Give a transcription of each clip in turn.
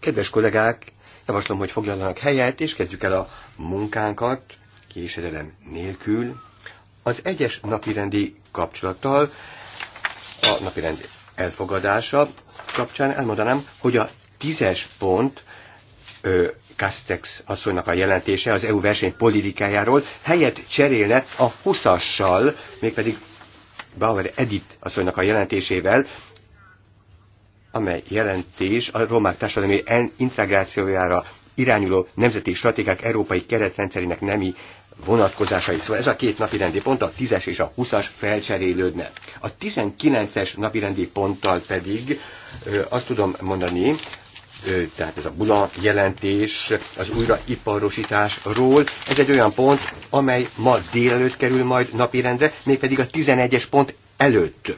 Kedves kollégák, javaslom, hogy foglaljanak helyet, és kezdjük el a munkánkat késedelem nélkül. Az egyes napirendi kapcsolattal a napirend elfogadása kapcsán elmondanám, hogy a tízes pont ö, Castex asszonynak a jelentése az EU verseny politikájáról helyet cserélne a huszassal, mégpedig Bauer Edith asszonynak a jelentésével, amely jelentés a romák társadalmi integrációjára irányuló nemzeti stratégiák európai keretrendszerének nemi vonatkozásait. Szóval ez a két napirendi pont, a 10-es és a 20-as felcserélődne. A 19-es napirendi ponttal pedig ö, azt tudom mondani, tehát ez a Buda jelentés az újraiparosításról. Ez egy olyan pont, amely ma délelőtt kerül majd napirendre, mégpedig a 11-es pont előtt.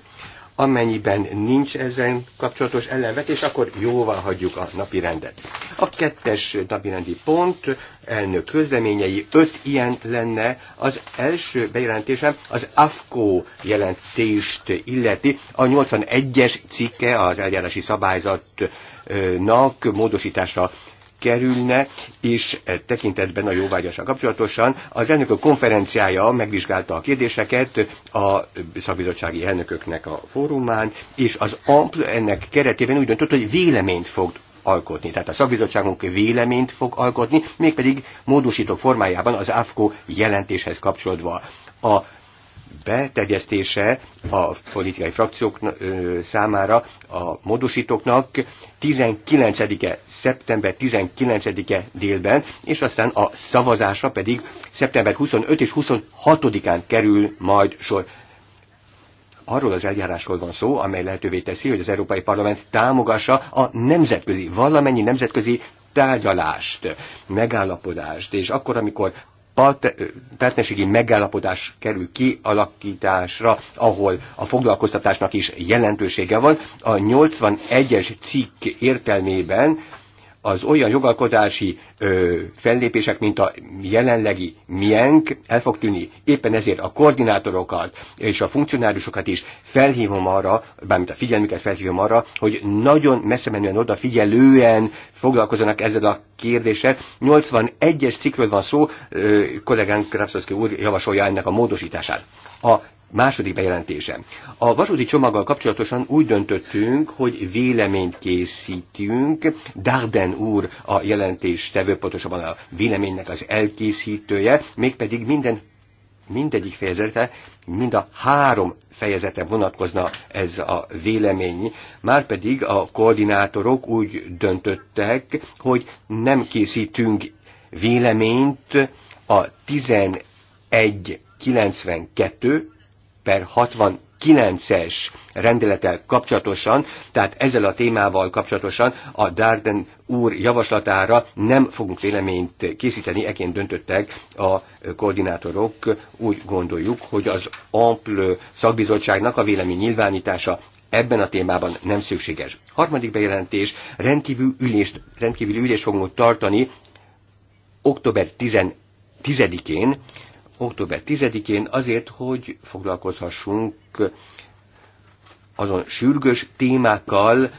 Amennyiben nincs ezen kapcsolatos ellenvetés, akkor jóval hagyjuk a napirendet. A kettes napirendi pont, elnök közleményei, öt ilyen lenne. Az első bejelentésem az AFKO jelentést illeti. A 81-es cikke az eljárási szabályzatnak módosítása kerülne, és e tekintetben a jóvágyással kapcsolatosan az elnökök konferenciája megvizsgálta a kérdéseket a szakbizottsági elnököknek a fórumán, és az AMPL ennek keretében úgy döntött, hogy véleményt fog alkotni. Tehát a szakbizottságunk véleményt fog alkotni, mégpedig módosító formájában az AFKO jelentéshez kapcsolódva. A betegyeztése a politikai frakciók számára a módosítóknak 19-e, szeptember 19-e délben, és aztán a szavazásra pedig szeptember 25 és 26-án kerül majd sor arról az eljárásról van szó, amely lehetővé teszi, hogy az Európai Parlament támogassa a nemzetközi, valamennyi nemzetközi tárgyalást, megállapodást, és akkor, amikor partnerségi megállapodás kerül kialakításra, ahol a foglalkoztatásnak is jelentősége van. A 81-es cikk értelmében az olyan jogalkotási ö, fellépések, mint a jelenlegi miénk, el fog tűni. Éppen ezért a koordinátorokat és a funkcionárusokat is felhívom arra, bármint a figyelmüket felhívom arra, hogy nagyon messze menően odafigyelően foglalkozzanak ezzel a kérdéssel. 81-es cikkről van szó, ö, kollégánk Krapszowski úr javasolja ennek a módosítását. A Második bejelentése. A vasúti csomaggal kapcsolatosan úgy döntöttünk, hogy véleményt készítünk. Darden úr a jelentés tevő, pontosabban a véleménynek az elkészítője, mégpedig minden mindegyik fejezete, mind a három fejezete vonatkozna ez a vélemény. Márpedig a koordinátorok úgy döntöttek, hogy nem készítünk véleményt a 92, per 69-es rendelettel kapcsolatosan, tehát ezzel a témával kapcsolatosan a Darden úr javaslatára nem fogunk véleményt készíteni, eként döntöttek a koordinátorok. Úgy gondoljuk, hogy az Ample szakbizottságnak a vélemény nyilvánítása ebben a témában nem szükséges. Harmadik bejelentés, rendkívül ülést, rendkívüli ülést fogunk tartani október 10-én október 10-én azért, hogy foglalkozhassunk azon sürgős témákkal,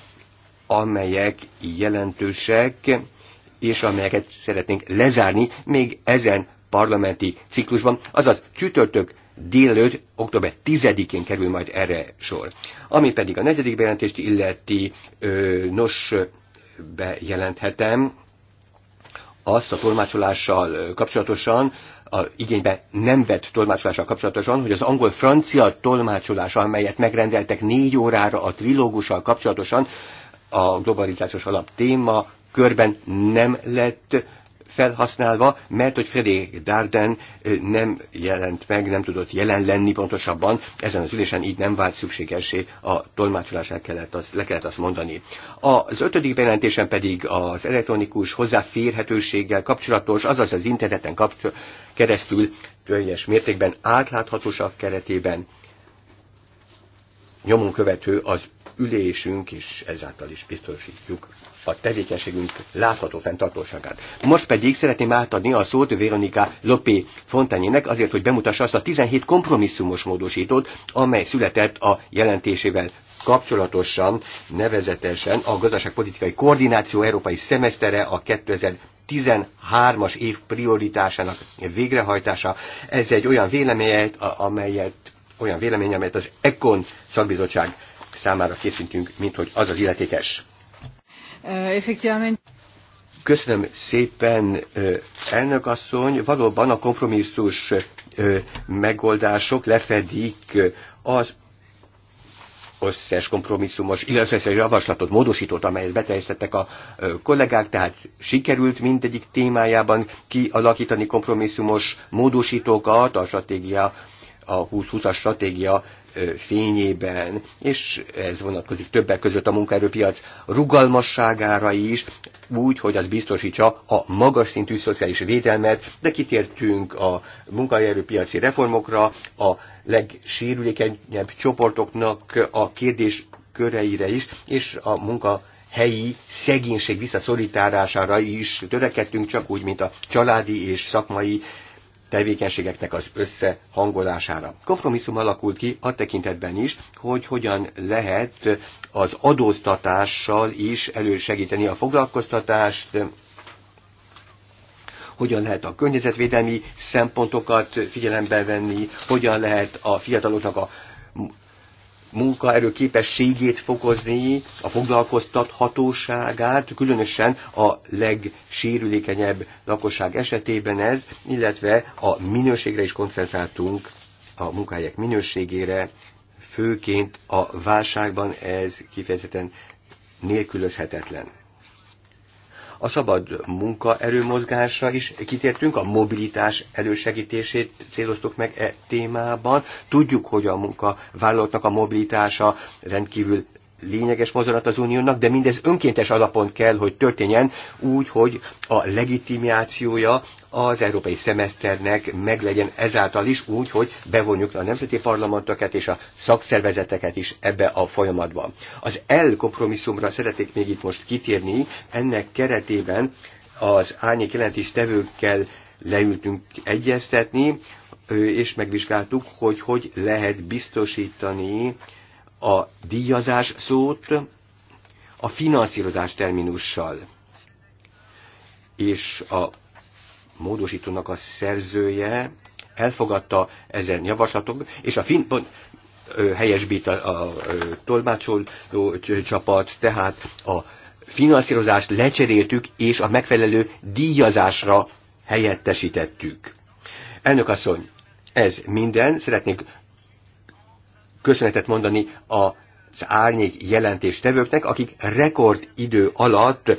amelyek jelentősek, és amelyeket szeretnénk lezárni még ezen parlamenti ciklusban, azaz csütörtök délelőtt, október 10-én kerül majd erre sor. Ami pedig a negyedik bejelentést illeti, ö, nos, bejelenthetem, azt a tolmácsolással kapcsolatosan, a igénybe nem vett tolmácsolással kapcsolatosan, hogy az angol-francia tolmácsolása, amelyet megrendeltek négy órára a trilógussal kapcsolatosan, a globalizációs alap téma körben nem lett felhasználva, mert hogy Fredé Darden nem jelent meg, nem tudott jelen lenni pontosabban, ezen az ülésen így nem vált szükségesé a tolmácsolás, el kellett az, le kellett azt mondani. Az ötödik bejelentésen pedig az elektronikus hozzáférhetőséggel kapcsolatos, azaz az interneten kapcsolatos, keresztül teljes mértékben átláthatóság keretében nyomon követő az ülésünk, és ezáltal is biztosítjuk a tevékenységünk látható fenntartóságát. Most pedig szeretném átadni a szót Veronika Lopé Fontanyének azért, hogy bemutassa azt a 17 kompromisszumos módosítót, amely született a jelentésével kapcsolatosan, nevezetesen a gazdaságpolitikai koordináció európai szemesztere a 2000 13-as év prioritásának végrehajtása. Ez egy olyan véleményet, amelyet olyan vélemény, amelyet az ECON szakbizottság számára készítünk, mint hogy az az illetékes. Köszönöm szépen, elnök asszony. Valóban a kompromisszus megoldások lefedik az összes kompromisszumos, illetve összes javaslatot, módosítót, amelyet beteljesztettek a kollégák, tehát sikerült mindegyik témájában kialakítani kompromisszumos módosítókat a stratégia, a 2020-as stratégia fényében, és ez vonatkozik többek között a munkaerőpiac rugalmasságára is, úgy, hogy az biztosítsa a magas szintű szociális védelmet, de kitértünk a munkaerőpiaci reformokra, a legsérülékenyebb csoportoknak a kérdés köreire is, és a munka helyi szegénység visszaszorítására is törekedtünk, csak úgy, mint a családi és szakmai tevékenységeknek az összehangolására. Kompromisszum alakult ki a tekintetben is, hogy hogyan lehet az adóztatással is elősegíteni a foglalkoztatást, hogyan lehet a környezetvédelmi szempontokat figyelembe venni, hogyan lehet a fiataloknak a munkaerő képességét fokozni, a foglalkoztathatóságát, különösen a legsérülékenyebb lakosság esetében ez, illetve a minőségre is koncentráltunk, a munkahelyek minőségére, főként a válságban ez kifejezetten nélkülözhetetlen a szabad mozgásra is kitértünk, a mobilitás elősegítését céloztuk meg e témában. Tudjuk, hogy a munkavállalóknak a mobilitása rendkívül lényeges mozdulat az uniónak, de mindez önkéntes alapon kell, hogy történjen úgy, hogy a legitimációja az európai szemeszternek meglegyen ezáltal is úgy, hogy bevonjuk a nemzeti parlamentokat és a szakszervezeteket is ebbe a folyamatba. Az L kompromisszumra szeretnék még itt most kitérni, ennek keretében az árnyék tevőkkel leültünk egyeztetni, és megvizsgáltuk, hogy hogy lehet biztosítani a díjazás szót a finanszírozás terminussal. És a módosítónak a szerzője elfogadta ezen javaslatok, és a fin, pont, helyesbít a, a, a tolmácsoló csapat, tehát a finanszírozást lecseréltük, és a megfelelő díjazásra helyettesítettük. Elnök asszony, ez minden. Szeretnék köszönetet mondani a az árnyék jelentéstevőknek, akik rekordidő alatt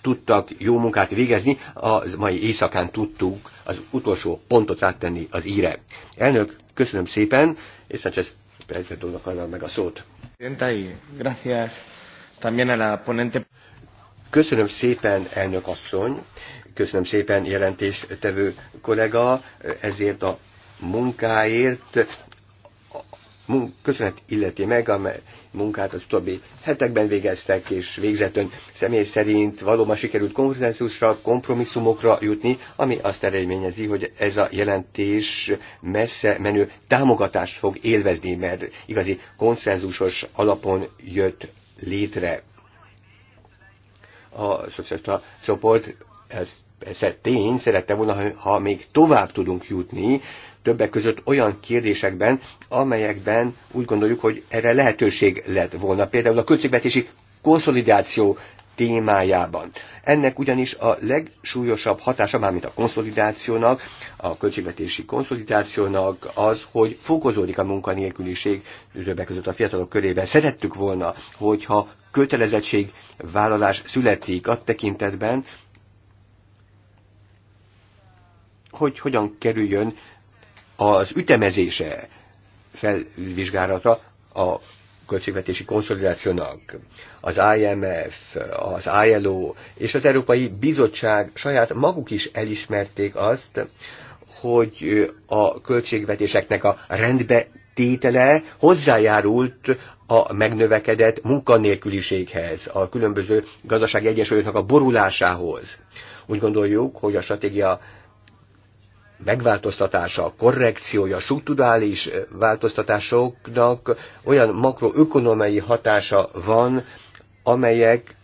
tudtak jó munkát végezni, a mai éjszakán tudtuk az utolsó pontot rátenni az íre. Elnök, köszönöm szépen, és Sánchez prezidentónak adnám meg a szót. Köszönöm szépen, elnök asszony, köszönöm szépen jelentéstevő kollega ezért a munkáért, köszönet illeti meg, amely munkát az utóbbi hetekben végeztek, és végzetön személy szerint valóban sikerült konszenzusra, kompromisszumokra jutni, ami azt eredményezi, hogy ez a jelentés messze menő támogatást fog élvezni, mert igazi konszenzusos alapon jött létre. A szociálista csoport ez, ez tény, szerette volna, ha még tovább tudunk jutni, többek között olyan kérdésekben, amelyekben úgy gondoljuk, hogy erre lehetőség lett volna. Például a költségvetési konszolidáció témájában. Ennek ugyanis a legsúlyosabb hatása, mármint a konszolidációnak, a költségvetési konszolidációnak az, hogy fokozódik a munkanélküliség többek között a fiatalok körében. Szerettük volna, hogyha kötelezettségvállalás születik a tekintetben, hogy hogyan kerüljön az ütemezése felvizsgálata a költségvetési konszolidációnak az IMF, az ILO és az Európai Bizottság saját maguk is elismerték azt, hogy a költségvetéseknek a rendbe tétele hozzájárult a megnövekedett munkanélküliséghez, a különböző gazdasági egyesületnek a borulásához. Úgy gondoljuk, hogy a stratégia megváltoztatása, korrekciója, struktúrális eh, változtatásoknak olyan makroökonomiai hatása van, amelyek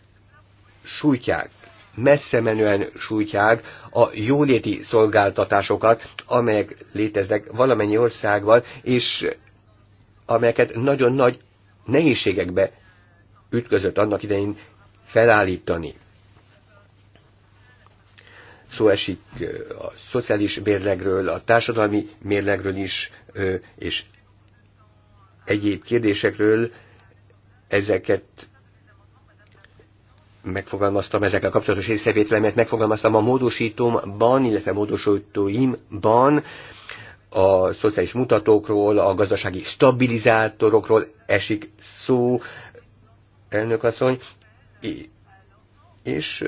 sújtják, messze menően sújtják a jóléti szolgáltatásokat, amelyek léteznek valamennyi országban, és amelyeket nagyon nagy nehézségekbe ütközött annak idején felállítani szó esik a szociális mérlegről, a társadalmi mérlegről is, és egyéb kérdésekről ezeket megfogalmaztam, ezekkel kapcsolatos észrevételemet megfogalmaztam a módosítómban, illetve módosítóimban, a szociális mutatókról, a gazdasági stabilizátorokról esik szó, elnök asszony, és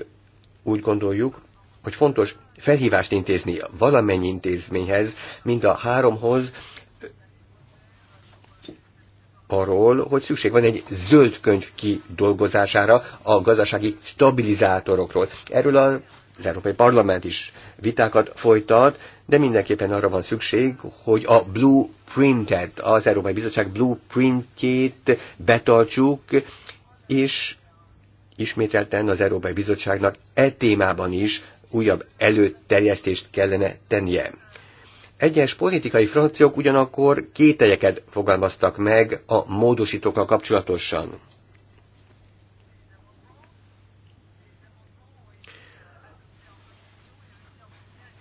úgy gondoljuk, hogy fontos felhívást intézni valamennyi intézményhez, mind a háromhoz, arról, hogy szükség van egy zöld könyv kidolgozására a gazdasági stabilizátorokról. Erről a az Európai Parlament is vitákat folytat, de mindenképpen arra van szükség, hogy a blueprintet, az Európai Bizottság blueprintjét betartsuk, és ismételten az Európai Bizottságnak e témában is újabb előterjesztést kellene tennie. Egyes politikai frakciók ugyanakkor kételyeket fogalmaztak meg a módosítókkal kapcsolatosan.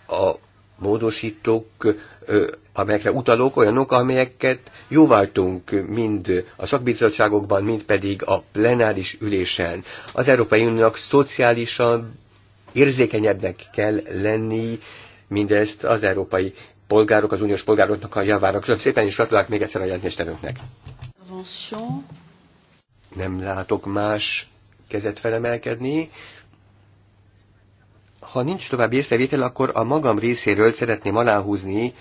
A módosítók, amelyekre utalók olyanok, amelyeket jóváltunk mind a szakbizottságokban, mind pedig a plenáris ülésen. Az Európai Uniónak szociálisabb érzékenyebbnek kell lenni, mindezt az európai polgárok, az uniós polgároknak a javára. Köszönöm szépen, és gratulálok még egyszer a jelentéstevőnknek. Nem látok más kezet felemelkedni. Ha nincs további észrevétel, akkor a magam részéről szeretném aláhúzni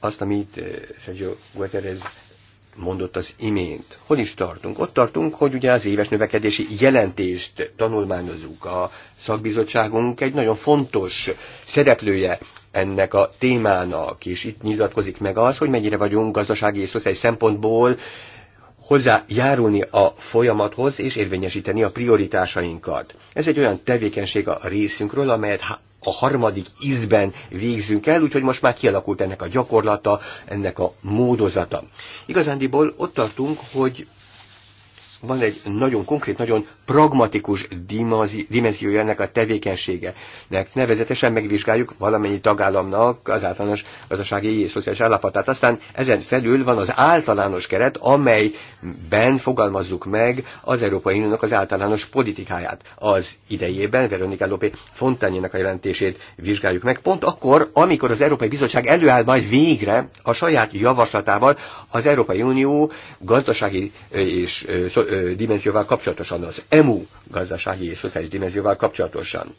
azt, amit eh, Sergio Guterres mondott az imént. Hol is tartunk? Ott tartunk, hogy ugye az éves növekedési jelentést tanulmányozunk. A szakbizottságunk egy nagyon fontos szereplője ennek a témának, és itt nyilatkozik meg az, hogy mennyire vagyunk gazdasági és szociális szempontból hozzájárulni a folyamathoz és érvényesíteni a prioritásainkat. Ez egy olyan tevékenység a részünkről, amelyet a harmadik ízben végzünk el, úgyhogy most már kialakult ennek a gyakorlata, ennek a módozata. Igazándiból ott tartunk, hogy van egy nagyon konkrét, nagyon pragmatikus dimenziója ennek a tevékenységenek. Nevezetesen megvizsgáljuk valamennyi tagállamnak az általános gazdasági és szociális állapotát. Aztán ezen felül van az általános keret, amelyben fogalmazzuk meg az Európai Uniónak az általános politikáját. Az idejében Veronika Lopé Fontányének a jelentését vizsgáljuk meg, pont akkor, amikor az Európai Bizottság előáll majd végre a saját javaslatával az Európai Unió gazdasági és dimenzióval kapcsolatosan, az EMU gazdasági és szociális dimenzióval kapcsolatosan.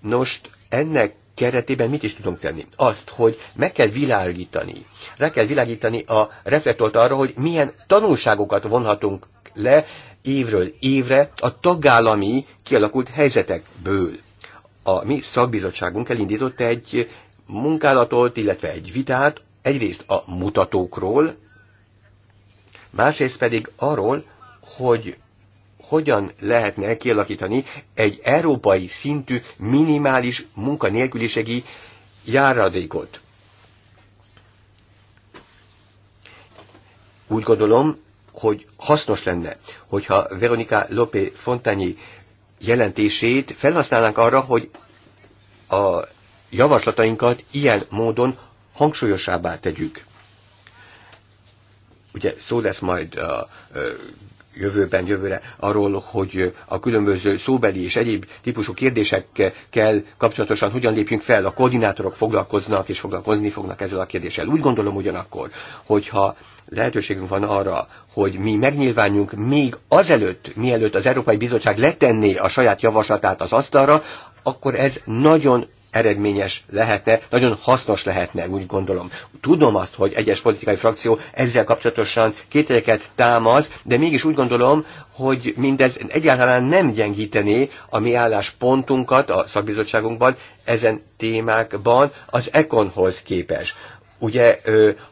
Nos, ennek keretében mit is tudunk tenni? Azt, hogy meg kell világítani, rá kell világítani a reflektort arra, hogy milyen tanulságokat vonhatunk le évről évre a tagállami kialakult helyzetekből. A mi szakbizottságunk elindított egy munkálatot, illetve egy vitát, egyrészt a mutatókról, másrészt pedig arról, hogy hogyan lehetne kialakítani egy európai szintű minimális munkanélküliségi járadékot. Úgy gondolom, hogy hasznos lenne, hogyha Veronika Lopé Fontányi jelentését felhasználnánk arra, hogy a javaslatainkat ilyen módon hangsúlyosabbá tegyük. Ugye szó lesz majd a jövőben, jövőre arról, hogy a különböző szóbeli és egyéb típusú kérdésekkel kapcsolatosan hogyan lépjünk fel, a koordinátorok foglalkoznak és foglalkozni fognak ezzel a kérdéssel. Úgy gondolom ugyanakkor, hogyha lehetőségünk van arra, hogy mi megnyilvánjunk még azelőtt, mielőtt az Európai Bizottság letenné a saját javaslatát az asztalra, akkor ez nagyon eredményes lehetne, nagyon hasznos lehetne, úgy gondolom. Tudom azt, hogy egyes politikai frakció ezzel kapcsolatosan kételyeket támaz, de mégis úgy gondolom, hogy mindez egyáltalán nem gyengítené a mi álláspontunkat a szakbizottságunkban ezen témákban az ekonhoz képes. Ugye,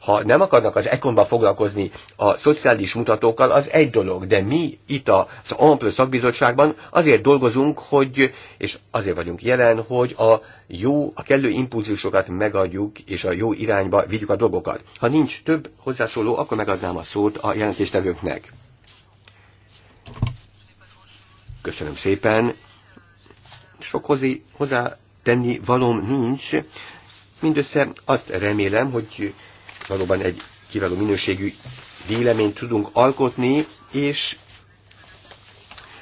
ha nem akarnak az ekonba foglalkozni a szociális mutatókkal, az egy dolog, de mi itt az Amplő szakbizottságban azért dolgozunk, hogy, és azért vagyunk jelen, hogy a jó, a kellő impulzusokat megadjuk, és a jó irányba vigyük a dolgokat. Ha nincs több hozzászóló, akkor megadnám a szót a jelentéstevőknek. Köszönöm szépen. Sok hozzá tenni valóm nincs, Mindössze azt remélem, hogy valóban egy kiváló minőségű véleményt tudunk alkotni, és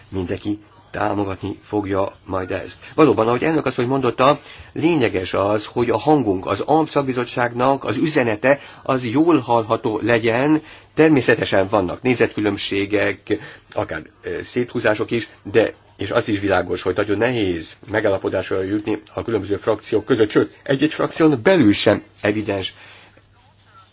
mindenki támogatni fogja majd ezt. Valóban, ahogy elnök azt, hogy mondotta, lényeges az, hogy a hangunk, az alapszakbizottságnak az üzenete az jól hallható legyen, természetesen vannak nézetkülönbségek, akár eh, széthúzások is, de és az is világos, hogy nagyon nehéz megállapodásra jutni a különböző frakciók között, sőt, egy-egy frakción belül sem evidens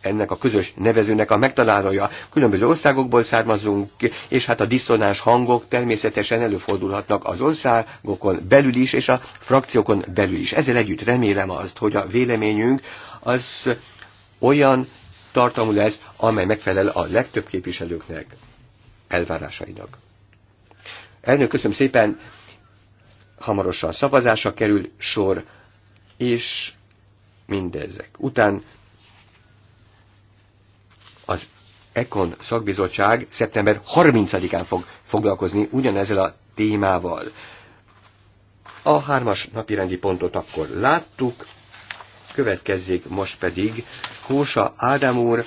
ennek a közös nevezőnek a megtalálója. Különböző országokból származunk, és hát a diszonáns hangok természetesen előfordulhatnak az országokon belül is, és a frakciókon belül is. Ezzel együtt remélem azt, hogy a véleményünk az olyan tartalmú lesz, amely megfelel a legtöbb képviselőknek elvárásainak. Elnök, köszönöm szépen, hamarosan szavazásra kerül sor, és mindezek után az Ekon szakbizottság szeptember 30-án fog foglalkozni ugyanezzel a témával. A hármas napirendi pontot akkor láttuk, következzék most pedig Kósa Ádám úr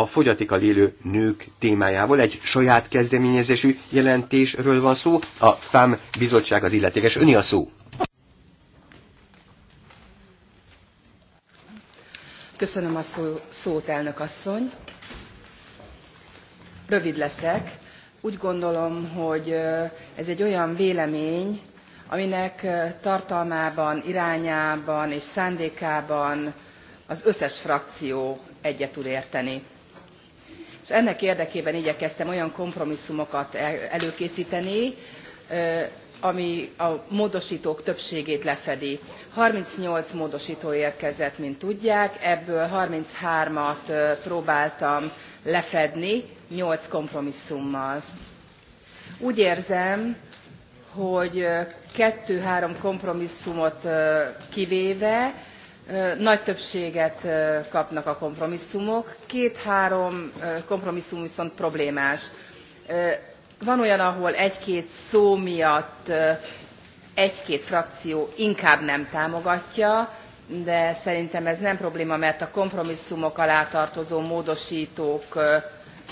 a fogyatékkal élő nők témájával. Egy saját kezdeményezésű jelentésről van szó. A FAM bizottság az illetékes. Öni a szó. Köszönöm a szó, szót, elnök asszony. Rövid leszek. Úgy gondolom, hogy ez egy olyan vélemény, aminek tartalmában, irányában és szándékában az összes frakció egyet tud érteni ennek érdekében igyekeztem olyan kompromisszumokat előkészteni ami a módostók többségét lefedi. thirty eight módostó érkezett mint tudják ebből thirty three at próbáltam lefedni eight kompromisszummal. úgy érzem hogy kettő három kompromisszumot kivéve nagy többséget kapnak a kompromisszumok két három kompromisszum viszont problémás. van olyan ahol egy két szó miatt egy két frakció inkább nem támogatja de szerintem ez nem probléma mert a kompromisszumok alá tartozó módostók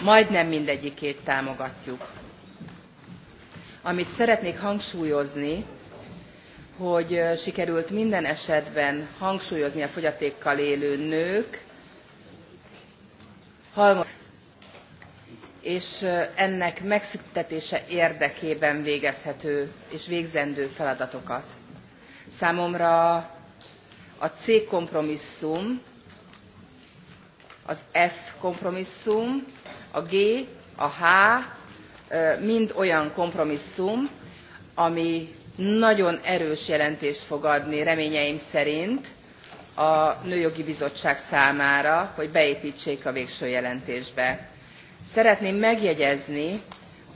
majdnem mindegyikét támogatjuk. amit szeretnék hangsúlyozni hogy sikerült minden esetben hangsúlyozni a fogyatékkal élő nők halmaz és ennek megszüntetése érdekében végezhető és végzendő feladatokat. Számomra a C kompromisszum, az F kompromisszum, a G, a H mind olyan kompromisszum, ami nagyon erős jelentést fog adni reményeim szerint a nőjogi bizottság számára hogy beépítsék a végső jelentésbe. szeretném megjegyezni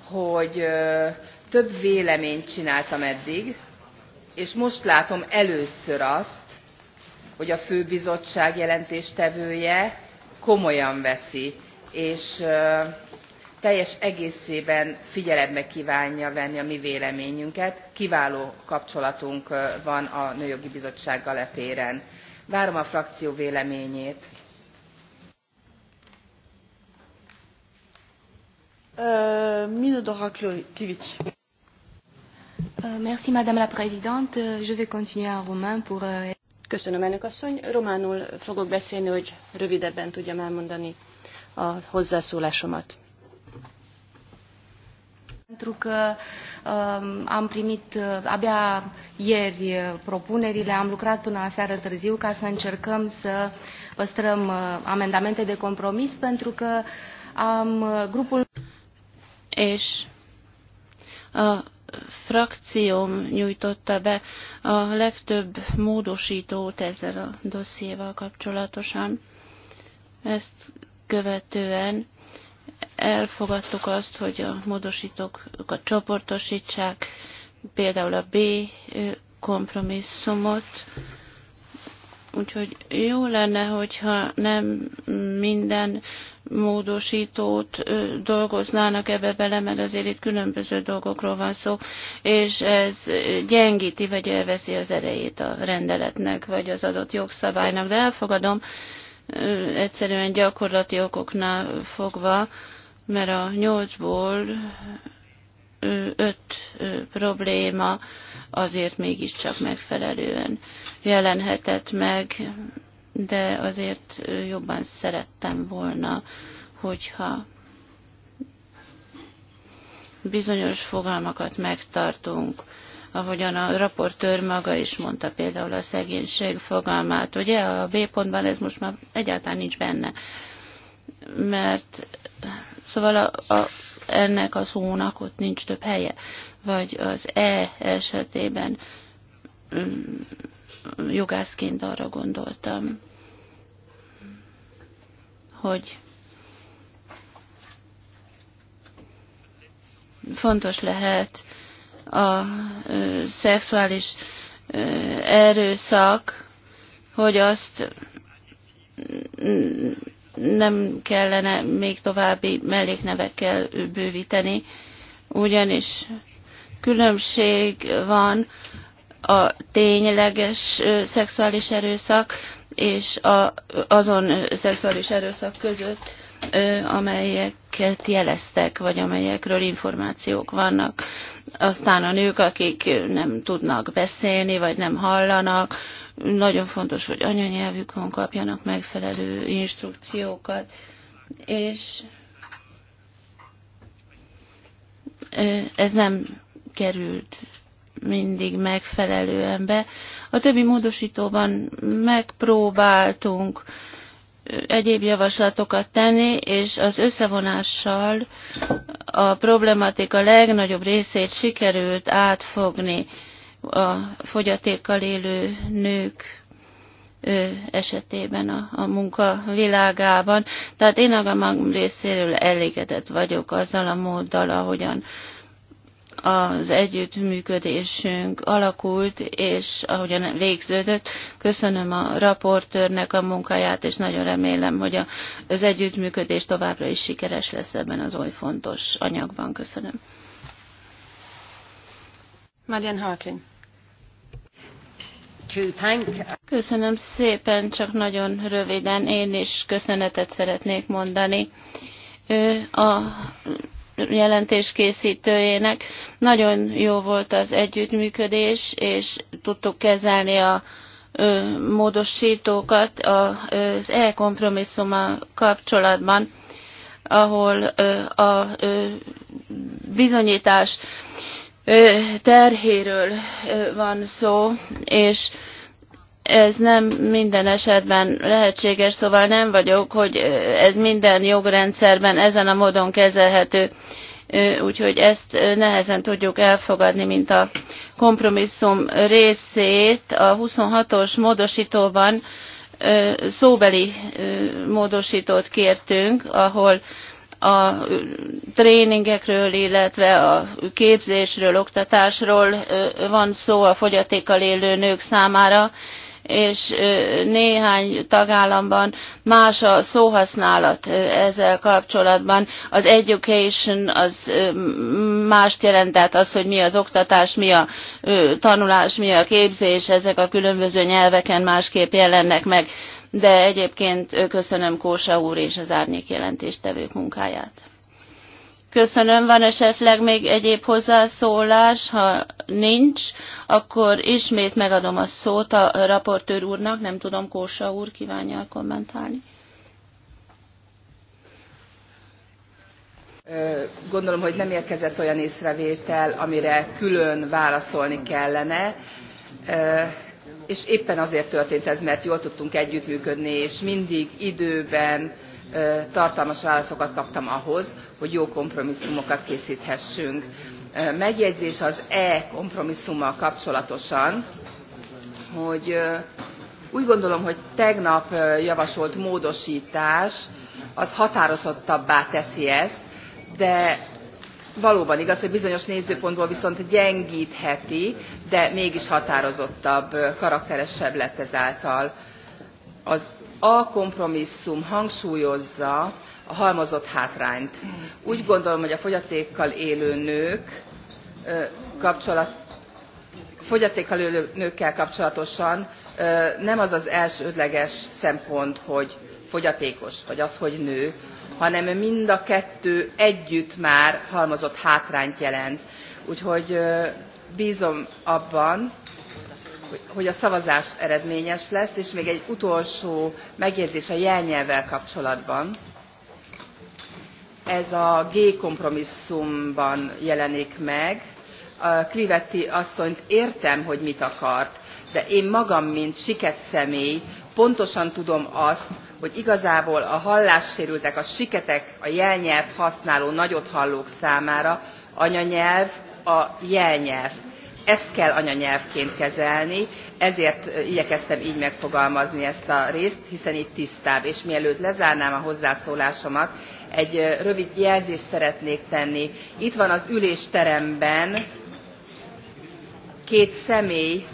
hogy több véleményt csináltam eddig és most látom először azt hogy a főbizottság jelentéstevője komolyan veszi és teljes egészében figyelembe kvánja venni a mi véleményünket kiváló kapcsolatunk van a nőjogi bizottsággal e téren. várom a frakció véleményét. madame la présidente je vais continuer en roumain pour. Euh, köszönöm elnök asszony románul fogok beszélni hogy rövidebben tudjam elmondani a hozzászólásomat pentru că uh, am primit uh, abia ieri uh, propunerile, am lucrat până aseară târziu ca să încercăm să păstrăm uh, amendamente de compromis pentru că am uh, grupul... Eș uh, frakcióm nyújtotta be a legtöbb módosítót ezzel a dossziéval kapcsolatosan. Ezt követően Elfogadtuk azt, hogy a módosítókat csoportosítsák, például a B kompromisszumot, Úgyhogy jó lenne, hogyha nem minden módosítót dolgoznának ebbe bele, mert azért itt különböző dolgokról van szó, és ez gyengíti vagy elveszi az erejét a rendeletnek, vagy az adott jogszabálynak, de elfogadom egyszerűen gyakorlati okoknál fogva, mert a nyolcból öt probléma azért mégiscsak megfelelően jelenhetett meg, de azért jobban szerettem volna, hogyha bizonyos fogalmakat megtartunk, ahogyan a raportőr maga is mondta például a szegénység fogalmát. Ugye a B pontban ez most már egyáltalán nincs benne mert szóval a, a, ennek a szónak ott nincs több helye, vagy az E esetében mm, jogászként arra gondoltam, hogy fontos lehet a ö, szexuális ö, erőszak, hogy azt mm, nem kellene még további melléknevekkel bővíteni, ugyanis különbség van a tényleges szexuális erőszak és a, azon szexuális erőszak között, amelyeket jeleztek, vagy amelyekről információk vannak. Aztán a nők, akik nem tudnak beszélni, vagy nem hallanak, nagyon fontos, hogy anyanyelvükön kapjanak megfelelő instrukciókat, és ez nem került mindig megfelelően be. A többi módosítóban megpróbáltunk egyéb javaslatokat tenni, és az összevonással a problematika legnagyobb részét sikerült átfogni a fogyatékkal élő nők esetében a, a munka világában. Tehát én a magam részéről elégedett vagyok azzal a móddal, ahogyan az együttműködésünk alakult, és ahogyan végződött. Köszönöm a raportőrnek a munkáját, és nagyon remélem, hogy az együttműködés továbbra is sikeres lesz ebben az oly fontos anyagban. Köszönöm. Marian Hawking. Köszönöm szépen, csak nagyon röviden én is köszönetet szeretnék mondani a jelentés készítőjének. Nagyon jó volt az együttműködés, és tudtuk kezelni a módosítókat az e-kompromisszuma kapcsolatban, ahol a bizonyítás terhéről van szó, és ez nem minden esetben lehetséges, szóval nem vagyok, hogy ez minden jogrendszerben ezen a módon kezelhető, úgyhogy ezt nehezen tudjuk elfogadni, mint a kompromisszum részét a 26-os módosítóban szóbeli módosítót kértünk, ahol a tréningekről, illetve a képzésről, oktatásról van szó a fogyatékkal élő nők számára, és néhány tagállamban más a szóhasználat ezzel kapcsolatban. Az education az mást jelent, tehát az, hogy mi az oktatás, mi a tanulás, mi a képzés, ezek a különböző nyelveken másképp jelennek meg de egyébként köszönöm Kósa úr és az árnyék jelentéstevők munkáját. Köszönöm, van esetleg még egyéb hozzászólás, ha nincs, akkor ismét megadom a szót a raportőr úrnak, nem tudom, Kósa úr kívánja kommentálni. Gondolom, hogy nem érkezett olyan észrevétel, amire külön válaszolni kellene és éppen azért történt ez, mert jól tudtunk együttműködni, és mindig időben tartalmas válaszokat kaptam ahhoz, hogy jó kompromisszumokat készíthessünk. Megjegyzés az e-kompromisszummal kapcsolatosan, hogy úgy gondolom, hogy tegnap javasolt módosítás az határozottabbá teszi ezt, de valóban igaz, hogy bizonyos nézőpontból viszont gyengítheti, de mégis határozottabb, karakteresebb lett ezáltal. Az a kompromisszum hangsúlyozza a halmozott hátrányt. Úgy gondolom, hogy a fogyatékkal élő nők kapcsolat, fogyatékkal élő nőkkel kapcsolatosan nem az az elsődleges szempont, hogy fogyatékos, vagy az, hogy nő, hanem mind a kettő együtt már halmozott hátrányt jelent. Úgyhogy bízom abban, hogy a szavazás eredményes lesz, és még egy utolsó megjegyzés a jelnyelvvel kapcsolatban. Ez a G kompromisszumban jelenik meg. A Klivetti asszonyt értem, hogy mit akart, de én magam, mint siket személy, pontosan tudom azt, hogy igazából a hallássérültek, a siketek, a jelnyelv használó nagyothallók számára anyanyelv a jelnyelv. Ezt kell anyanyelvként kezelni, ezért igyekeztem így megfogalmazni ezt a részt, hiszen itt tisztább. És mielőtt lezárnám a hozzászólásomat, egy rövid jelzést szeretnék tenni. Itt van az ülésteremben két személy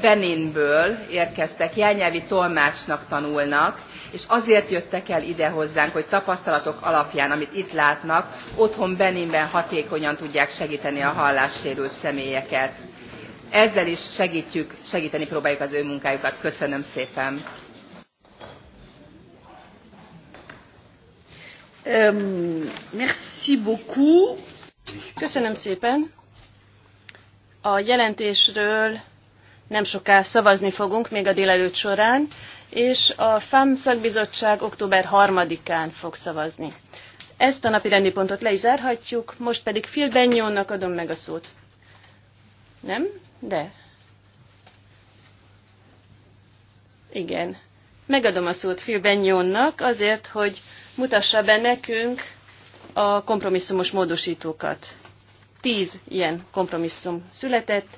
Beninből érkeztek, jelnyelvi tolmácsnak tanulnak, és azért jöttek el ide hozzánk, hogy tapasztalatok alapján, amit itt látnak, otthon Beninben hatékonyan tudják segíteni a hallássérült személyeket. Ezzel is segítjük, segíteni próbáljuk az ő munkájukat. Köszönöm szépen! Um, merci beaucoup. Köszönöm szépen. A jelentésről nem soká szavazni fogunk, még a délelőtt során, és a FAM szakbizottság október 3-án fog szavazni. Ezt a napi rendi pontot le is zárhatjuk, most pedig Phil Benyonnak adom meg a szót. Nem? De. Igen. Megadom a szót Phil Bennyónnak azért, hogy mutassa be nekünk a kompromisszumos módosítókat. Tíz ilyen kompromisszum született,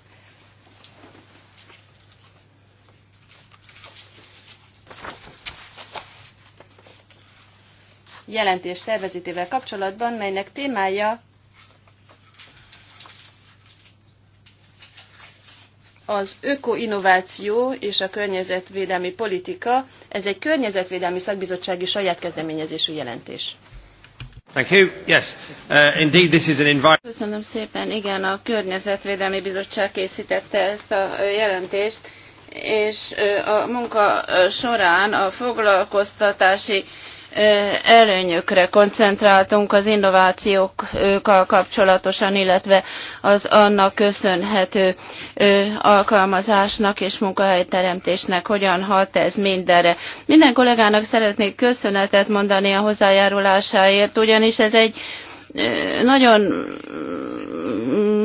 jelentés tervezetével kapcsolatban, melynek témája az ökoinnováció és a környezetvédelmi politika. Ez egy környezetvédelmi szakbizottsági saját kezdeményezésű jelentés. Thank you. Yes. Uh, indeed, this is an Köszönöm szépen. Igen, a Környezetvédelmi Bizottság készítette ezt a jelentést, és a munka során a foglalkoztatási előnyökre koncentráltunk az innovációkkal kapcsolatosan, illetve az annak köszönhető alkalmazásnak és munkahelyteremtésnek hogyan hat ez mindenre. Minden kollégának szeretnék köszönetet mondani a hozzájárulásáért, ugyanis ez egy nagyon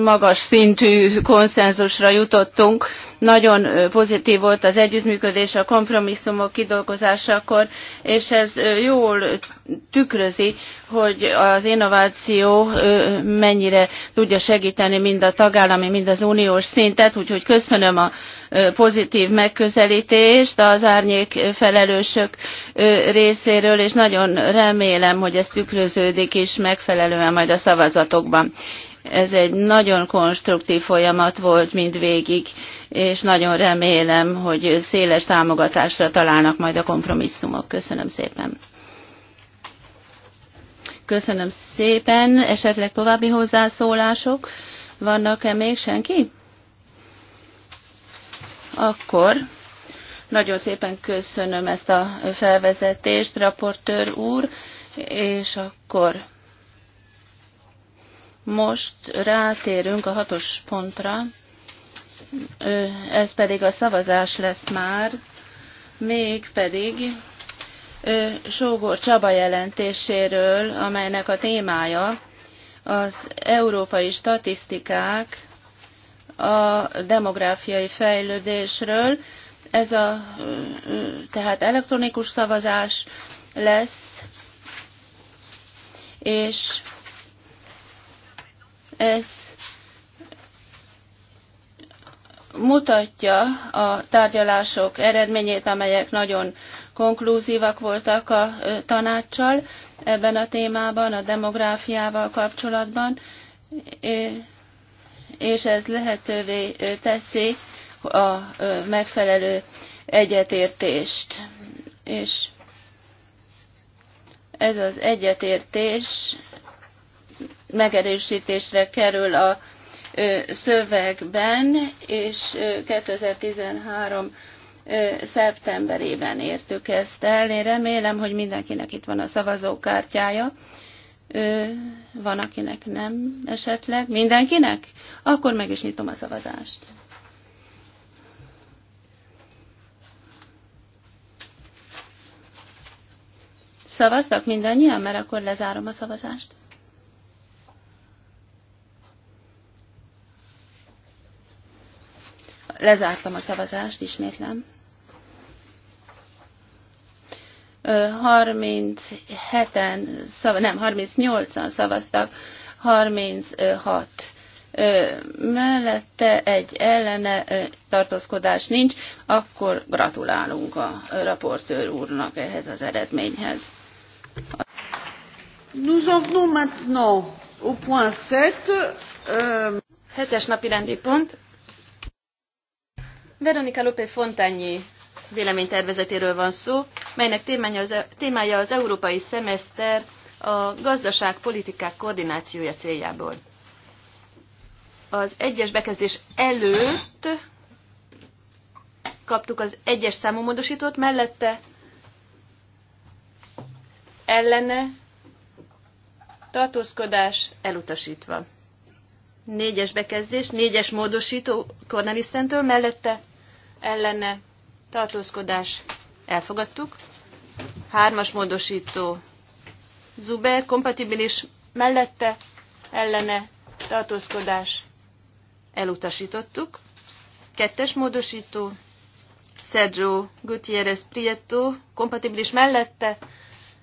magas szintű konszenzusra jutottunk, nagyon pozitív volt az együttműködés a kompromisszumok kidolgozásakor, és ez jól tükrözi, hogy az innováció mennyire tudja segíteni mind a tagállami, mind az uniós szintet, úgyhogy köszönöm a pozitív megközelítést az árnyék felelősök részéről, és nagyon remélem, hogy ez tükröződik is megfelelően majd a szavazatokban. Ez egy nagyon konstruktív folyamat volt mindvégig. végig és nagyon remélem, hogy széles támogatásra találnak majd a kompromisszumok. Köszönöm szépen. Köszönöm szépen. Esetleg további hozzászólások? Vannak-e még senki? Akkor nagyon szépen köszönöm ezt a felvezetést, raportőr úr, és akkor most rátérünk a hatos pontra ez pedig a szavazás lesz már, Még pedig Sógor Csaba jelentéséről, amelynek a témája az európai statisztikák a demográfiai fejlődésről. Ez a tehát elektronikus szavazás lesz, és ez mutatja a tárgyalások eredményét, amelyek nagyon konklúzívak voltak a tanácssal ebben a témában, a demográfiával kapcsolatban, és ez lehetővé teszi a megfelelő egyetértést. És ez az egyetértés megerősítésre kerül a szövegben, és 2013 szeptemberében értük ezt el. Én remélem, hogy mindenkinek itt van a szavazókártyája. Van, akinek nem esetleg. Mindenkinek? Akkor meg is nyitom a szavazást. Szavaztak mindannyian, mert akkor lezárom a szavazást. lezártam a szavazást, ismétlem. 37-en, nem, 38-an szavaztak, 36 mellette egy ellene tartózkodás nincs, akkor gratulálunk a raportőr úrnak ehhez az eredményhez. Nous en venons maintenant au point 7. Euh, Hetes napi rendi pont. Veronika Lopé Fontányi véleménytervezetéről van szó, melynek témája az, e- témája az európai szemeszter a gazdaságpolitikák koordinációja céljából. Az egyes bekezdés előtt kaptuk az egyes számú módosítót, mellette ellene tartózkodás elutasítva. Négyes bekezdés, négyes módosító Corneliszentől mellette ellene tartózkodás elfogadtuk. Hármas módosító Zuber kompatibilis mellette ellene tartózkodás elutasítottuk. Kettes módosító Sergio Gutierrez Prieto kompatibilis mellette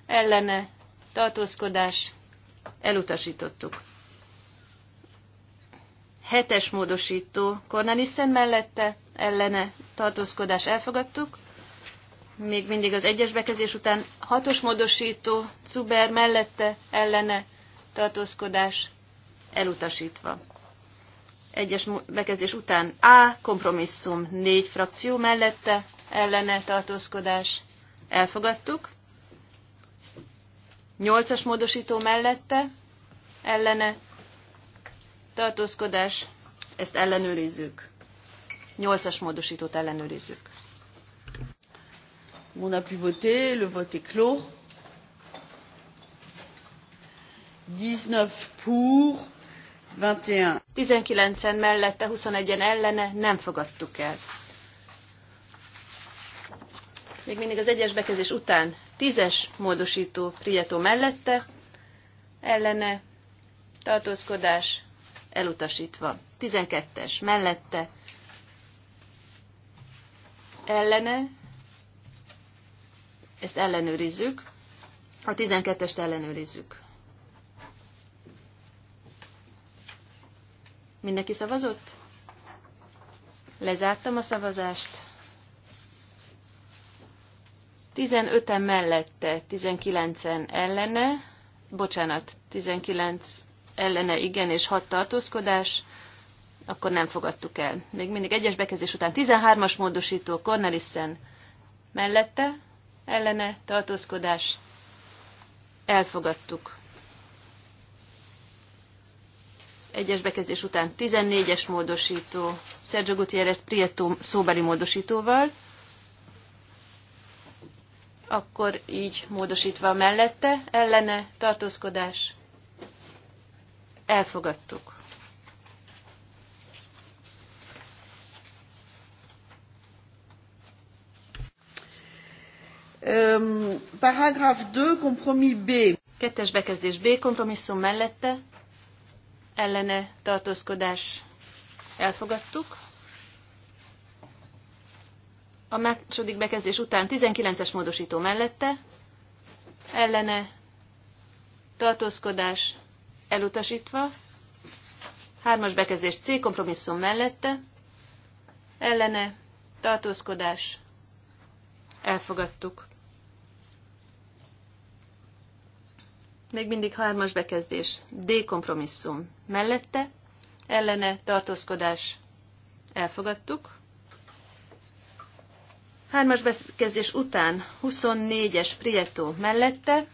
ellene tartózkodás elutasítottuk. Hetes módosító Cornelissen mellette ellene tartózkodás elfogadtuk. Még mindig az egyes bekezés után hatos módosító Cuber mellette ellene tartózkodás elutasítva. Egyes bekezdés után A kompromisszum négy frakció mellette ellene tartózkodás elfogadtuk. Nyolcas módosító mellette ellene tartózkodás, ezt ellenőrizzük. Nyolcas módosítót ellenőrizzük. On a pu voter, le vote est clos. 19 pour, 21. 19-en mellette, 21-en ellene nem fogadtuk el. Még mindig az egyes bekezés után 10-es módosító Prieto mellette, ellene tartózkodás, elutasítva. 12-es mellette ellene, ezt ellenőrizzük, a 12-est ellenőrizzük. Mindenki szavazott? Lezártam a szavazást. 15-en mellette, 19-en ellene, bocsánat, 19 ellene igen és hat tartózkodás, akkor nem fogadtuk el. Még mindig egyes bekezdés után 13-as módosító Cornelissen mellette, ellene tartózkodás, elfogadtuk. Egyes bekezdés után 14-es módosító Sergio Gutierrez Prieto szóbeli módosítóval, akkor így módosítva mellette, ellene tartózkodás, elfogadtuk. Um, paragraf 2, kompromis B. Kettes bekezdés B kompromisszum mellette ellene tartózkodás elfogadtuk. A második bekezdés után 19-es módosító mellette ellene tartózkodás elutasítva, hármas bekezdés C kompromisszum mellette, ellene tartózkodás, elfogadtuk. Még mindig hármas bekezdés, D kompromisszum mellette, ellene tartózkodás, elfogadtuk. Hármas bekezdés után 24-es Prieto mellette,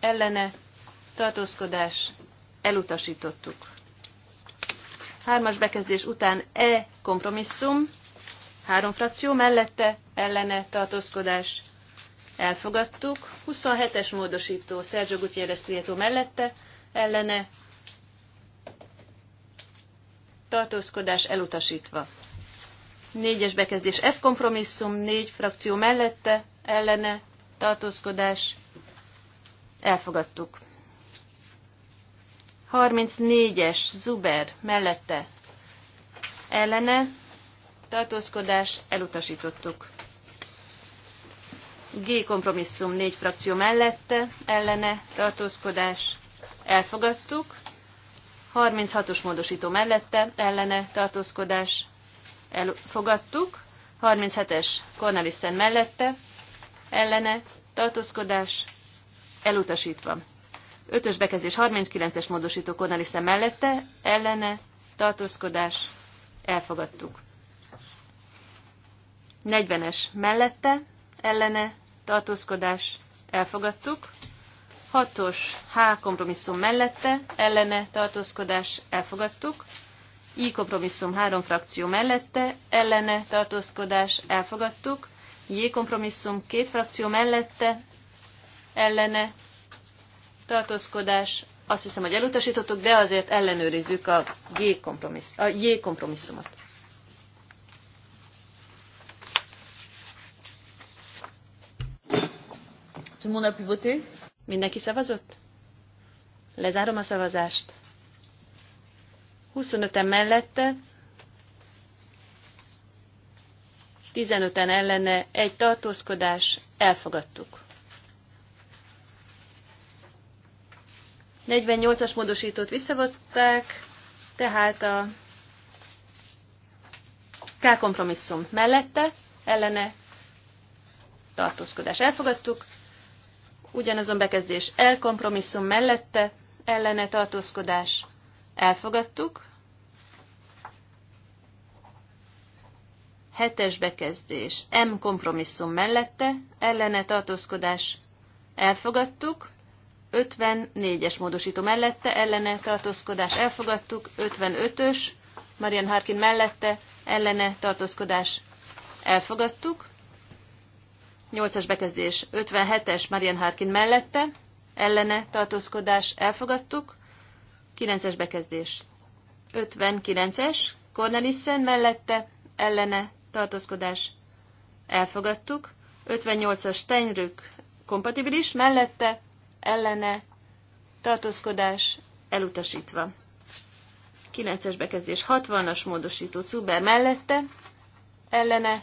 ellene tartózkodás, elutasítottuk. Hármas bekezdés után E kompromisszum, három frakció mellette ellene tartózkodás elfogadtuk. 27-es módosító Szerzsó Gutiérrez Prieto mellette ellene tartózkodás elutasítva. Négyes bekezdés F kompromisszum, négy frakció mellette ellene tartózkodás elfogadtuk. 34-es Zuber mellette ellene tartózkodás elutasítottuk. G kompromisszum négy frakció mellette ellene tartózkodás elfogadtuk. 36-os módosító mellette ellene tartózkodás elfogadtuk. 37-es Cornelissen mellette ellene tartózkodás elutasítva. Ötös bekezdés 39-es módosító Cornelisse mellette, ellene, tartózkodás, elfogadtuk. 40-es mellette, ellene, tartózkodás, elfogadtuk. 6-os H kompromisszum mellette, ellene, tartózkodás, elfogadtuk. I kompromisszum három frakció mellette, ellene, tartózkodás, elfogadtuk. J kompromisszum két frakció mellette, ellene, tartózkodás, azt hiszem, hogy elutasítottuk, de azért ellenőrizzük a, G kompromissz, a J kompromisszumot. Mindenki szavazott? Lezárom a szavazást. 25-en mellette, 15-en ellene, egy tartózkodás, elfogadtuk. 48-as módosítót visszavották, tehát a K kompromisszum mellette, ellene tartózkodás elfogadtuk, ugyanazon bekezdés L kompromisszum mellette, ellene tartózkodás elfogadtuk, hetes bekezdés M kompromisszum mellette, ellene tartózkodás elfogadtuk, 54-es módosító mellette, ellene tartózkodás elfogadtuk, 55-ös, Marian Harkin mellette, ellene tartózkodás elfogadtuk, 8-as bekezdés 57-es Marian Harkin mellette, ellene tartózkodás elfogadtuk, 9-es bekezdés 59-es Cornelissen mellette, ellene tartózkodás elfogadtuk, 58-as Steinrück kompatibilis mellette, ellene, tartózkodás elutasítva. 9-es bekezdés 60-as módosító Cuber mellette, ellene,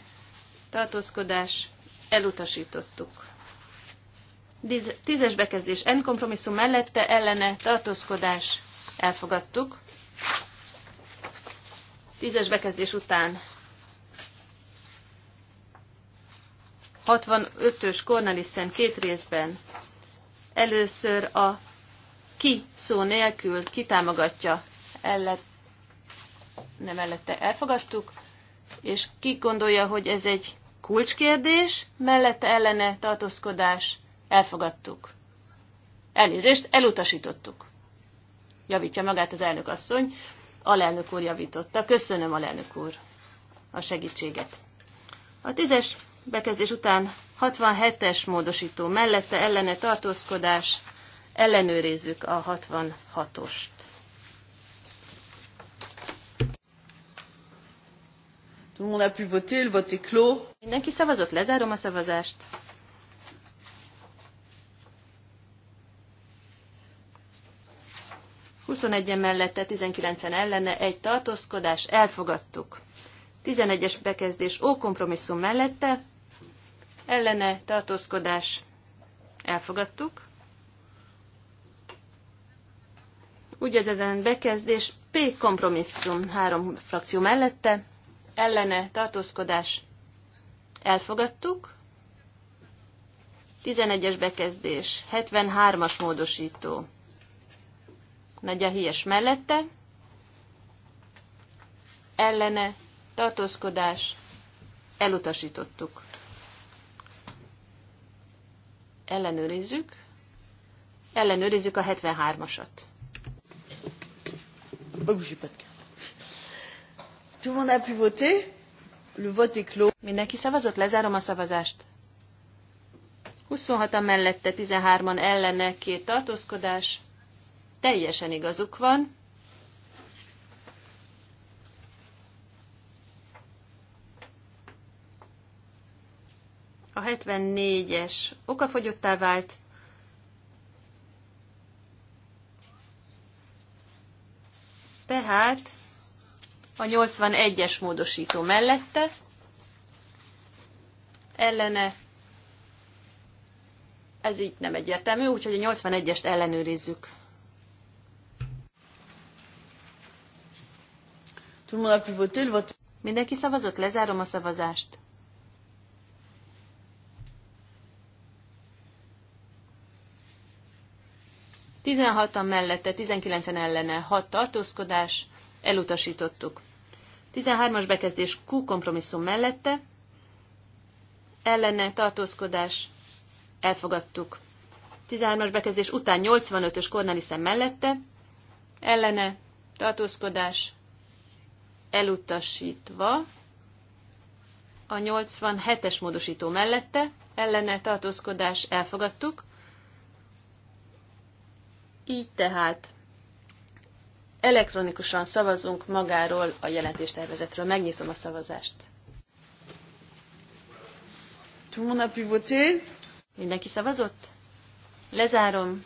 tartózkodás elutasítottuk. 10-es bekezdés N kompromisszum mellette, ellene, tartózkodás elfogadtuk. 10-es bekezdés után 65-ös Cornelissen két részben Először a ki szó nélkül kitámogatja ellet, nem ellette elfogadtuk, és ki gondolja, hogy ez egy kulcskérdés, mellette ellene tartózkodás elfogadtuk. Elnézést, elutasítottuk. Javítja magát az elnök asszony. Alelnök úr javította. Köszönöm, alelnök úr, a segítséget. A tízes bekezdés után 67-es módosító mellette ellene tartózkodás, ellenőrizzük a 66-ost. Tout le monde a pu voter, le vote est clos. Mindenki szavazott, lezárom a szavazást. Huszonegyen mellette, 19-en ellene, egy tartózkodás, elfogadtuk. 11-es bekezdés, ó kompromisszum mellette, ellene tartózkodás elfogadtuk. Úgy ez ezen bekezdés P kompromisszum három frakció mellette, ellene tartózkodás elfogadtuk. 11-es bekezdés, 73-as módosító. Nagy a híjes mellette, ellene tartózkodás elutasítottuk ellenőrizzük. Ellenőrizzük a 73-asat. Tout le monde a pu voter. Le vote est clos. Mindenki szavazott, lezárom a szavazást. 26-an mellette, 13-an ellene, két tartózkodás. Teljesen igazuk van. 74-es okafogyottá vált, tehát a 81-es módosító mellette ellene ez így nem egyértelmű, úgyhogy a 81-est ellenőrizzük. Mindenki szavazott, lezárom a szavazást. 16-an mellette, 19-en ellene, 6 tartózkodás, elutasítottuk. 13-as bekezdés Q kompromisszum mellette, ellene tartózkodás, elfogadtuk. 13-as bekezdés után 85-ös Cornelissen mellette, ellene tartózkodás, elutasítva, a 87-es módosító mellette, ellene tartózkodás, elfogadtuk. Így tehát elektronikusan szavazunk magáról a jelentéstervezetről. Megnyitom a szavazást. Mindenki szavazott? Lezárom.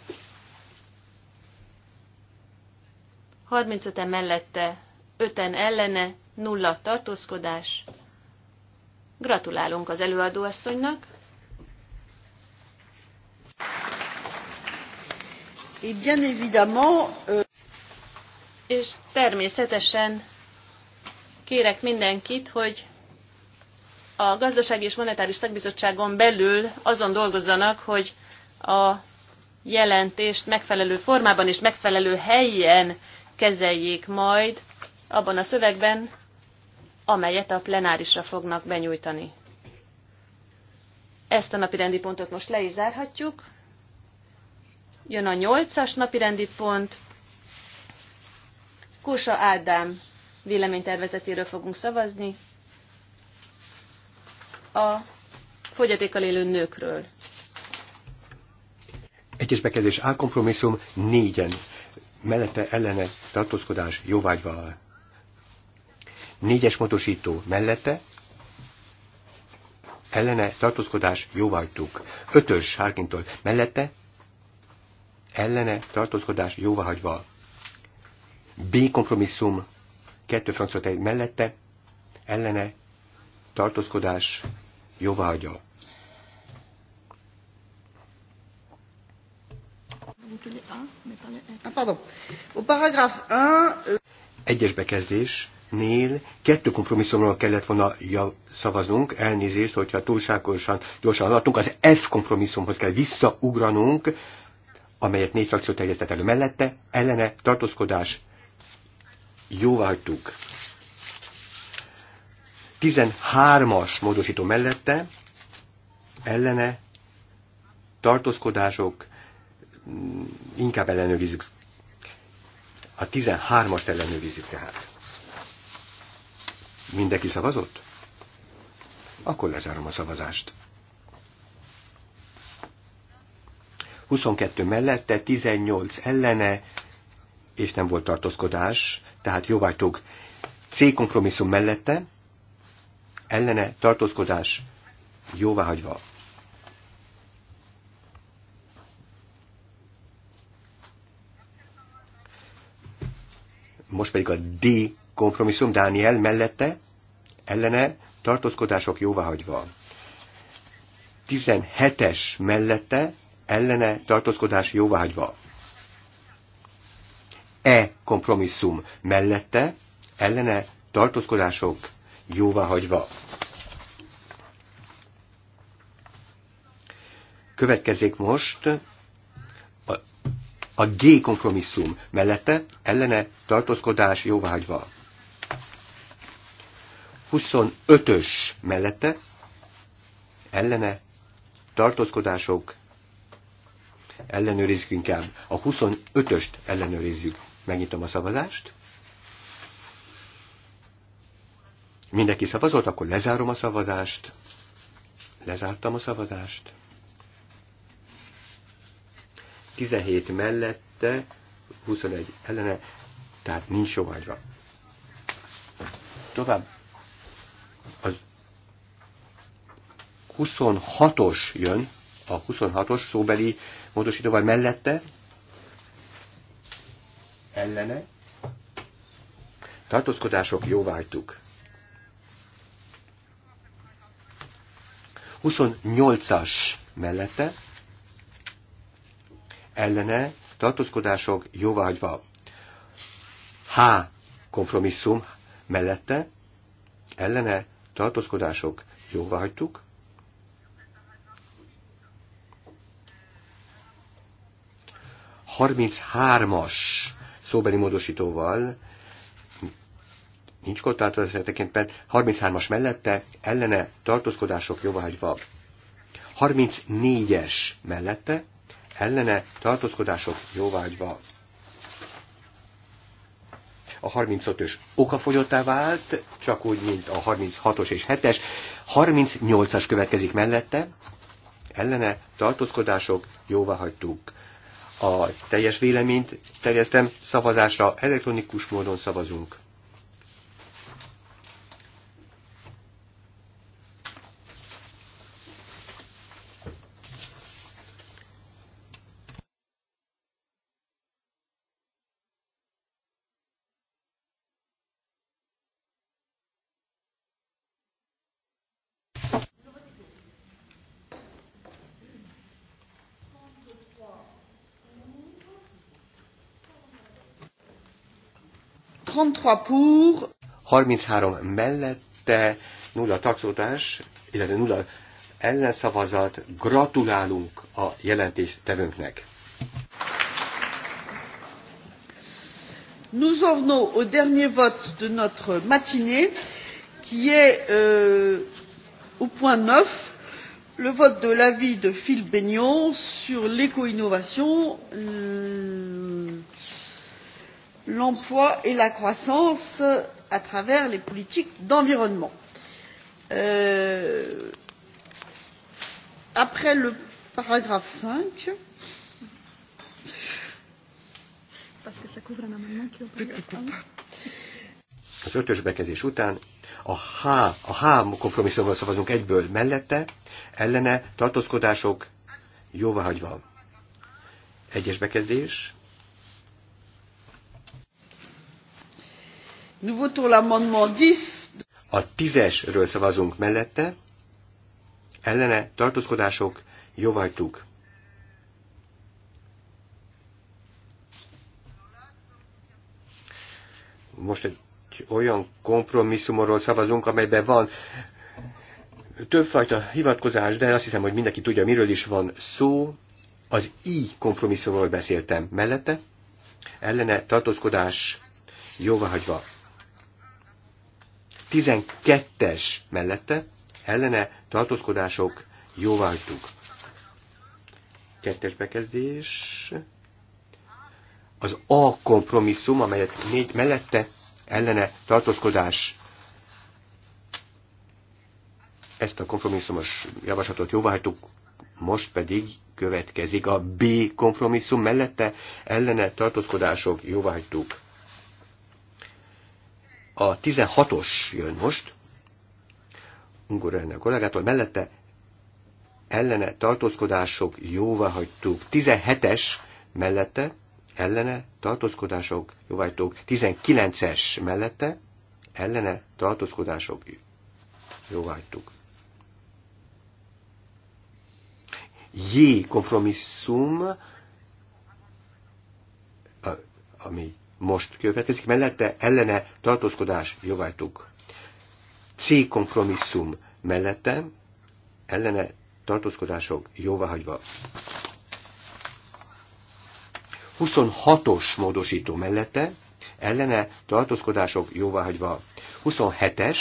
35-en mellette, 5-en ellene, nulla tartózkodás. Gratulálunk az előadóasszonynak. Et bien évidemment, euh... És természetesen kérek mindenkit, hogy a Gazdasági és Monetáris Szakbizottságon belül azon dolgozzanak, hogy a jelentést megfelelő formában és megfelelő helyen kezeljék majd abban a szövegben, amelyet a plenárisra fognak benyújtani. Ezt a napi rendi pontot most le is zárhatjuk. Jön a nyolcas napi rendi pont. Kusa Ádám véleménytervezetéről fogunk szavazni. A fogyatékkal élő nőkről. Egyes bekezdés A kompromisszum négyen. Mellette ellene tartózkodás jóvágyval. Négyes módosító mellette ellene tartózkodás jóvágytuk. Ötös Hárkintól mellette ellene tartózkodás jóváhagyva. B kompromisszum, kettő francot egy mellette, ellene tartózkodás jóváhagyva. Ah, euh, Egyes bekezdés nél kettő kompromisszumról kellett volna szavaznunk, elnézést, hogyha túlságosan gyorsan haladtunk, az F kompromisszumhoz kell visszaugranunk, amelyet négy frakció terjesztett elő mellette, ellene tartózkodás jóvá hagytuk. 13-as módosító mellette ellene tartózkodások mm, inkább ellenőrizzük. A 13-ast ellenőrizzük tehát. Mindenki szavazott? Akkor lezárom a szavazást. 22 mellette, 18 ellene, és nem volt tartózkodás, tehát jóvágytog C kompromisszum mellette, ellene tartózkodás jóváhagyva. Most pedig a D kompromisszum Dániel mellette, ellene tartózkodások jóváhagyva. 17-es mellette ellene tartózkodás jóváhagyva. E kompromisszum mellette ellene tartózkodások jóváhagyva. Következik most a, a G kompromisszum mellette ellene tartózkodás jóváhagyva. 25-ös mellette ellene tartózkodások ellenőrizzük inkább. A 25-öst ellenőrizzük. Megnyitom a szavazást. Mindenki szavazott, akkor lezárom a szavazást. Lezártam a szavazást. 17 mellette, 21 ellene, tehát nincs sovágyra. Tovább az 26-os jön, a 26-os szóbeli vagy mellette, ellene, tartózkodások jóváhagytuk. 28-as mellette, ellene, tartózkodások jóváhagyva. H. kompromisszum mellette, ellene, tartózkodások jóváhagytuk. 33-as szóbeli módosítóval, nincs korlátozás tekintetben, 33-as mellette ellene tartózkodások jóváhagyva. 34-es mellette ellene tartózkodások jóváhagyva. A 35-ös okafogyottá vált, csak úgy, mint a 36-os és 7-es. 38-as következik mellette, ellene tartózkodások jóváhagytuk. A teljes véleményt terjesztem szavazásra, elektronikus módon szavazunk. pour. 33 mellette, nulla taxótás, illetve nulla ellenszavazat. Gratulálunk a jelentés tevőnknek. Nous en venons au dernier vote de notre matinée, qui est euh, au point 9 le vote de l'avis de phil bennion sur l'éco innovation l'emploi et la croissance à travers les politiques d'environnement. Euh, après le paragraphe cinq az ötös bekezés után a H, a H kompromisszumról szavazunk egyből mellette, ellene tartózkodások jóváhagyva. Egyes bekezdés, Nous votons l'amendement 10. A tízesről szavazunk mellette, ellene tartózkodások, jóvajtuk. Most egy olyan kompromisszumról szavazunk, amelyben van többfajta hivatkozás, de azt hiszem, hogy mindenki tudja, miről is van szó. Az I kompromisszumról beszéltem mellette, ellene tartózkodás jóváhagyva. 12-es mellette ellene tartózkodások jóváltuk. Kettes bekezdés. Az A kompromisszum, amelyet négy mellette ellene tartózkodás ezt a kompromisszumos javaslatot jóváltuk. most pedig következik a B kompromisszum mellette ellene tartózkodások jóváhagytuk. A 16-os jön most, Ungorelne a kollégától, mellette ellene tartózkodások jóvá hagytuk. 17-es mellette ellene tartózkodások jóvá 19-es mellette ellene tartózkodások jóvá hagytuk. J kompromisszum, ami most következik, mellette ellene tartózkodás jogálltuk. C kompromisszum mellette ellene tartózkodások jóváhagyva. 26-os módosító mellette ellene tartózkodások jóváhagyva. 27-es,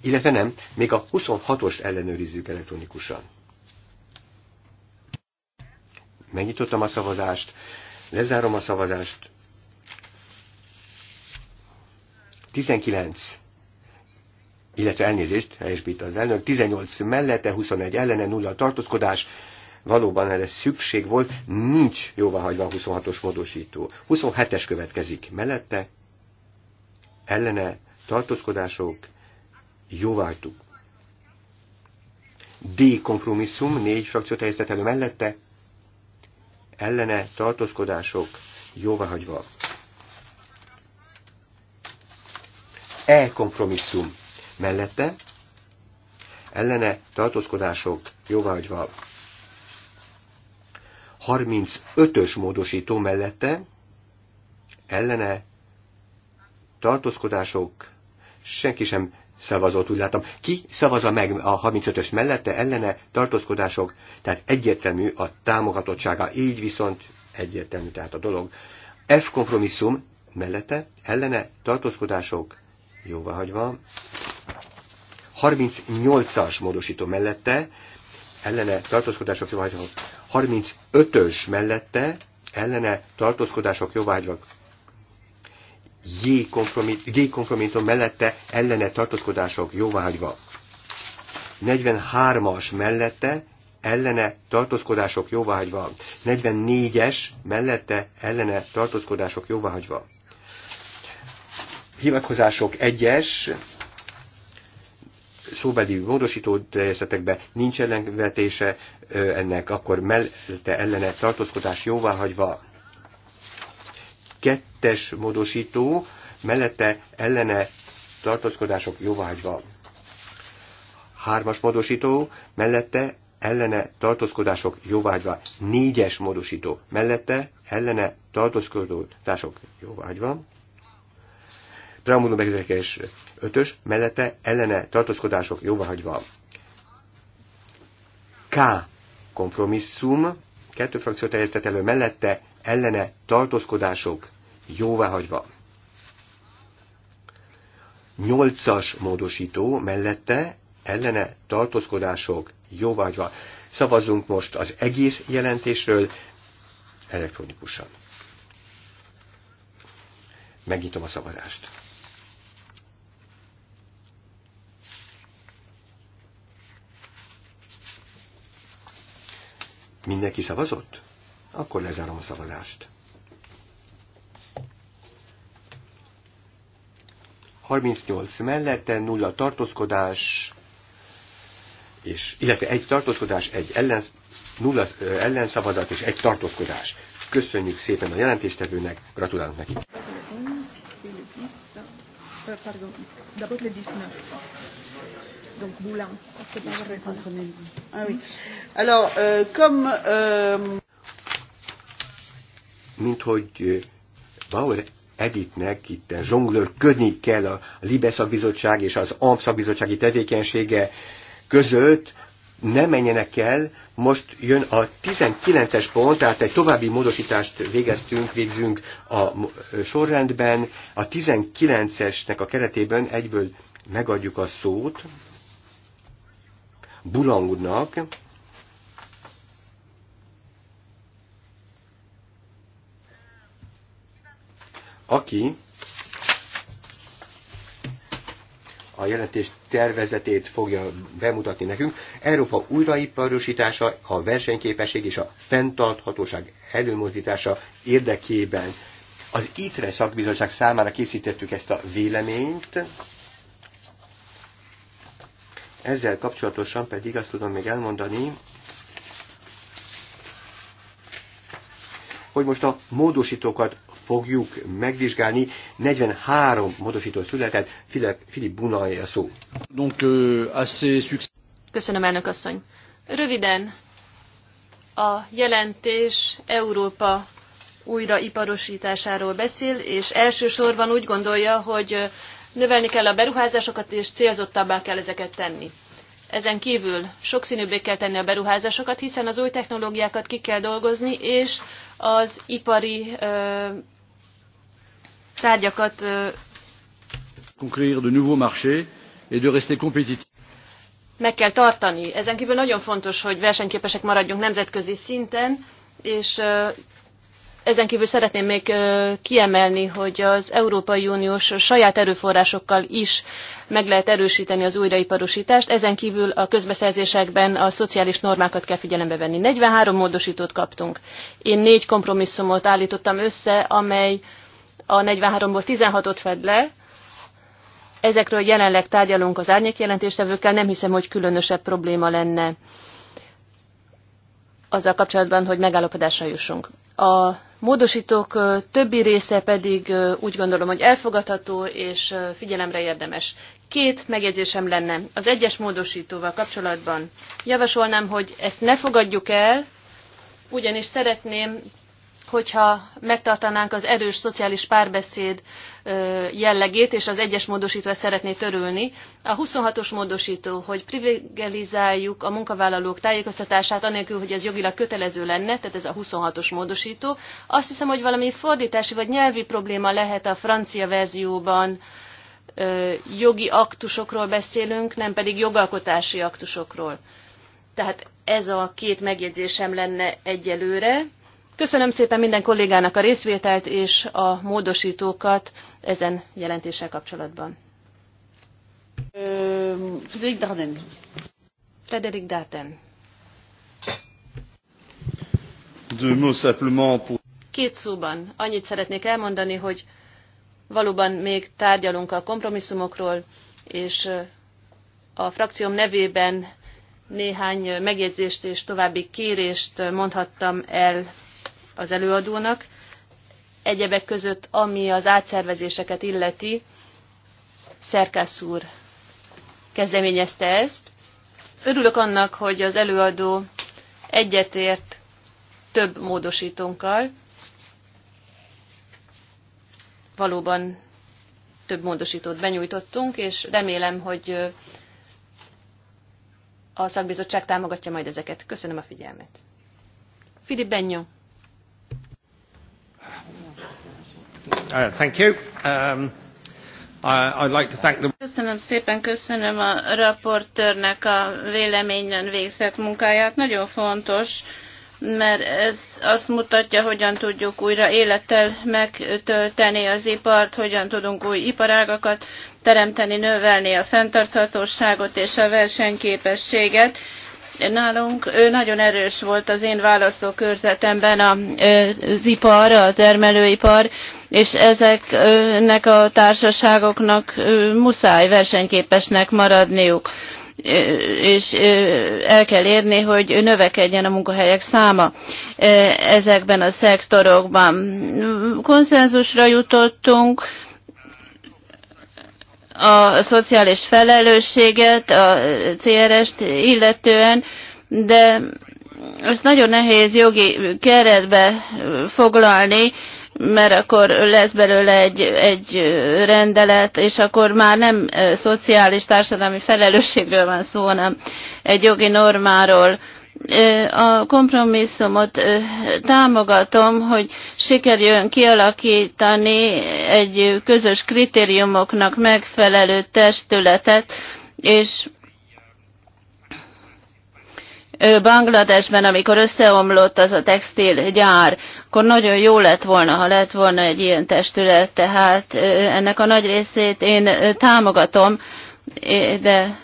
illetve nem, még a 26 os ellenőrizzük elektronikusan. Megnyitottam a szavazást, lezárom a szavazást, 19 illetve elnézést, helyesbít az elnök, 18 mellette, 21 ellene, nulla tartózkodás, valóban erre szükség volt, nincs hagyva a 26-os módosító. 27-es következik mellette, ellene, tartózkodások, hagytuk. D kompromisszum, négy frakció elő mellette, ellene, tartózkodások, hagyva. E kompromisszum mellette ellene tartózkodások jóvágyva 35-ös módosító mellette ellene tartózkodások senki sem szavazott, úgy látom. Ki szavazza meg a 35-ös mellette ellene tartózkodások, tehát egyértelmű a támogatottsága, így viszont egyértelmű tehát a dolog. F kompromisszum mellette ellene tartózkodások jóváhagyva. 38-as módosító mellette, ellene tartózkodások jóváhagyva. 35-ös mellette, ellene tartózkodások jóváhagyva. J kompromisszum mellette, ellene tartózkodások jóváhagyva. 43-as mellette, ellene tartózkodások jóváhagyva. 44-es mellette, ellene tartózkodások jóváhagyva hivatkozások egyes, szóbeli módosító teljesetekben nincs ellenvetése ennek, akkor mellette ellene tartózkodás jóváhagyva kettes módosító, mellette ellene tartózkodások jóváhagyva hármas módosító, mellette ellene tartózkodások jóváhagyva négyes módosító, mellette ellene tartózkodások jóváhagyva Preambulum bekezdés 5-ös, mellette ellene tartózkodások jóváhagyva. K. Kompromisszum, kettő frakció terjesztett elő, mellette ellene tartózkodások jóváhagyva. 8-as módosító, mellette ellene tartózkodások jóváhagyva. Szavazzunk most az egész jelentésről elektronikusan. Megnyitom a szavazást. Mindenki szavazott? Akkor lezárom a szavazást. 38 mellette, nulla tartózkodás, és, illetve egy tartózkodás, egy ellen, nulla ellenszavazat és egy tartózkodás. Köszönjük szépen a jelentéstevőnek, gratulálunk neki donc Moulin. Ah oui. Alors, euh, comme... Euh... Mint hogy euh, Bauer Editnek itt zsonglőrködni kell a Libe szakbizottság és az AMP szakbizottsági tevékenysége között, ne menjenek el, most jön a 19-es pont, tehát egy további módosítást végeztünk, végzünk a sorrendben. A 19-esnek a keretében egyből megadjuk a szót. Bulan aki a jelentés tervezetét fogja bemutatni nekünk. Európa újraiparosítása, a versenyképesség és a fenntarthatóság előmozdítása érdekében. Az ITRE szakbizottság számára készítettük ezt a véleményt. Ezzel kapcsolatosan pedig azt tudom még elmondani, hogy most a módosítókat fogjuk megvizsgálni. 43 módosító született, Filip Bunai a szó. Euh, Köszönöm, elnök asszony. Röviden, a jelentés Európa újraiparosításáról beszél, és elsősorban úgy gondolja, hogy növelni kell a beruházásokat, és célzottabbá kell ezeket tenni. Ezen kívül sokszínűbbé kell tenni a beruházásokat, hiszen az új technológiákat ki kell dolgozni, és az ipari ö, tárgyakat ö, de et de rester Meg kell tartani. Ezen kívül nagyon fontos, hogy versenyképesek maradjunk nemzetközi szinten, és ezen kívül szeretném még kiemelni, hogy az Európai Uniós saját erőforrásokkal is meg lehet erősíteni az újraiparostást ezen kívül a közbeszerzésekben a szociális normákat kell figyelembe venni. 43 módostót kaptunk. Én négy kompromisszumot állítottam össze, amely a 43-ból 16-ot fed le. Ezekről jelenleg tárgyalunk az árnyékjelentéstevőkkel, nem hiszem, hogy különösebb probléma lenne azzal kapcsolatban, hogy megállapodásra jussunk. A módostók többi része pedig úgy gondolom, hogy elfogadható és figyelemre érdemes. Két megjegyzésem lenne. Az egyes módosítóval kapcsolatban javasolnám, hogy ezt ne fogadjuk el, ugyanis szeretném, hogyha megtartanánk az erős szociális párbeszéd jellegét, és az egyes módosítva szeretné törülni. A 26-os módosító, hogy privilegizáljuk a munkavállalók tájékoztatását, anélkül, hogy ez jogilag kötelező lenne, tehát ez a 26-os módosító. Azt hiszem, hogy valami fordítási vagy nyelvi probléma lehet a francia verzióban, jogi aktusokról beszélünk, nem pedig jogalkotási aktusokról. Tehát ez a két megjegyzésem lenne egyelőre. Köszönöm szépen minden kollégának a részvételt és a módosítókat ezen jelentéssel kapcsolatban. Frederik Darden. Frederik Darden. Két szóban annyit szeretnék elmondani, hogy valóban még tárgyalunk a kompromisszumokról, és a frakcióm nevében néhány megjegyzést és további kérést mondhattam el az előadónak, egyebek között, ami az átszervezéseket illeti, Szerkász úr kezdeményezte ezt. Örülök annak, hogy az előadó egyetért több módosítónkkal. Valóban több módosítót benyújtottunk, és remélem, hogy a szakbizottság támogatja majd ezeket. Köszönöm a figyelmet. Filip Benyó. Uh, um, köszönöm szépen, köszönöm a raportőrnek a véleményen végzett munkáját. Nagyon fontos, mert ez azt mutatja, hogyan tudjuk újra élettel megtölteni az ipart, hogyan tudunk új iparágakat teremteni, növelni a fenntarthatóságot és a versenyképességet Nálunk nagyon erős volt az én választókörzetemben az ipar, a termelőipar, és ezeknek a társaságoknak muszáj versenyképesnek maradniuk és el kell érni, hogy növekedjen a munkahelyek száma ezekben a szektorokban. Konszenzusra jutottunk, a szociális felelősséget, a CRS-t illetően, de ezt nagyon nehéz jogi keretbe foglalni, mert akkor lesz belőle egy, egy rendelet, és akkor már nem eh, szociális társadalmi felelősségről van szó, hanem egy jogi normáról a kompromisszumot támogatom, hogy sikerjön kialakítani egy közös kritériumoknak megfelelő testületet, és Bangladesben, amikor összeomlott az a textilgyár, akkor nagyon jó lett volna, ha lett volna egy ilyen testület, tehát ennek a nagy részét én támogatom, de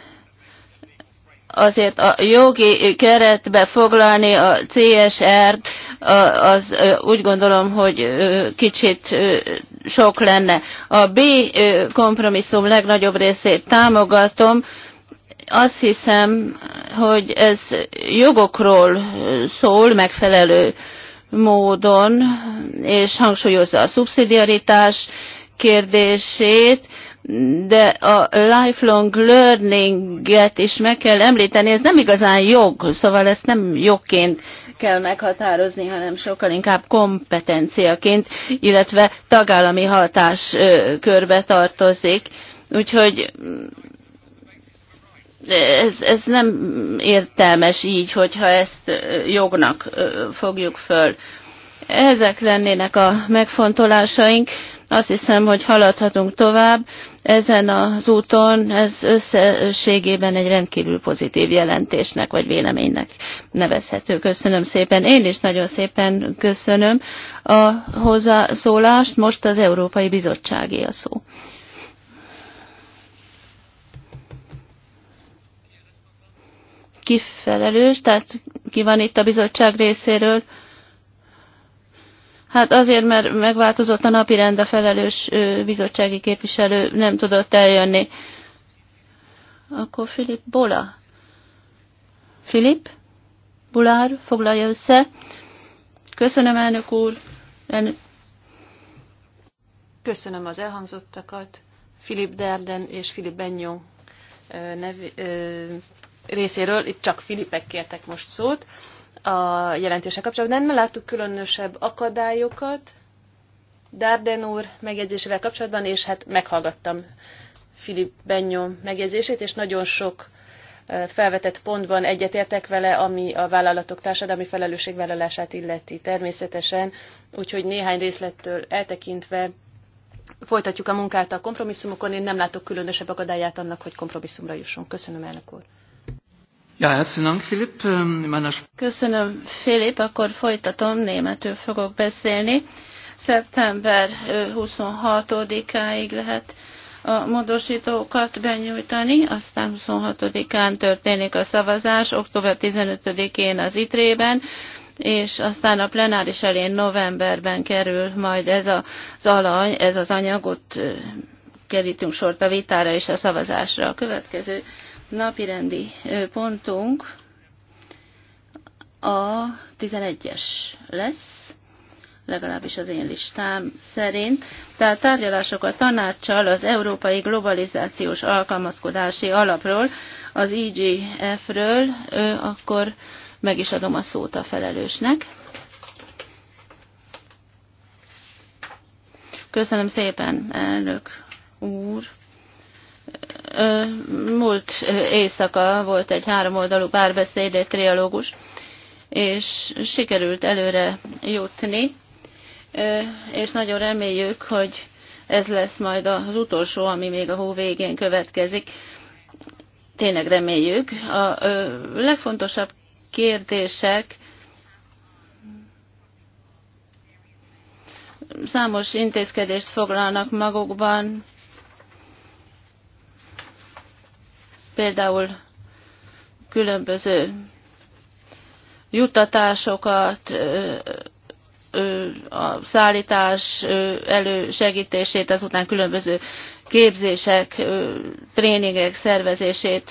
azért a jogi keretbe foglalni a CSR-t, az úgy gondolom, hogy kicsit sok lenne. A B kompromisszum legnagyobb részét támogatom, azt hiszem, hogy ez jogokról szól megfelelő módon, és hangsúlyozza a szubszidiaritás kérdését, de a lifelong learning-et is meg kell említeni, ez nem igazán jog, szóval ezt nem jogként kell meghatározni, hanem sokkal inkább kompetenciaként, illetve tagállami körbe tartozik. Úgyhogy mm, ez, ez nem értelmes így, hogyha ezt jognak fogjuk föl. Ezek lennének a megfontolásaink. Azt hiszem, hogy haladhatunk tovább. Ezen az úton ez összességében egy rendkívül pozitív jelentésnek vagy véleménynek nevezhető. Köszönöm szépen. Én is nagyon szépen köszönöm a hozzászólást. Most az Európai Bizottságé a szó. Kifelelős, tehát ki van itt a bizottság részéről? Hát azért, mert megváltozott a napi rend, a felelős bizottsági képviselő nem tudott eljönni. Akkor Filip Bola. Filip? Bulár foglalja össze. Köszönöm, elnök úr. Elnök. Köszönöm az elhangzottakat. Filip Derden és Filip Benyó nevi, ö, részéről, itt csak Filipek kértek most szót a jelentése kapcsolatban. Nem láttuk különösebb akadályokat Darden úr megjegyzésével kapcsolatban, és hát meghallgattam Filip Benyon megjegyzését, és nagyon sok felvetett pontban egyetértek vele, ami a vállalatok társadalmi felelősségvállalását illeti természetesen, úgyhogy néhány részlettől eltekintve folytatjuk a munkát a kompromisszumokon. Én nem látok különösebb akadályát annak, hogy kompromisszumra jussunk. Köszönöm, elnök úr. Ja, herzlichen Philipp. Ähm, meiner... Köszönöm, Filip. Akkor folytatom, németül fogok beszélni. Szeptember 26-áig lehet a módosítókat benyújtani, aztán 26-án történik a szavazás, október 15-én az ITRE-ben, és aztán a plenáris elén novemberben kerül majd ez az alany, ez az anyagot kerítünk sort a vitára és a szavazásra. A következő napirendi pontunk a 11-es lesz, legalábbis az én listám szerint. Tehát tárgyalások a tanácssal az Európai Globalizációs Alkalmazkodási Alapról, az IGF-ről, akkor meg is adom a szót a felelősnek. Köszönöm szépen, elnök úr. Múlt éjszaka volt egy háromoldalú párbeszéd, egy trialógus, és sikerült előre jutni, és nagyon reméljük, hogy ez lesz majd az utolsó, ami még a hó végén következik. Tényleg reméljük. A legfontosabb kérdések számos intézkedést foglalnak magukban, például különböző juttatásokat, a szállítás elősegítését, azután különböző képzések, tréningek szervezését.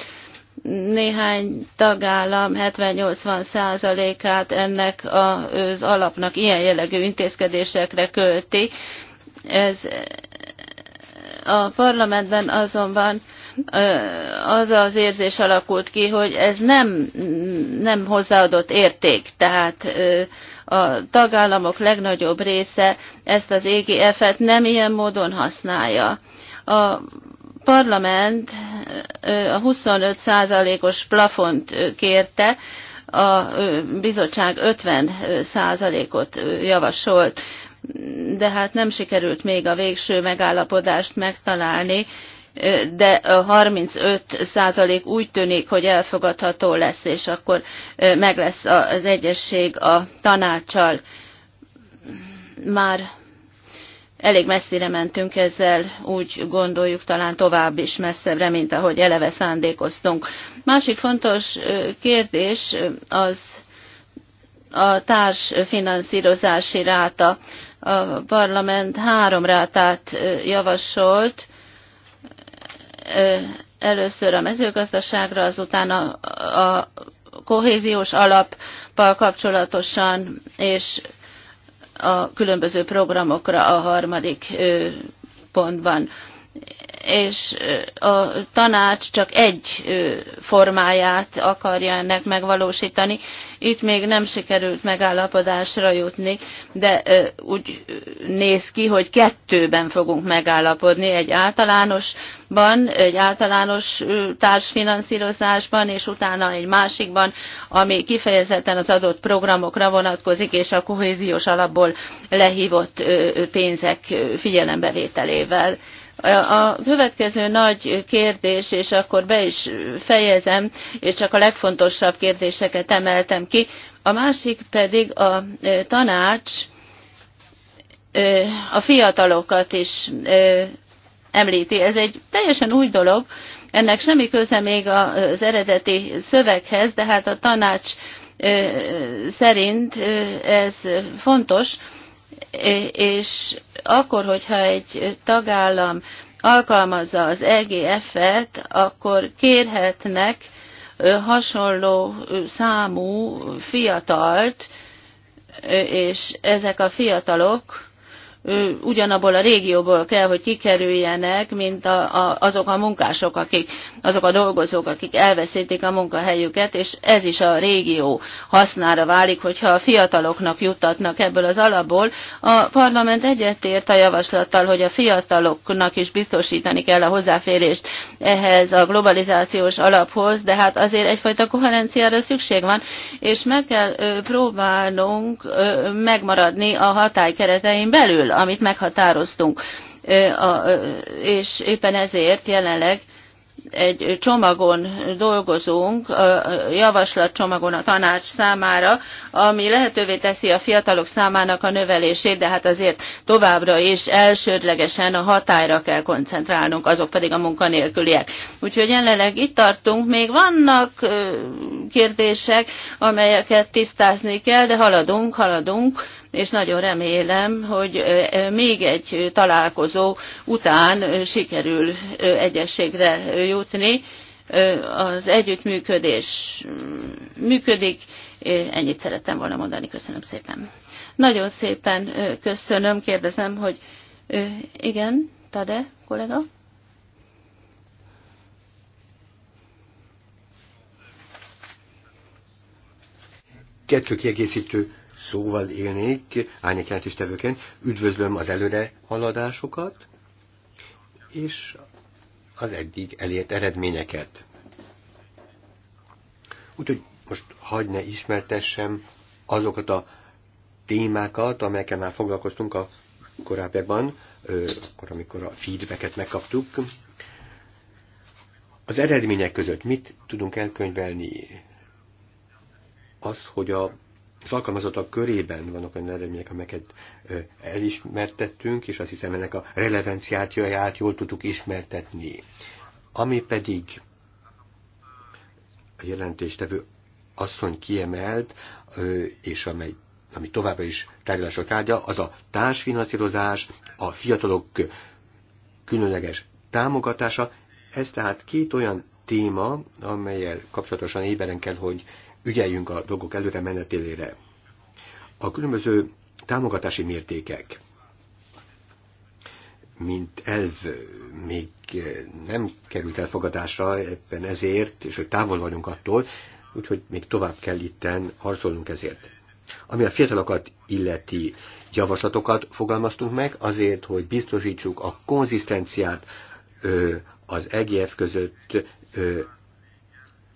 Néhány tagállam 70-80 százalékát ennek az alapnak ilyen jellegű intézkedésekre költi. Ez a parlamentben azonban az az érzés alakult ki, hogy ez nem, nem hozzáadott érték, tehát a tagállamok legnagyobb része ezt az EGF-et nem ilyen módon használja. A parlament a 25%-os plafont kérte, a bizottság 50%-ot javasolt, de hát nem sikerült még a végső megállapodást megtalálni, de 35% úgy tűnik, hogy elfogadható lesz, és akkor meg lesz az egyesség a tanácsal. Már elég messzire mentünk ezzel, úgy gondoljuk talán tovább is messzebbre, mint ahogy eleve szándékoztunk. Másik fontos kérdés az a finanszírozási ráta. A parlament három rátát javasolt, először a mezőgazdaságra, azután a, a kohéziós alappal kapcsolatosan, és a különböző programokra a harmadik pontban. És a tanács csak egy formáját akarja ennek megvalósítani, itt még nem sikerült megállapodásra jutni, de úgy néz ki, hogy kettőben fogunk megállapodni, egy általánosban, egy általános társfinanszírozásban, és utána egy másikban, ami kifejezetten az adott programokra vonatkozik, és a kohéziós alapból lehívott pénzek figyelembevételével. A következő nagy kérdés, és akkor be is fejezem, és csak a legfontosabb kérdéseket emeltem ki. A másik pedig a e, tanács e, a fiatalokat is e, említi. Ez egy teljesen új dolog, ennek semmi köze még az eredeti szöveghez, de hát a tanács szerint ez fontos, és akkor, hogyha egy tagállam alkalmazza az EGF-et, akkor kérhetnek hasonló számú fiatalt, és ezek a fiatalok ugyanabból a régióból kell, hogy kikerüljenek, mint a, a, azok a munkások, akik, azok a dolgozók, akik elveszítik a munkahelyüket, és ez is a régió hasznára válik, hogyha a fiataloknak juttatnak ebből az alapból. A parlament egyetért a javaslattal, hogy a fiataloknak is biztosítani kell a hozzáférést ehhez a globalizációs alaphoz, de hát azért egyfajta koherenciára szükség van, és meg kell próbálnunk megmaradni a hatály keretein belül amit meghatároztunk. És éppen ezért jelenleg egy csomagon dolgozunk, javaslatcsomagon a tanács számára, ami lehetővé teszi a fiatalok számának a növelését, de hát azért továbbra is elsődlegesen a hatályra kell koncentrálnunk, azok pedig a munkanélküliek. Úgyhogy jelenleg itt tartunk, még vannak kérdések, amelyeket tisztázni kell, de haladunk, haladunk, és nagyon remélem, hogy még egy találkozó után sikerül egyességre jutni. Az együttműködés mm, működik. Ennyit szerettem volna mondani. Köszönöm szépen. Nagyon szépen köszönöm. Kérdezem, hogy igen, Tade kollega? Kettő kiegészítő szóval élnék árnyékjelentéstevőként. Üdvözlöm az előre haladásokat, és az eddig elért eredményeket. Úgyhogy most hagyd ne ismertessem azokat a témákat, amelyekkel már foglalkoztunk a korábbiakban, akkor, amikor a feedbacket megkaptuk. Az eredmények között mit tudunk elkönyvelni? Az, hogy a az alkalmazottak körében vannak olyan eredmények, amelyeket elismertettünk, és azt hiszem ennek a relevanciáját jól tudtuk ismertetni. Ami pedig a jelentéstevő asszony kiemelt, és amely ami továbbra is tárgyalások tárgya, az a társfinanszírozás, a fiatalok különleges támogatása. Ez tehát két olyan téma, amelyel kapcsolatosan éberen kell, hogy ügyeljünk a dolgok előre menetélére. A különböző támogatási mértékek, mint elv még nem került elfogadásra, ebben ezért, és hogy távol vagyunk attól, úgyhogy még tovább kell itten harcolnunk ezért. Ami a fiatalokat illeti javaslatokat fogalmaztunk meg, azért, hogy biztosítsuk a konzisztenciát az EGF között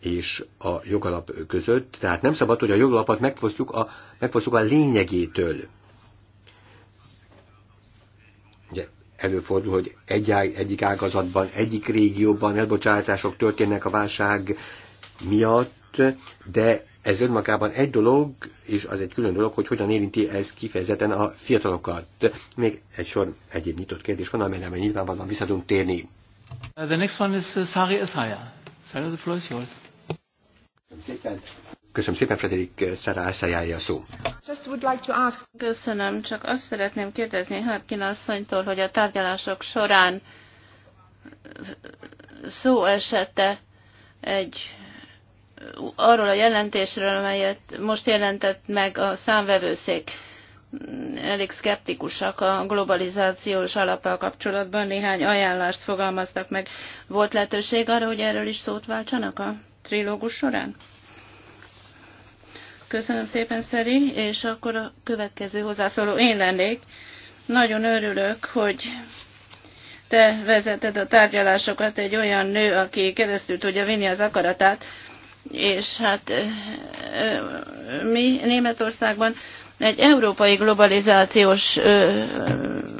és a jogalap között, tehát nem szabad, hogy a jogalapot megfosztjuk a, megfosztjuk a lényegétől. Ugye előfordul, hogy egy, egyik ágazatban, egyik régióban elbocsátások történnek a válság miatt, de ez önmagában egy dolog, és az egy külön dolog, hogy hogyan érinti ez kifejezetten a fiatalokat. Még egy sor egyéb nyitott kérdés van, amelyre nyilvánvalóan vissza térni. The next one is uh, Sari Esaya. Sari, the floor is yours. Köszönöm szépen. Frederik Szerá Frederik a szó. Just would like to ask... Köszönöm, csak azt szeretném kérdezni Harkin asszonytól, hogy a tárgyalások során szó esette egy arról a jelentésről, amelyet most jelentett meg a számvevőszék. Elég szkeptikusak a globalizációs alappal kapcsolatban, néhány ajánlást fogalmaztak meg. Volt lehetőség arra, hogy erről is szót váltsanak a trilógus során? Köszönöm szépen, Szeri, és akkor a következő hozzászóló én lennék. Nagyon örülök, hogy te vezeted a tárgyalásokat egy olyan nő, aki keresztül tudja vinni az akaratát, és hát mi Németországban egy európai globalizációs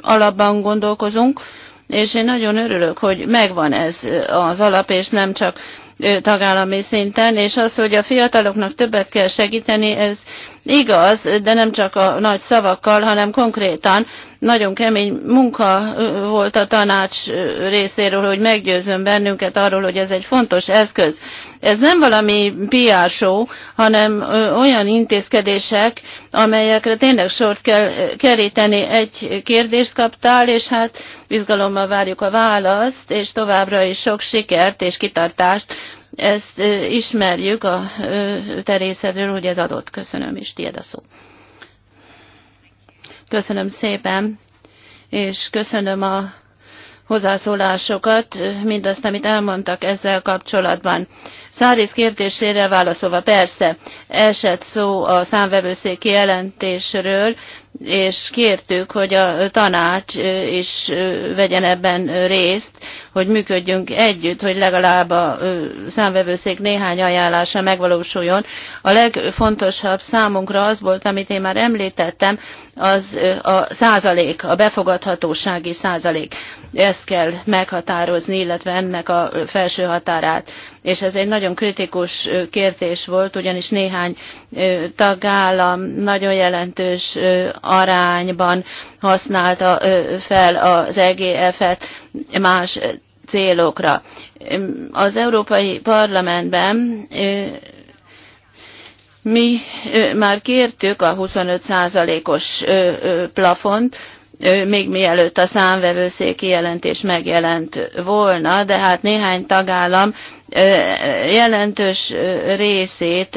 alapban gondolkozunk, és én nagyon örülök, hogy megvan ez az alap, és nem csak tagállami szinten, és az, hogy a fiataloknak többet kell segíteni, ez Igaz, de nem csak a nagy szavakkal, hanem konkrétan nagyon kemény munka volt a tanács részéről, hogy meggyőzön bennünket arról, hogy ez egy fontos eszköz. Ez nem valami PR show, hanem olyan intézkedések, amelyekre tényleg sort kell keríteni. Egy kérdést kaptál, és hát izgalommal várjuk a választ, és továbbra is sok sikert és kitartást ezt ismerjük a terészedről, hogy ez adott. Köszönöm, és tiéd a szó. Köszönöm szépen, és köszönöm a hozzászólásokat, mindazt, amit elmondtak ezzel kapcsolatban. Szárész kérdésére válaszolva, persze, esett szó a számvevőszéki jelentésről, és kértük, hogy a tanács is vegyen ebben részt, hogy működjünk együtt, hogy legalább a számvevőszék néhány ajánlása megvalósuljon. A legfontosabb számunkra az volt, amit én már említettem, az a százalék, a befogadhatósági százalék. Ezt kell meghatározni, illetve ennek a felső határát és ez egy nagyon kritikus kérdés volt, ugyanis néhány tagállam nagyon jelentős arányban használta fel az EGF-et más célokra. Az Európai Parlamentben mi már kértük a 25%-os plafont, még mielőtt a számvevőszéki jelentés megjelent volna, de hát néhány tagállam jelentős részét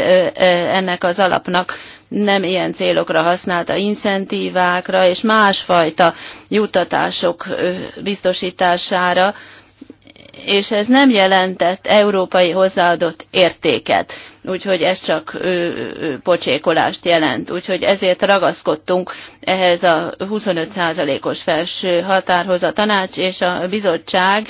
ennek az alapnak nem ilyen célokra használta, incentívákra és másfajta juttatások biztosítására, és ez nem jelentett európai hozzáadott értéket. Úgyhogy ez csak pocsékolást jelent. Úgyhogy ezért ragaszkodtunk ehhez a 25%-os felső határhoz a tanács és a bizottság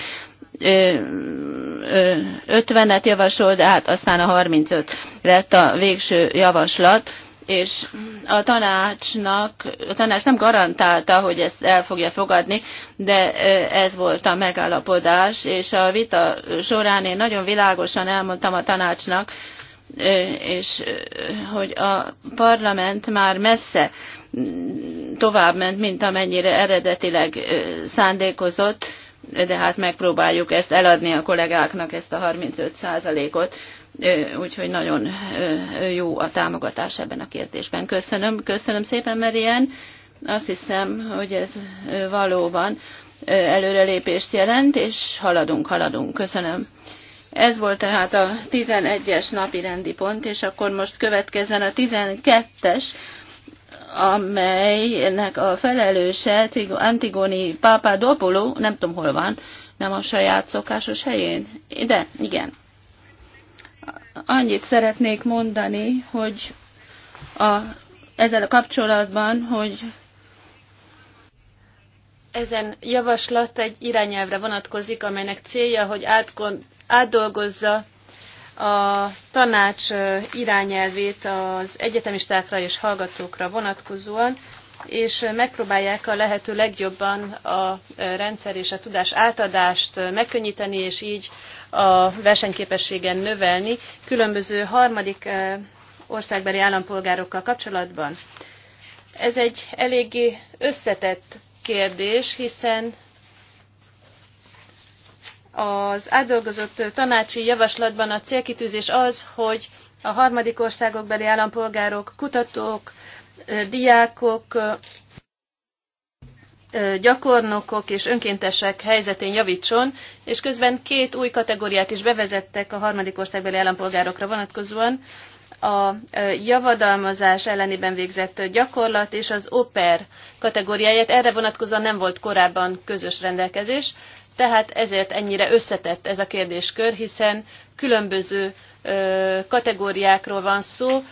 50-et javasolt, de hát aztán a 35 lett a végső javaslat és a tanácsnak, a tanács nem garantálta, hogy ezt el fogja fogadni, de ez volt a megállapodás, és a vita során én nagyon világosan elmondtam a tanácsnak, és hogy a parlament már messze tovább ment, mint amennyire eredetileg szándékozott, de hát megpróbáljuk ezt eladni a kollégáknak, ezt a 35 százalékot úgyhogy nagyon jó a támogatás ebben a kérdésben. Köszönöm, köszönöm szépen, Merien. Azt hiszem, hogy ez valóban előrelépést jelent, és haladunk, haladunk. Köszönöm. Ez volt tehát a 11-es napi rendi pont, és akkor most következzen a 12-es, amelynek a felelőse Antigoni Pápádopoló, nem tudom hol van, nem a saját szokásos helyén. De, igen. Annyit szeretnék mondani, hogy a, ezzel a kapcsolatban, hogy ezen javaslat egy irányelvre vonatkozik, amelynek célja, hogy átkon, átdolgozza a tanács irányelvét az egyetemistákra és hallgatókra vonatkozóan, és megpróbálják a lehető legjobban a rendszer és a tudás átadást megkönnyíteni, és így a versenyképességen növelni különböző harmadik eh, országbeli állampolgárokkal kapcsolatban. Ez egy eléggé összetett kérdés, hiszen az átdolgozott tanácsi javaslatban a célkitűzés az, hogy a harmadik országokbeli állampolgárok, kutatók, eh, diákok, gyakornokok és önkéntesek helyzetén javítson, és közben két új kategóriát is bevezettek a harmadik országbeli állampolgárokra vonatkozóan, a javadalmazás ellenében végzett gyakorlat és az oper kategóriáját erre vonatkozóan nem volt korábban közös rendelkezés, tehát ezért ennyire összetett ez a kérdéskör, hiszen különböző kategóriákról van szó,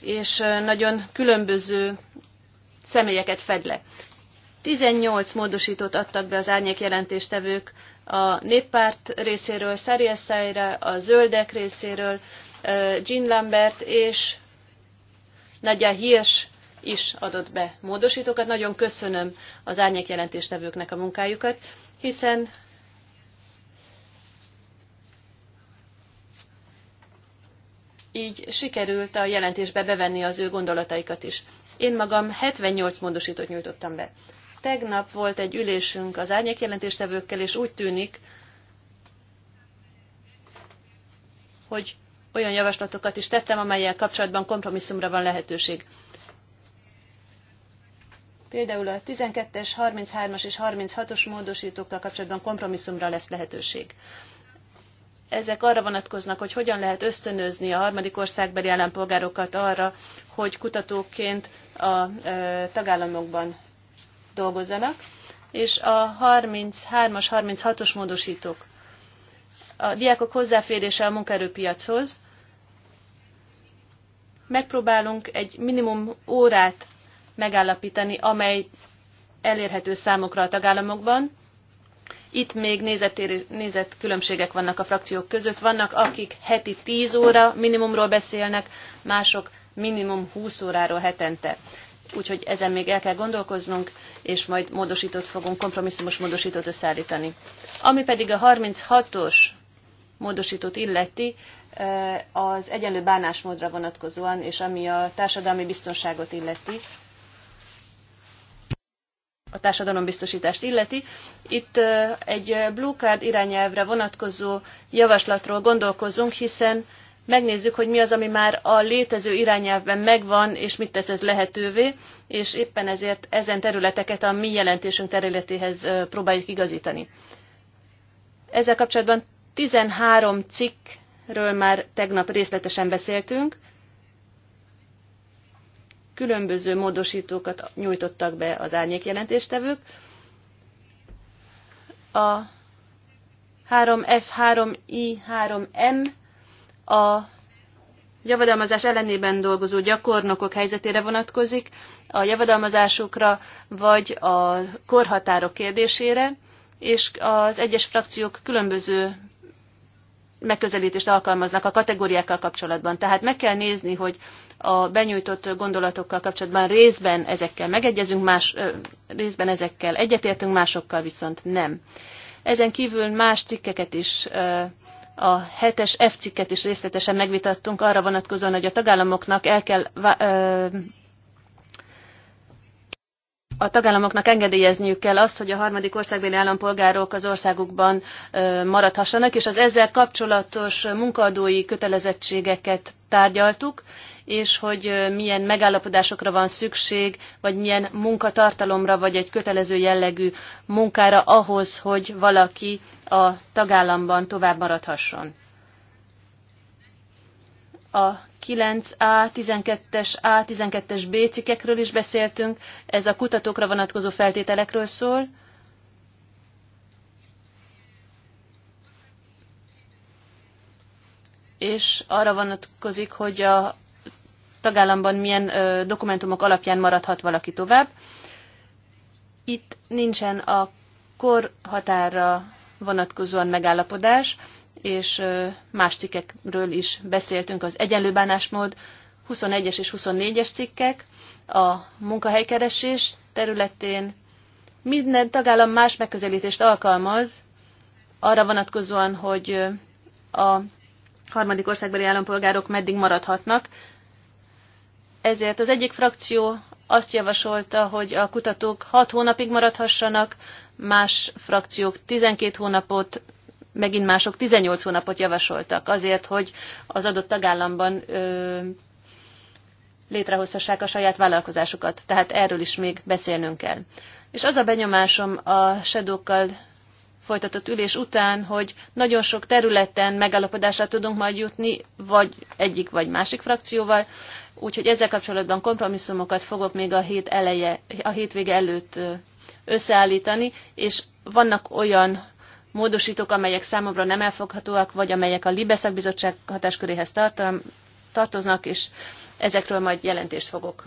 és nagyon különböző személyeket fed le. 18 módosítót adtak be az árnyék jelentéstevők a néppárt részéről, Szariel Szájra, a zöldek részéről, Jean Lambert és Nagyja Hirsch is adott be módosítókat. Nagyon köszönöm az árnyék jelentéstevőknek a munkájukat, hiszen így sikerült a jelentésbe bevenni az ő gondolataikat is. Én magam 78 módosítót nyújtottam be. Tegnap volt egy ülésünk az árnyékjelentéstevőkkel, és úgy tűnik, hogy olyan javaslatokat is tettem, amelyel kapcsolatban kompromisszumra van lehetőség. Például a 12-es, 33-as és 36-os módosítókkal kapcsolatban kompromisszumra lesz lehetőség. Ezek arra vonatkoznak, hogy hogyan lehet ösztönözni a harmadik országbeli állampolgárokat arra, hogy kutatóként a tagállamokban dolgozzanak, és a 33-as, 36-os módosítók. A diákok hozzáférése a munkaerőpiachoz. Megpróbálunk egy minimum órát megállapítani, amely elérhető számokra a tagállamokban. Itt még nézett különbségek vannak a frakciók között. Vannak, akik heti 10 óra minimumról beszélnek, mások minimum 20 óráról hetente úgyhogy ezen még el kell gondolkoznunk, és majd módosítót fogunk, kompromisszumos módosítót összeállítani. Ami pedig a 36-os módosítót illeti, e, az egyenlő bánásmódra vonatkozóan, és ami a társadalmi biztonságot illeti, a társadalombiztosítást illeti. Itt e, egy Blue Card irányelvre vonatkozó javaslatról gondolkozunk, hiszen megnézzük, hogy mi az, ami már a létező irányelvben megvan, és mit tesz ez lehetővé, és éppen ezért ezen területeket a mi jelentésünk területéhez próbáljuk igazítani. Ezzel kapcsolatban 13 cikkről már tegnap részletesen beszéltünk, különböző módosítókat nyújtottak be az árnyék jelentéstevők. A 3F, 3I, 3M a javadalmazás ellenében dolgozó gyakornokok helyzetére vonatkozik, a javadalmazásokra vagy a korhatárok kérdésére, és az egyes frakciók különböző megközelítést alkalmaznak a kategóriákkal kapcsolatban. Tehát meg kell nézni, hogy a benyújtott gondolatokkal kapcsolatban részben ezekkel megegyezünk, más, részben ezekkel egyetértünk, másokkal viszont nem. Ezen kívül más cikkeket is a hetes F cikket is részletesen megvitattunk arra vonatkozóan, hogy a tagállamoknak el kell a tagállamoknak engedélyezniük kell azt, hogy a harmadik országbéli állampolgárok az országukban maradhassanak, és az ezzel kapcsolatos munkaadói kötelezettségeket tárgyaltuk, és hogy milyen megállapodásokra van szükség, vagy milyen munkatartalomra, vagy egy kötelező jellegű munkára ahhoz, hogy valaki a tagállamban tovább maradhasson. A 9A, 12-es A, 12-es B cikkekről is beszéltünk, ez a kutatókra vonatkozó feltételekről szól. és arra vonatkozik, hogy a tagállamban milyen ö, dokumentumok alapján maradhat valaki tovább. Itt nincsen a korhatárra vonatkozóan megállapodás, és ö, más cikkekről is beszéltünk, az egyenlő bánásmód, 21-es és 24-es cikkek, a munkahelykeresés területén minden tagállam más megközelítést alkalmaz, arra vonatkozóan, hogy a harmadik országbeli állampolgárok meddig maradhatnak, ezért az egyik frakció azt javasolta, hogy a kutatók 6 hónapig maradhassanak, más frakciók 12 hónapot, megint mások 18 hónapot javasoltak azért, hogy az adott tagállamban ö, létrehozhassák a saját vállalkozásukat. Tehát erről is még beszélnünk kell. És az a benyomásom a sedókkal folytatott ülés után, hogy nagyon sok területen megállapodásra tudunk majd jutni, vagy egyik vagy másik frakcióval, Úgyhogy ezzel kapcsolatban kompromisszumokat fogok még a hét eleje, a hétvége előtt összeállítani, és vannak olyan módosítók, amelyek számomra nem elfoghatóak, vagy amelyek a Libeszak Bizottság hatásköréhez tartoznak, és ezekről majd jelentést fogok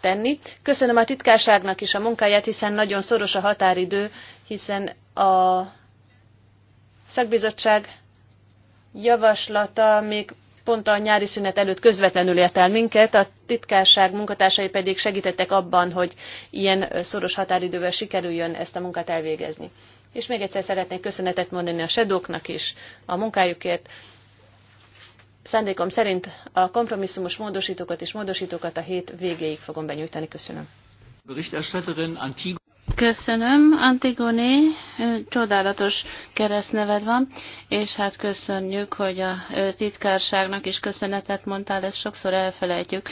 tenni. Köszönöm a titkárságnak is a munkáját, hiszen nagyon szoros a határidő, hiszen a szakbizottság javaslata még pont a nyári szünet előtt közvetlenül ért el minket, a titkárság munkatársai pedig segítettek abban, hogy ilyen szoros határidővel sikerüljön ezt a munkát elvégezni. És még egyszer szeretnék köszönetet mondani a sedóknak is a munkájukért. Szándékom szerint a kompromisszumos módosítókat és módosítókat a hét végéig fogom benyújtani. Köszönöm. Köszönöm, Antigoni, csodálatos keresztneved van, és hát köszönjük, hogy a titkárságnak is köszönetet mondtál, ezt sokszor elfelejtjük,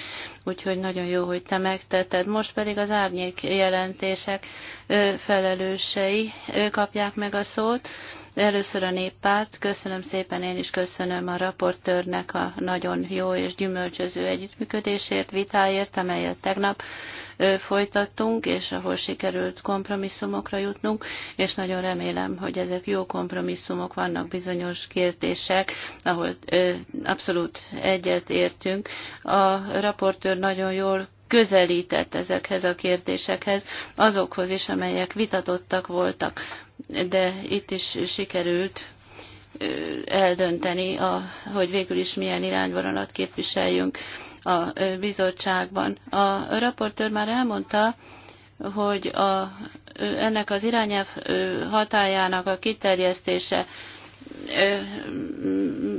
úgyhogy nagyon jó, hogy te megtetted. Most pedig az árnyék jelentések felelősei kapják meg a szót. Először a néppárt. Köszönöm szépen, én is köszönöm a raportőrnek a nagyon jó és gyümölcsöző együttműködésért, vitáért, amelyet tegnap folytattunk, és ahol sikerült kompromisszumokra jutnunk, és nagyon remélem, hogy ezek jó kompromisszumok, vannak bizonyos kérdések, ahol abszolút egyet értünk. A raportőr nagyon jól közelített ezekhez a kérdésekhez, azokhoz is, amelyek vitatottak voltak, de itt is sikerült eldönteni, a, hogy végül is milyen irányvonalat képviseljünk a bizottságban. A raportőr már elmondta, hogy a, ennek az irányelv hatájának a kiterjesztése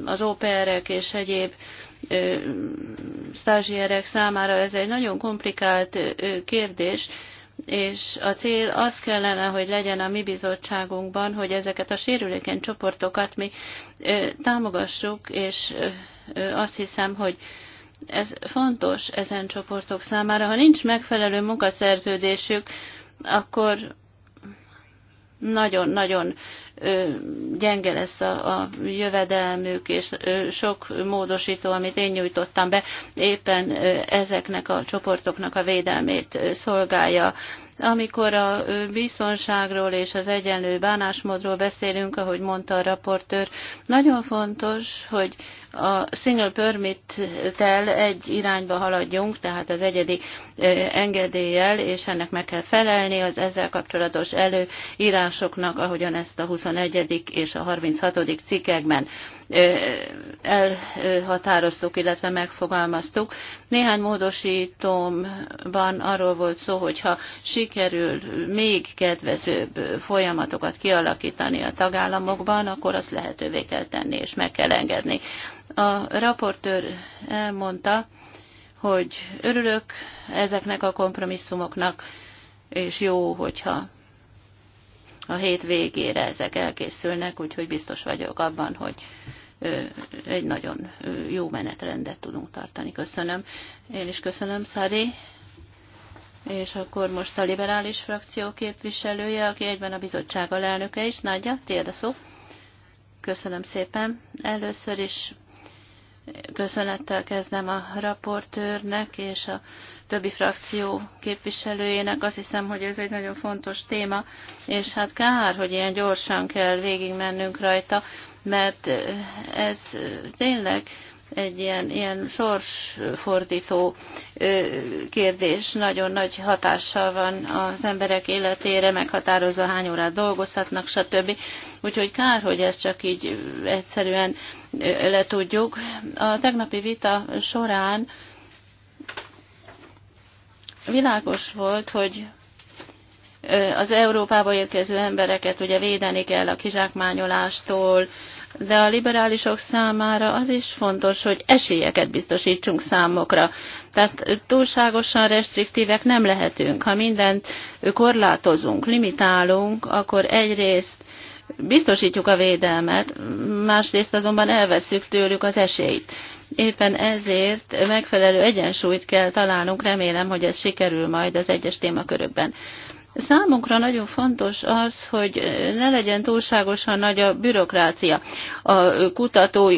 az OPR-ek és egyéb stázsierek számára ez egy nagyon komplikált kérdés, és a cél az kellene, hogy legyen a mi bizottságunkban, hogy ezeket a sérülékeny csoportokat mi támogassuk, és azt hiszem, hogy ez fontos ezen csoportok számára. Ha nincs megfelelő munkaszerződésük, akkor nagyon-nagyon gyenge lesz a, a jövedelmük, és sok módosító, amit én nyújtottam be, éppen ezeknek a csoportoknak a védelmét szolgálja. Amikor a biztonságról és az egyenlő bánásmódról beszélünk, ahogy mondta a raportőr, nagyon fontos, hogy a single permit-tel egy irányba haladjunk, tehát az egyedi engedéllyel, és ennek meg kell felelni az ezzel kapcsolatos előírásoknak, ahogyan ezt a 21. és a 36. cikkekben elhatároztuk, illetve megfogalmaztuk. Néhány módosítomban arról volt szó, hogyha sikerül még kedvezőbb folyamatokat kialakítani a tagállamokban, akkor azt lehetővé kell tenni és meg kell engedni. A raportőr elmondta, hogy örülök ezeknek a kompromisszumoknak, és jó, hogyha a hét végére ezek elkészülnek, úgyhogy biztos vagyok abban, hogy egy nagyon jó menetrendet tudunk tartani. Köszönöm. Én is köszönöm, Szadi. És akkor most a liberális frakció képviselője, aki egyben a bizottság alelnöke is. Nagyja, tiéd a szó. Köszönöm szépen. Először is köszönettel kezdem a raportőrnek és a többi frakció képviselőjének. Azt hiszem, hogy ez egy nagyon fontos téma, és hát kár, hogy ilyen gyorsan kell végigmennünk rajta, mert ez tényleg egy ilyen, ilyen sorsfordító kérdés nagyon nagy hatással van az emberek életére, meghatározza hány órát dolgozhatnak, stb. Úgyhogy kár, hogy ezt csak így egyszerűen letudjuk. A tegnapi vita során világos volt, hogy az Európába érkező embereket ugye védeni kell a kizsákmányolástól, de a liberálisok számára az is fontos, hogy esélyeket biztosítsunk számokra. Tehát túlságosan restriktívek nem lehetünk. Ha mindent korlátozunk, limitálunk, akkor egyrészt biztosítjuk a védelmet, másrészt azonban elveszük tőlük az esélyt. Éppen ezért megfelelő egyensúlyt kell találnunk, remélem, hogy ez sikerül majd az egyes témakörökben. Számunkra nagyon fontos az, hogy ne legyen túlságosan nagy a bürokrácia a kutató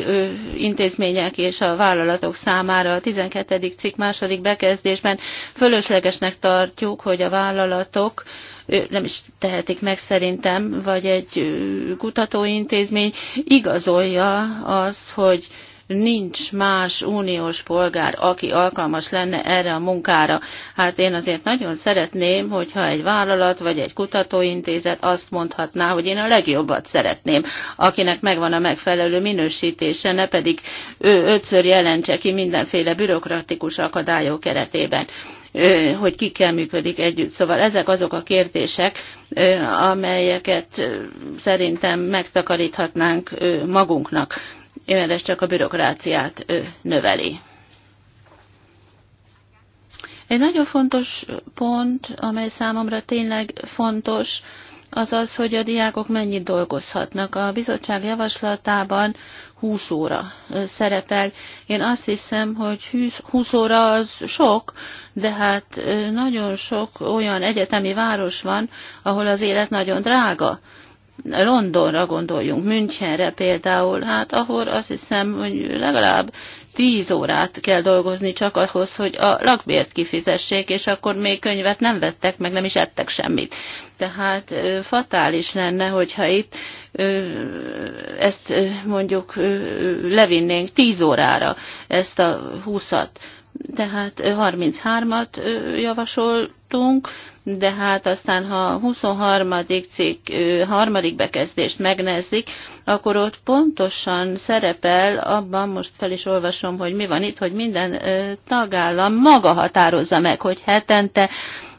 intézmények és a vállalatok számára. A 12. cikk második bekezdésben fölöslegesnek tartjuk, hogy a vállalatok nem is tehetik meg szerintem, vagy egy kutatóintézmény igazolja azt, hogy nincs más uniós polgár, aki alkalmas lenne erre a munkára. Hát én azért nagyon szeretném, hogyha egy vállalat vagy egy kutatóintézet azt mondhatná, hogy én a legjobbat szeretném, akinek megvan a megfelelő minősítése, ne pedig ő ötször jelentse ki mindenféle bürokratikus akadályok keretében hogy kell működik együtt. Szóval ezek azok a kérdések, amelyeket szerintem megtakaríthatnánk magunknak mindez csak a bürokráciát növeli. Egy nagyon fontos pont, amely számomra tényleg fontos, az az, hogy a diákok mennyit dolgozhatnak. A bizottság javaslatában 20 óra szerepel. Én azt hiszem, hogy 20 óra az sok, de hát nagyon sok olyan egyetemi város van, ahol az élet nagyon drága. Londonra gondoljunk, Münchenre például, hát ahol azt hiszem, hogy legalább 10 órát kell dolgozni csak ahhoz, hogy a lakbért kifizessék, és akkor még könyvet nem vettek, meg nem is ettek semmit. Tehát fatális lenne, hogyha itt ezt mondjuk levinnénk 10 órára, ezt a 20-at. Tehát 33-at javasoltunk, de hát aztán ha a 23. cikk harmadik bekezdést megnezik, akkor ott pontosan szerepel, abban most fel is olvasom, hogy mi van itt, hogy minden tagállam maga határozza meg, hogy hetente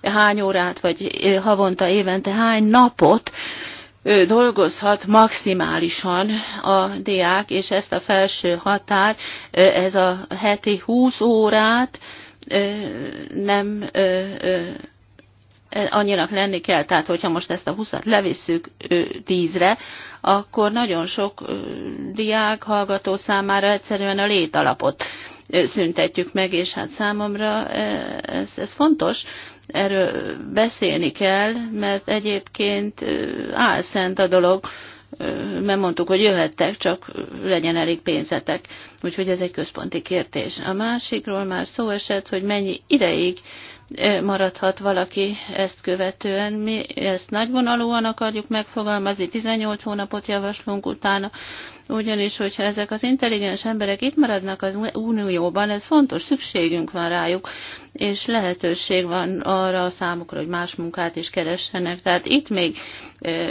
hány órát, vagy havonta, évente hány napot ő dolgozhat maximálisan a diák, és ezt a felső határ, ez a heti 20 órát nem annyinak lenni kell, tehát hogyha most ezt a 20-at levisszük 10-re, akkor nagyon sok diák, hallgató számára egyszerűen a létalapot szüntetjük meg, és hát számomra ez, ez fontos, erről beszélni kell, mert egyébként álszent a dolog, mert mondtuk, hogy jöhettek, csak legyen elég pénzetek. Úgyhogy ez egy központi kérdés. A másikról már szó esett, hogy mennyi ideig maradhat valaki ezt követően. Mi ezt nagyvonalúan akarjuk megfogalmazni, 18 hónapot javaslunk utána, ugyanis, hogyha ezek az intelligens emberek itt maradnak az unióban, ez fontos, szükségünk van rájuk, és lehetőség van arra a számukra, hogy más munkát is keressenek. Tehát itt még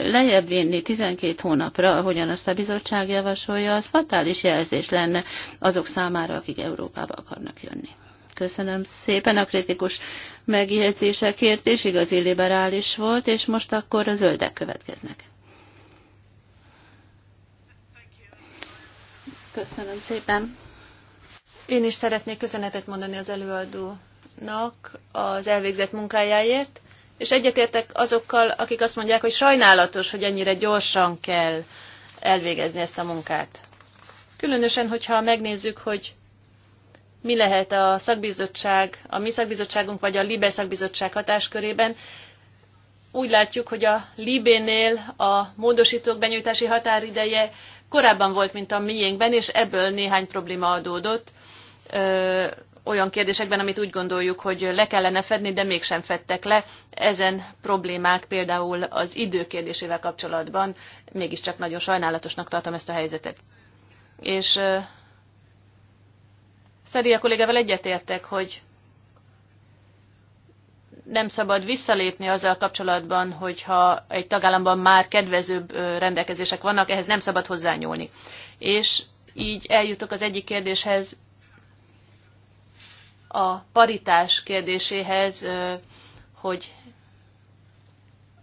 lejjebb vinni 12 hónapra, ahogyan azt a bizottság javasolja, az fatális jelzés lenne azok számára, akik Európába akarnak jönni. Köszönöm szépen a kritikus megjegyzésekért, és igazi liberális volt, és most akkor a zöldek következnek. Köszönöm szépen. Én is szeretnék köszönetet mondani az előadónak az elvégzett munkájáért, és egyetértek azokkal, akik azt mondják, hogy sajnálatos, hogy ennyire gyorsan kell elvégezni ezt a munkát. Különösen, hogyha megnézzük, hogy mi lehet a szakbizottság, a mi szakbizottságunk vagy a LIBE szakbizottság hatáskörében. Úgy látjuk, hogy a LIBE-nél a módosítók benyújtási határideje korábban volt, mint a miénkben, és ebből néhány probléma adódott ö, olyan kérdésekben, amit úgy gondoljuk, hogy le kellene fedni, de mégsem fedtek le. Ezen problémák például az idő kérdésével kapcsolatban mégiscsak nagyon sajnálatosnak tartom ezt a helyzetet. És Szedélye kollégával egyetértek, hogy nem szabad visszalépni azzal kapcsolatban, hogyha egy tagállamban már kedvezőbb rendelkezések vannak, ehhez nem szabad hozzányúlni. És így eljutok az egyik kérdéshez, a paritás kérdéséhez, hogy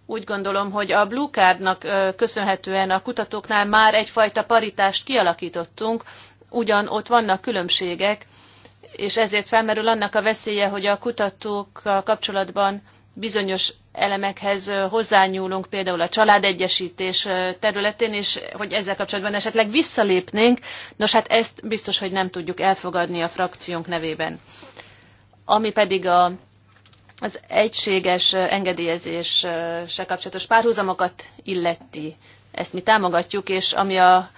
úgy gondolom, hogy a Blue Cardnak köszönhetően a kutatóknál már egyfajta paritást kialakítottunk, ugyan ott vannak különbségek, és ezért felmerül annak a veszélye, hogy a kutatókkal kapcsolatban bizonyos elemekhez hozzányúlunk, például a családegyesítés területén, és hogy ezzel kapcsolatban esetleg visszalépnénk. Nos, hát ezt biztos, hogy nem tudjuk elfogadni a frakciónk nevében. Ami pedig a, az egységes engedélyezéssel kapcsolatos párhuzamokat illeti. Ezt mi támogatjuk, és ami a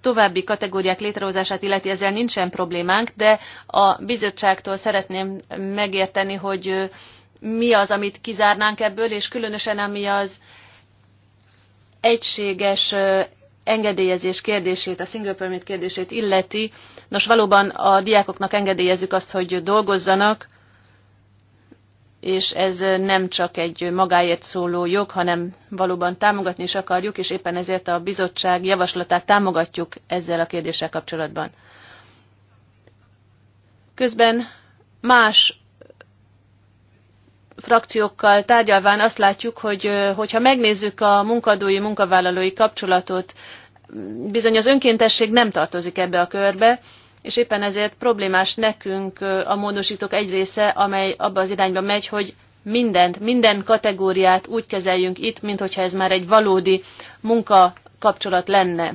további kategóriák létrehozását illeti, ezzel nincsen problémánk, de a bizottságtól szeretném megérteni, hogy mi az, amit kizárnánk ebből, és különösen ami az egységes engedélyezés kérdését, a single permit kérdését illeti. Nos, valóban a diákoknak engedélyezzük azt, hogy dolgozzanak, és ez nem csak egy magáért szóló jog, hanem valóban támogatni is akarjuk, és éppen ezért a bizottság javaslatát támogatjuk ezzel a kérdéssel kapcsolatban. Közben más frakciókkal tárgyalván azt látjuk, hogy hogyha megnézzük a munkadói-munkavállalói kapcsolatot, bizony az önkéntesség nem tartozik ebbe a körbe, és éppen ezért problémás nekünk a módosítók egy része, amely abba az irányba megy, hogy mindent, minden kategóriát úgy kezeljünk itt, mint ez már egy valódi munka kapcsolat lenne.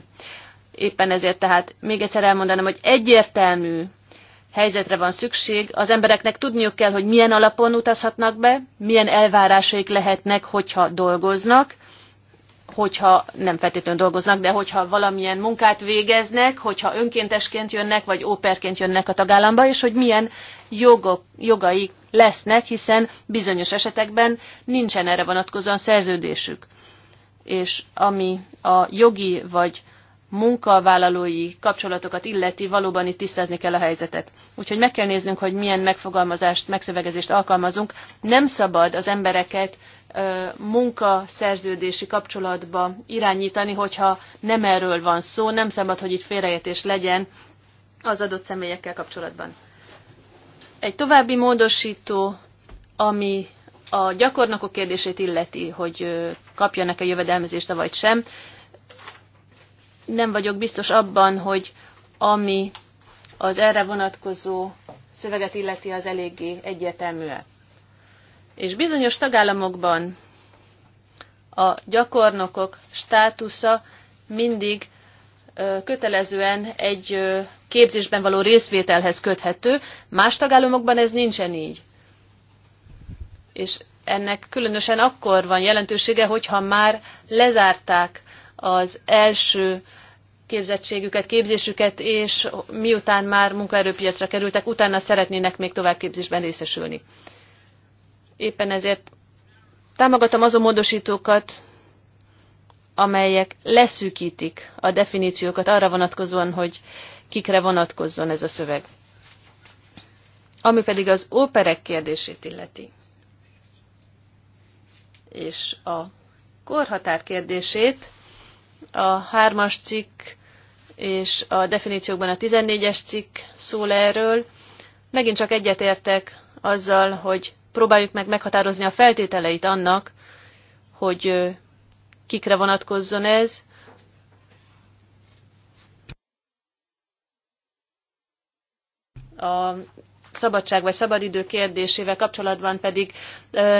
Éppen ezért tehát még egyszer elmondanám, hogy egyértelmű helyzetre van szükség. Az embereknek tudniuk kell, hogy milyen alapon utazhatnak be, milyen elvárásaik lehetnek, hogyha dolgoznak, hogyha nem feltétlenül dolgoznak, de hogyha valamilyen munkát végeznek, hogyha önkéntesként jönnek, vagy óperként jönnek a tagállamba, és hogy milyen jogok, jogai lesznek, hiszen bizonyos esetekben nincsen erre vonatkozóan szerződésük. És ami a jogi vagy munkavállalói kapcsolatokat illeti, valóban itt tisztázni kell a helyzetet. Úgyhogy meg kell néznünk, hogy milyen megfogalmazást, megszövegezést alkalmazunk. Nem szabad az embereket munkaszerződési kapcsolatba irányítani, hogyha nem erről van szó, nem szabad, hogy itt félreértés legyen az adott személyekkel kapcsolatban. Egy további módosító, ami a gyakornokok kérdését illeti, hogy kapjanak-e jövedelmezést, vagy sem nem vagyok biztos abban, hogy ami az erre vonatkozó szöveget illeti, az eléggé egyértelmű. És bizonyos tagállamokban a gyakornokok státusza mindig kötelezően egy képzésben való részvételhez köthető, más tagállamokban ez nincsen így. És ennek különösen akkor van jelentősége, hogyha már lezárták az első képzettségüket, képzésüket, és miután már munkaerőpiacra kerültek, utána szeretnének még továbbképzésben részesülni. Éppen ezért támogatom azon módosítókat, amelyek leszűkítik a definíciókat arra vonatkozóan, hogy kikre vonatkozzon ez a szöveg. Ami pedig az óperek kérdését illeti, és a korhatár kérdését, a hármas cikk és a definíciókban a 14-es cikk szól erről. Megint csak egyetértek azzal, hogy próbáljuk meg meghatározni a feltételeit annak, hogy kikre vonatkozzon ez. A szabadság vagy szabadidő kérdésével kapcsolatban pedig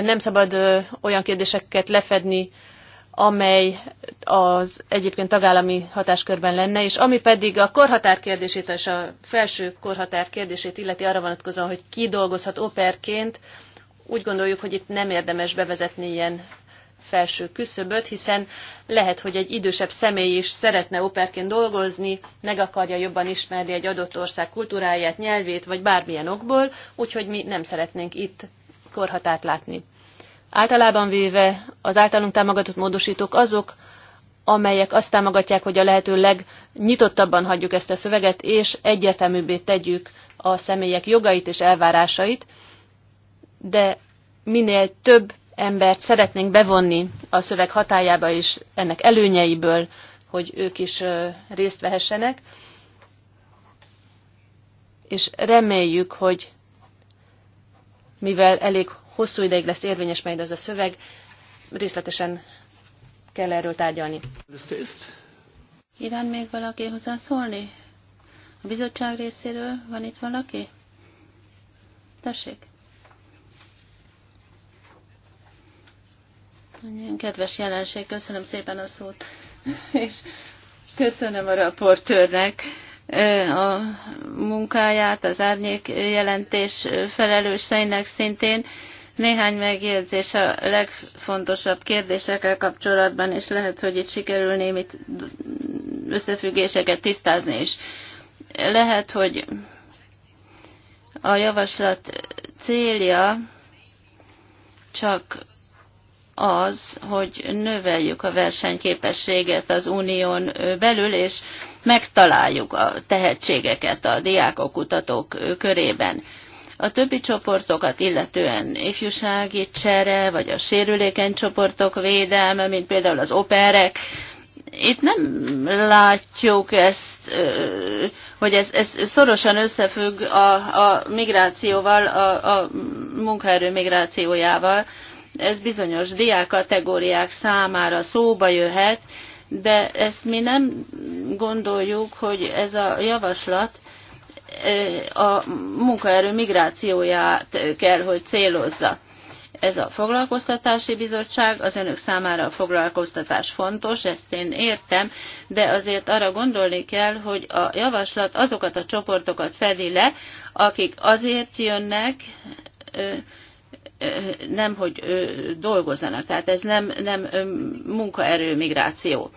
nem szabad olyan kérdéseket lefedni, amely az egyébként tagállami hatáskörben lenne, és ami pedig a korhatár kérdését és a felső korhatár kérdését illeti arra vonatkozóan, hogy ki dolgozhat operként, úgy gondoljuk, hogy itt nem érdemes bevezetni ilyen felső küszöböt, hiszen lehet, hogy egy idősebb személy is szeretne operként dolgozni, meg akarja jobban ismerni egy adott ország kultúráját, nyelvét, vagy bármilyen okból, úgyhogy mi nem szeretnénk itt korhatárt látni. Általában véve az általunk támogatott módosítók azok, amelyek azt támogatják, hogy a lehető legnyitottabban hagyjuk ezt a szöveget, és egyértelműbbé tegyük a személyek jogait és elvárásait, de minél több embert szeretnénk bevonni a szöveg hatájába és ennek előnyeiből, hogy ők is részt vehessenek, és reméljük, hogy mivel elég hosszú ideig lesz érvényes majd az a szöveg, részletesen kell erről tárgyalni. Kíván még valaki hozzászólni? A bizottság részéről van itt valaki? Tessék! Kedves jelenség, köszönöm szépen a szót, és köszönöm a raportőrnek a munkáját, az árnyék jelentés felelőseinek szintén néhány megjegyzés a legfontosabb kérdésekkel kapcsolatban, és lehet, hogy itt sikerül némi összefüggéseket tisztázni is. Lehet, hogy a javaslat célja csak az, hogy növeljük a versenyképességet az unión belül, és megtaláljuk a tehetségeket a diákok, kutatók körében. A többi csoportokat illetően ifjúsági csere, vagy a sérülékeny csoportok védelme, mint például az operek, itt nem látjuk ezt, hogy ez, ez szorosan összefügg a, a migrációval, a, a munkaerő migrációjával. Ez bizonyos diákkategóriák számára szóba jöhet, de ezt mi nem gondoljuk, hogy ez a javaslat a munkaerő migrációját kell, hogy célozza. Ez a foglalkoztatási bizottság, az önök számára a foglalkoztatás fontos, ezt én értem, de azért arra gondolni kell, hogy a javaslat azokat a csoportokat fedi le, akik azért jönnek, nem, hogy dolgozzanak, tehát ez nem, nem munkaerő migráció.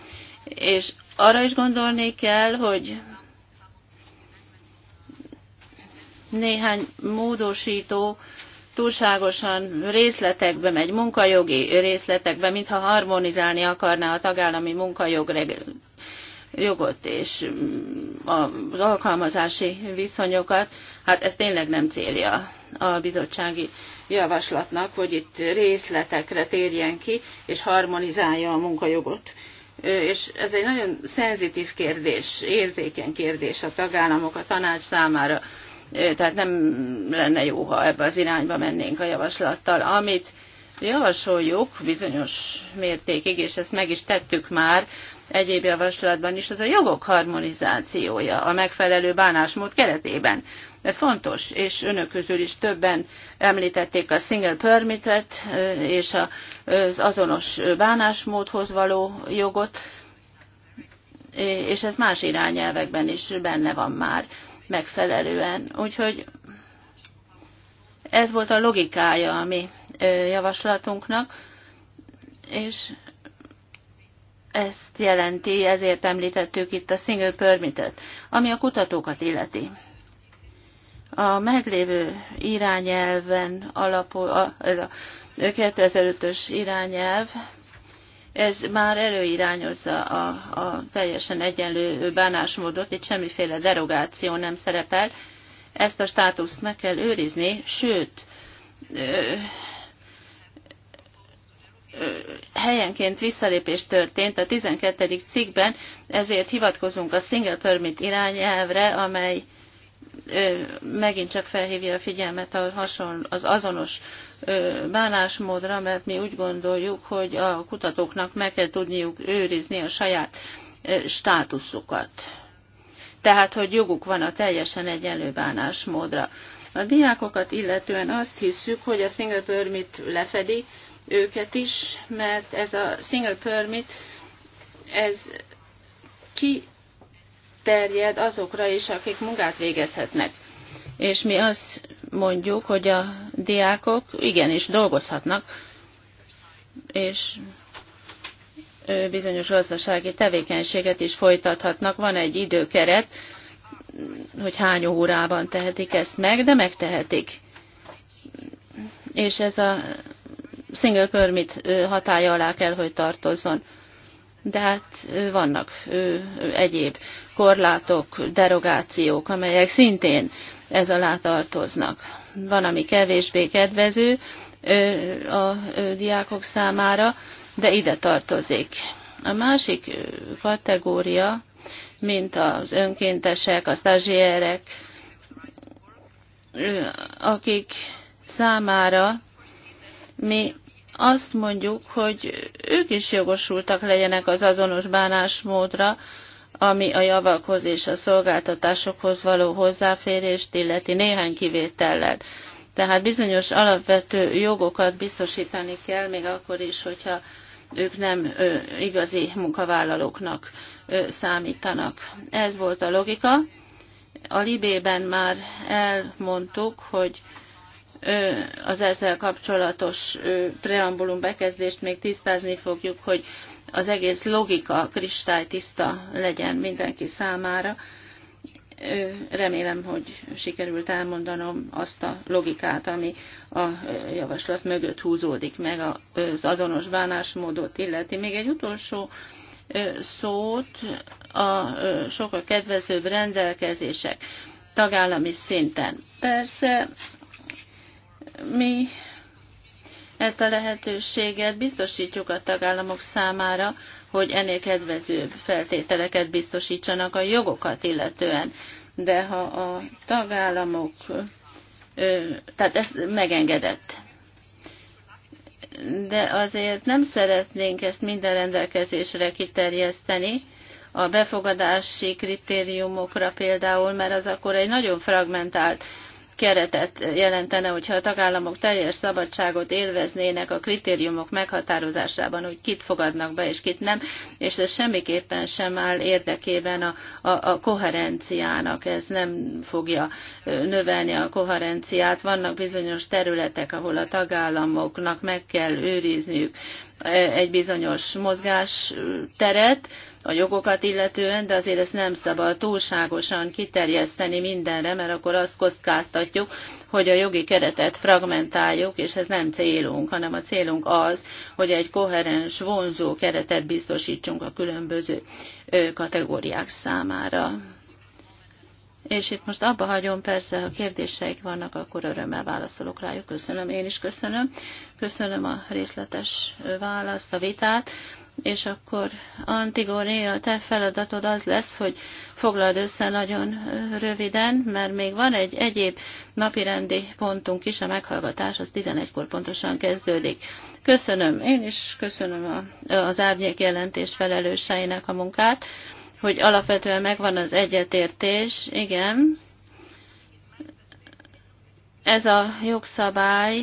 És arra is gondolni kell, hogy Néhány módosító túlságosan részletekbe megy, munkajogi részletekbe, mintha harmonizálni akarná a tagállami munkajogot és mm, az alkalmazási viszonyokat. Hát ez tényleg nem célja a bizottsági javaslatnak, hogy itt részletekre térjen ki, és harmonizálja a munkajogot. És ez egy nagyon szenzitív kérdés, érzékeny kérdés a tagállamok, a tanács számára tehát nem lenne jó, ha ebbe az irányba mennénk a javaslattal. Amit javasoljuk bizonyos mértékig, és ezt meg is tettük már egyéb javaslatban is, az a jogok harmonizációja a megfelelő bánásmód keretében. Ez fontos, és önök közül is többen említették a single permitet és az azonos bánásmódhoz való jogot, és ez más irányelvekben is benne van már megfelelően. Úgyhogy ez volt a logikája a mi javaslatunknak, és ezt jelenti, ezért említettük itt a single permitet, ami a kutatókat illeti. A meglévő irányelven alapul, a, ez a 2005-ös irányelv ez már előirányozza a, a teljesen egyenlő bánásmódot, itt semmiféle derogáció nem szerepel. Ezt a státuszt meg kell őrizni, sőt, helyenként visszalépés történt a 12. cikkben, ezért hivatkozunk a single permit irányelvre, amely megint csak felhívja a figyelmet az azonos bánásmódra, mert mi úgy gondoljuk, hogy a kutatóknak meg kell tudniuk őrizni a saját státuszukat. Tehát, hogy joguk van a teljesen egyenlő bánásmódra. A diákokat illetően azt hiszük, hogy a single permit lefedi őket is, mert ez a single permit, ez kiterjed azokra is, akik munkát végezhetnek és mi azt mondjuk, hogy a diákok igenis dolgozhatnak, és bizonyos gazdasági tevékenységet is folytathatnak. Van egy időkeret, hogy hány órában tehetik ezt meg, de megtehetik. És ez a single permit hatája alá kell, hogy tartozzon. De hát vannak egyéb korlátok, derogációk, amelyek szintén ez alá tartoznak. Van, ami kevésbé kedvező a diákok számára, de ide tartozik. A másik kategória, mint az önkéntesek, a stagiérek, akik számára mi azt mondjuk, hogy ők is jogosultak legyenek az azonos bánásmódra, ami a javakhoz és a szolgáltatásokhoz való hozzáférést illeti néhány kivétellel. Tehát bizonyos alapvető jogokat biztosítani kell, még akkor is, hogyha ők nem igazi munkavállalóknak számítanak. Ez volt a logika. A Libében már elmondtuk, hogy az ezzel kapcsolatos preambulum bekezdést még tisztázni fogjuk, hogy az egész logika kristálytiszta legyen mindenki számára. Remélem, hogy sikerült elmondanom azt a logikát, ami a javaslat mögött húzódik meg, az azonos bánásmódot illeti. Még egy utolsó szót a sokkal kedvezőbb rendelkezések tagállami szinten. Persze mi ezt a lehetőséget biztosítjuk a tagállamok számára, hogy ennél kedvezőbb feltételeket biztosítsanak a jogokat illetően. De ha a tagállamok, tehát ez megengedett. De azért nem szeretnénk ezt minden rendelkezésre kiterjeszteni, a befogadási kritériumokra például, mert az akkor egy nagyon fragmentált keretet jelentene, hogyha a tagállamok teljes szabadságot élveznének a kritériumok meghatározásában, hogy kit fogadnak be és kit nem, és ez semmiképpen sem áll érdekében a, a, a koherenciának, ez nem fogja növelni a koherenciát. Vannak bizonyos területek, ahol a tagállamoknak meg kell őrizniük egy bizonyos mozgásteret, a jogokat illetően, de azért ezt nem szabad túlságosan kiterjeszteni mindenre, mert akkor azt kockáztatjuk, hogy a jogi keretet fragmentáljuk, és ez nem célunk, hanem a célunk az, hogy egy koherens, vonzó keretet biztosítsunk a különböző kategóriák számára. És itt most abba hagyom, persze, ha kérdéseik vannak, akkor örömmel válaszolok rájuk. Köszönöm, én is köszönöm. Köszönöm a részletes választ, a vitát és akkor Antigóné, a te feladatod az lesz, hogy foglald össze nagyon röviden, mert még van egy egyéb napirendi pontunk is, a meghallgatás az 11-kor pontosan kezdődik. Köszönöm, én is köszönöm a, az árnyék jelentés felelőseinek a munkát, hogy alapvetően megvan az egyetértés, igen. Ez a jogszabály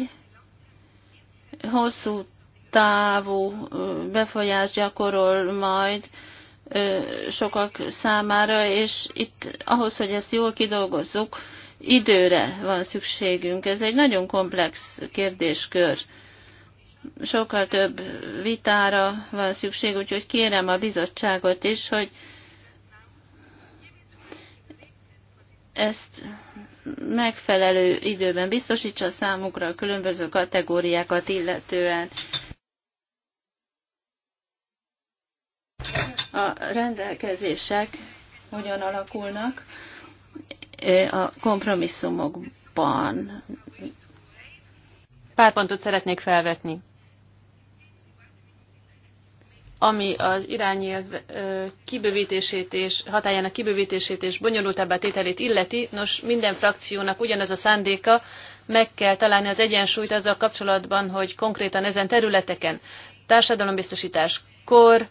hosszú távú befolyás gyakorol majd sokak számára, és itt ahhoz, hogy ezt jól kidolgozzuk, időre van szükségünk. Ez egy nagyon komplex kérdéskör. Sokkal több vitára van szükség, úgyhogy kérem a bizottságot is, hogy ezt megfelelő időben biztosítsa számukra a különböző kategóriákat illetően. a rendelkezések hogyan alakulnak e, a kompromisszumokban. Pár pontot szeretnék felvetni. Ami az irányelv kibővítését és hatájának kibővítését és bonyolultabbá tételét illeti, nos minden frakciónak ugyanaz a szándéka, meg kell találni az egyensúlyt azzal kapcsolatban, hogy konkrétan ezen területeken társadalombiztosítás, kor,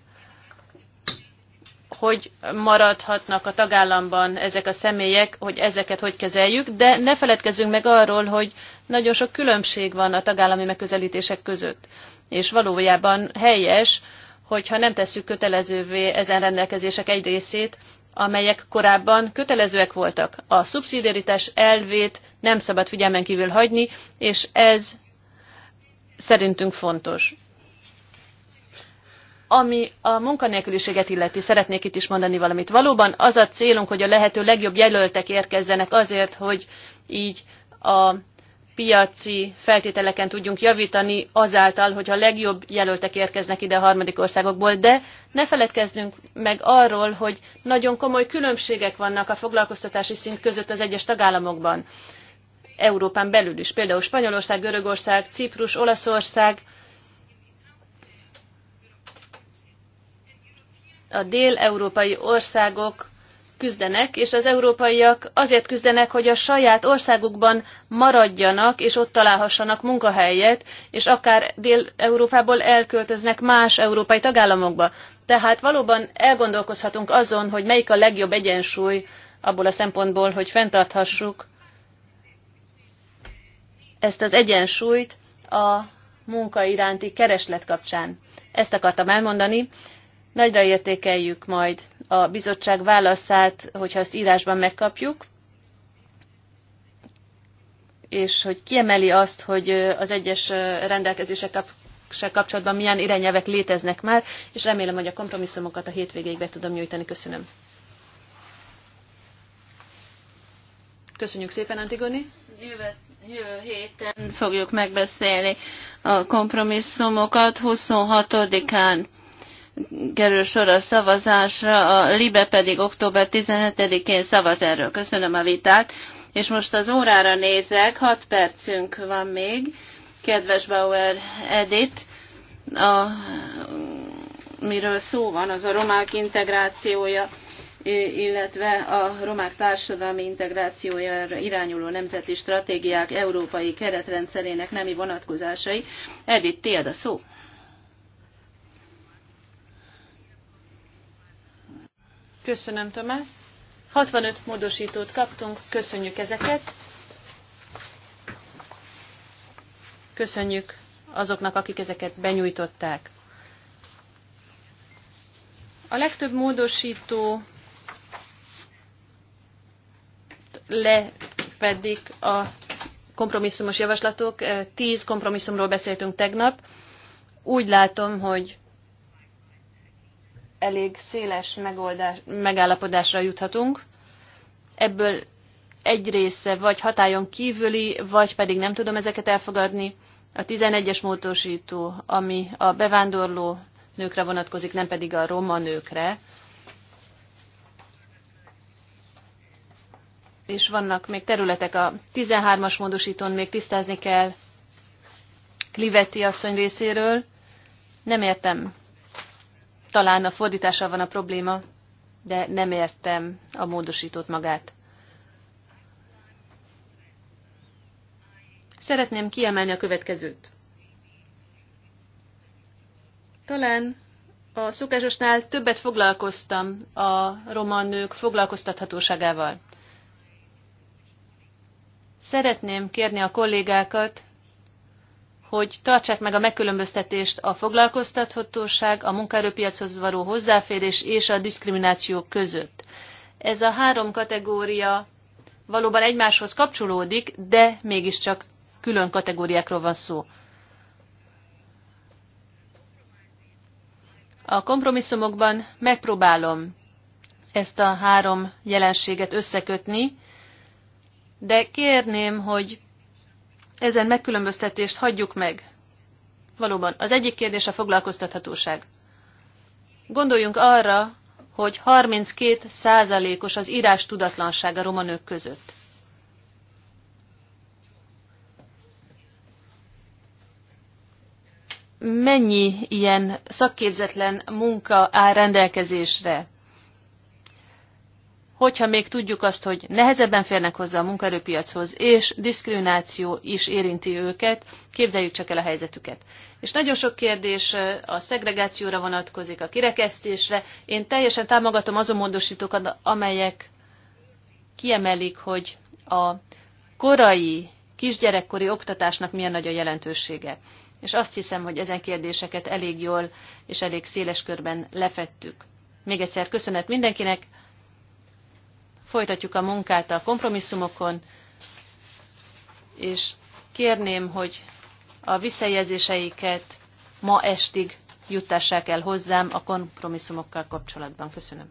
hogy maradhatnak a tagállamban ezek a személyek, hogy ezeket hogy kezeljük, de ne feledkezzünk meg arról, hogy nagyon sok különbség van a tagállami megközelítések között. És valójában helyes, hogyha nem tesszük kötelezővé ezen rendelkezések egy részét, amelyek korábban kötelezőek voltak. A szubszidiaritás elvét nem szabad figyelmen kívül hagyni, és ez szerintünk fontos. Ami a munkanélküliséget illeti, szeretnék itt is mondani valamit. Valóban az a célunk, hogy a lehető legjobb jelöltek érkezzenek azért, hogy így a piaci feltételeken tudjunk javítani azáltal, hogy a legjobb jelöltek érkeznek ide a harmadik országokból, de ne feledkeznünk meg arról, hogy nagyon komoly különbségek vannak a foglalkoztatási szint között az egyes tagállamokban. Európán belül is, például Spanyolország, Görögország, Ciprus, Olaszország a dél-európai országok küzdenek, és az európaiak azért küzdenek, hogy a saját országukban maradjanak, és ott találhassanak munkahelyet, és akár Dél-Európából elköltöznek más európai tagállamokba. Tehát valóban elgondolkozhatunk azon, hogy melyik a legjobb egyensúly abból a szempontból, hogy fenntarthassuk ezt az egyensúlyt a munka iránti kereslet kapcsán. Ezt akartam elmondani, Nagyra értékeljük majd a bizottság válaszát, hogyha azt írásban megkapjuk, és hogy kiemeli azt, hogy az egyes rendelkezések kapcsolatban milyen irányelvek léteznek már, és remélem, hogy a kompromisszumokat a hétvégéig be tudom nyújtani. Köszönöm. Köszönjük szépen, Antigoni. Jövő, jövő héten fogjuk megbeszélni a kompromisszumokat 26-án kerül sor a szavazásra, a LIBE pedig október 17-én szavaz erről. Köszönöm a vitát. És most az órára nézek, 6 percünk van még. Kedves Bauer Edit, a, miről szó van, az a romák integrációja, illetve a romák társadalmi integrációja irányuló nemzeti stratégiák európai keretrendszerének nemi vonatkozásai. Edith, tiéd a szó. Köszönöm, Tomás. 65 módosítót kaptunk, köszönjük ezeket. Köszönjük azoknak, akik ezeket benyújtották. A legtöbb módosító lepedik a kompromisszumos javaslatok. Tíz kompromisszumról beszéltünk tegnap. Úgy látom, hogy elég széles megoldás, megállapodásra juthatunk. Ebből egy része vagy hatályon kívüli, vagy pedig nem tudom ezeket elfogadni. A 11-es módosító, ami a bevándorló nőkre vonatkozik, nem pedig a roma nőkre. És vannak még területek, a 13-as módosítón még tisztázni kell Kliveti asszony részéről. Nem értem talán a fordítással van a probléma, de nem értem a módosítót magát. Szeretném kiemelni a következőt. Talán a szokásosnál többet foglalkoztam a román nők foglalkoztathatóságával. Szeretném kérni a kollégákat, hogy tartsák meg a megkülönböztetést a foglalkoztathatóság, a munkaerőpiachoz való hozzáférés és a diszkrimináció között. Ez a három kategória valóban egymáshoz kapcsolódik, de mégiscsak külön kategóriákról van szó. A kompromisszumokban megpróbálom ezt a három jelenséget összekötni, de kérném, hogy ezen megkülönböztetést hagyjuk meg. Valóban, az egyik kérdés a foglalkoztathatóság. Gondoljunk arra, hogy 32 százalékos az írás tudatlanság a roma nők között. Mennyi ilyen szakképzetlen munka áll rendelkezésre? hogyha még tudjuk azt, hogy nehezebben férnek hozzá a munkaerőpiachoz, és diszkrimináció is érinti őket, képzeljük csak el a helyzetüket. És nagyon sok kérdés eh, a szegregációra vonatkozik, a kirekesztésre. Én teljesen támogatom azon módosítókat, amelyek kiemelik, hogy a korai, kisgyerekkori oktatásnak milyen nagy a jelentősége. És azt hiszem, hogy ezen kérdéseket elég jól és elég széles körben lefettük. Még egyszer köszönet mindenkinek, Folytatjuk a munkát a kompromisszumokon, és kérném, hogy a visszajelzéseiket ma estig juttassák el hozzám a kompromisszumokkal kapcsolatban. Köszönöm.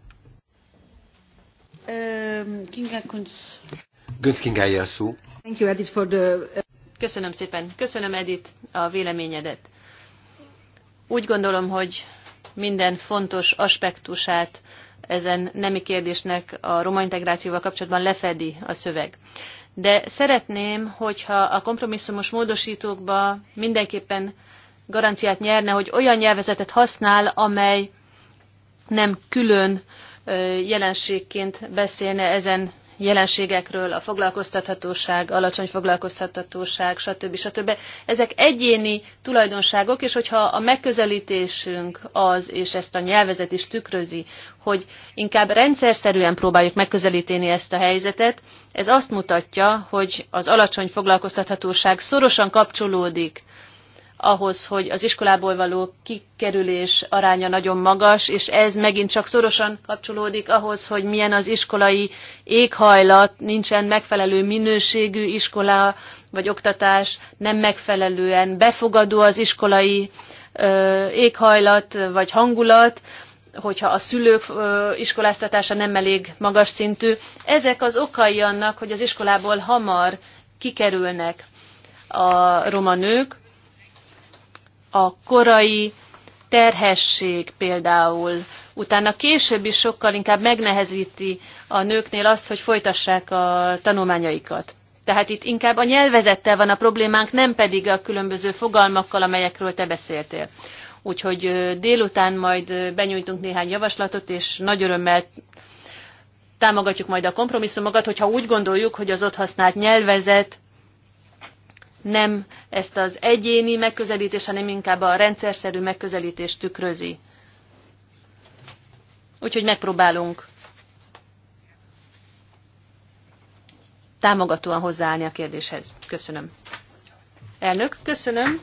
Köszönöm szépen. Köszönöm, Edith, a véleményedet. Úgy gondolom, hogy minden fontos aspektusát ezen nemi kérdésnek a roma integrációval kapcsolatban lefedi a szöveg. De szeretném, hogyha a kompromisszumos módosítókba mindenképpen garanciát nyerne, hogy olyan nyelvezetet használ, amely nem külön jelenségként beszélne ezen jelenségekről, a foglalkoztathatóság, alacsony foglalkoztathatóság, stb. stb. Ezek egyéni tulajdonságok, és hogyha a megközelítésünk az, és ezt a nyelvezet is tükrözi, hogy inkább rendszerszerűen próbáljuk megközelíteni ezt a helyzetet, ez azt mutatja, hogy az alacsony foglalkoztathatóság szorosan kapcsolódik ahhoz, hogy az iskolából való kikerülés aránya nagyon magas, és ez megint csak szorosan kapcsolódik ahhoz, hogy milyen az iskolai éghajlat, nincsen megfelelő minőségű iskola vagy oktatás, nem megfelelően befogadó az iskolai ö, éghajlat vagy hangulat, hogyha a szülők iskoláztatása nem elég magas szintű. Ezek az okai annak, hogy az iskolából hamar kikerülnek a roma nők, a korai terhesség például utána később is sokkal inkább megnehezíti a nőknél azt, hogy folytassák a tanulmányaikat. Tehát itt inkább a nyelvezettel van a problémánk, nem pedig a különböző fogalmakkal, amelyekről te beszéltél. Úgyhogy délután majd benyújtunk néhány javaslatot, és nagy örömmel támogatjuk majd a kompromisszumokat, hogyha úgy gondoljuk, hogy az ott használt nyelvezet nem ezt az egyéni megközelítés, hanem inkább a rendszerszerű megközelítést tükrözi. Úgyhogy megpróbálunk támogatóan hozzáállni a kérdéshez. Köszönöm. Elnök, köszönöm.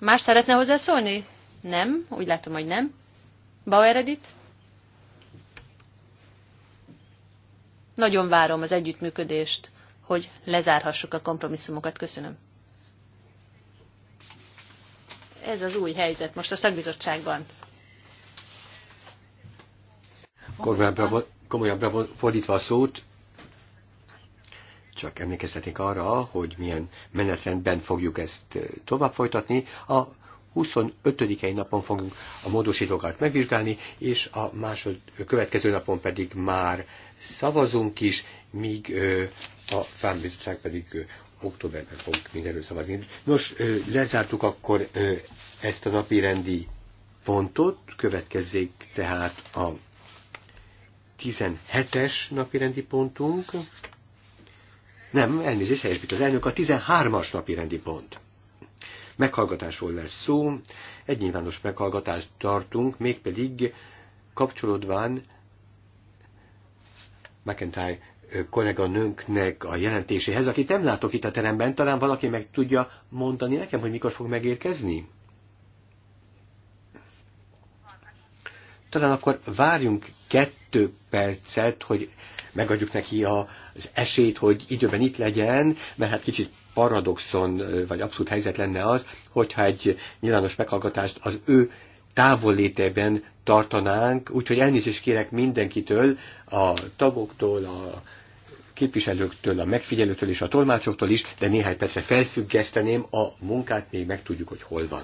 Más szeretne hozzászólni? Nem, úgy látom, hogy nem. Bauer Edith? Nagyon várom az együttműködést hogy lezárhassuk a kompromisszumokat. Köszönöm. Ez az új helyzet most a szakbizottságban. Komolyan, fordítva a szót, csak emlékeztetnék arra, hogy milyen menetrendben fogjuk ezt eh, tovább folytatni. A 25-i napon fogunk a módosítókat megvizsgálni, és a másod, következő napon pedig már szavazunk is, míg ö, a Fámbizottság pedig ö, októberben fog mindenről szavazni. Nos, ö, lezártuk akkor ö, ezt a napi rendi pontot, következzék tehát a 17-es napi rendi pontunk. Nem, elnézést, helyesbít az elnök, a 13-as napi rendi pont meghallgatásról lesz szó. Egy nyilvános meghallgatást tartunk, mégpedig kapcsolódván McIntyre kolléganőnknek a jelentéséhez, akit nem látok itt a teremben, talán valaki meg tudja mondani nekem, hogy mikor fog megérkezni? Talán akkor várjunk kettő percet, hogy megadjuk neki az esélyt, hogy időben itt legyen, mert hát kicsit paradoxon, vagy abszolút helyzet lenne az, hogyha egy nyilvános meghallgatást az ő távollétében tartanánk, úgyhogy elnézést kérek mindenkitől, a tagoktól, a képviselőktől, a megfigyelőktől és a tolmácsoktól is, de néhány percre felfüggeszteném, a munkát még megtudjuk, hogy hol van.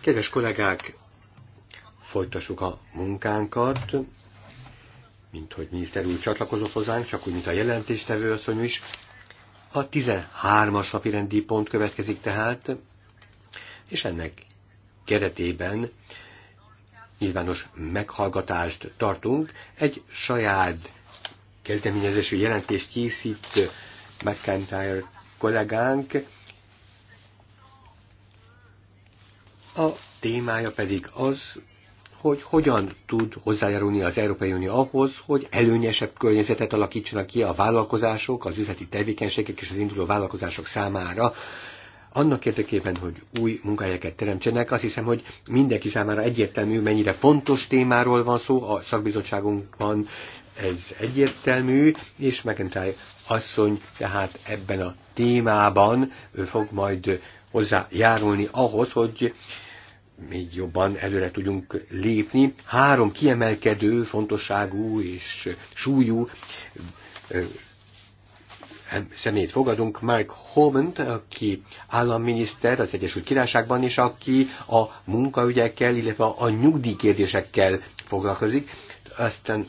Kedves kollégák, folytassuk a munkánkat, mint hogy miniszter úr csatlakozott hozzánk, csak úgy, mint a jelentéstevő asszony is. A 13-as napi rendi pont következik tehát, és ennek keretében nyilvános meghallgatást tartunk. Egy saját kezdeményezésű jelentést készít McIntyre kollégánk, témája pedig az, hogy hogyan tud hozzájárulni az Európai Unió ahhoz, hogy előnyesebb környezetet alakítsanak ki a vállalkozások, az üzleti tevékenységek és az induló vállalkozások számára, annak érdekében, hogy új munkahelyeket teremtsenek. Azt hiszem, hogy mindenki számára egyértelmű, mennyire fontos témáról van szó, a szakbizottságunkban ez egyértelmű, és McIntyre asszony tehát ebben a témában ő fog majd hozzájárulni ahhoz, hogy még jobban előre tudjunk lépni. Három kiemelkedő, fontosságú és súlyú személyt fogadunk, Mark Homant, aki államminiszter az Egyesült Királyságban, és aki a munkaügyekkel, illetve a nyugdíjkérdésekkel foglalkozik. Aztán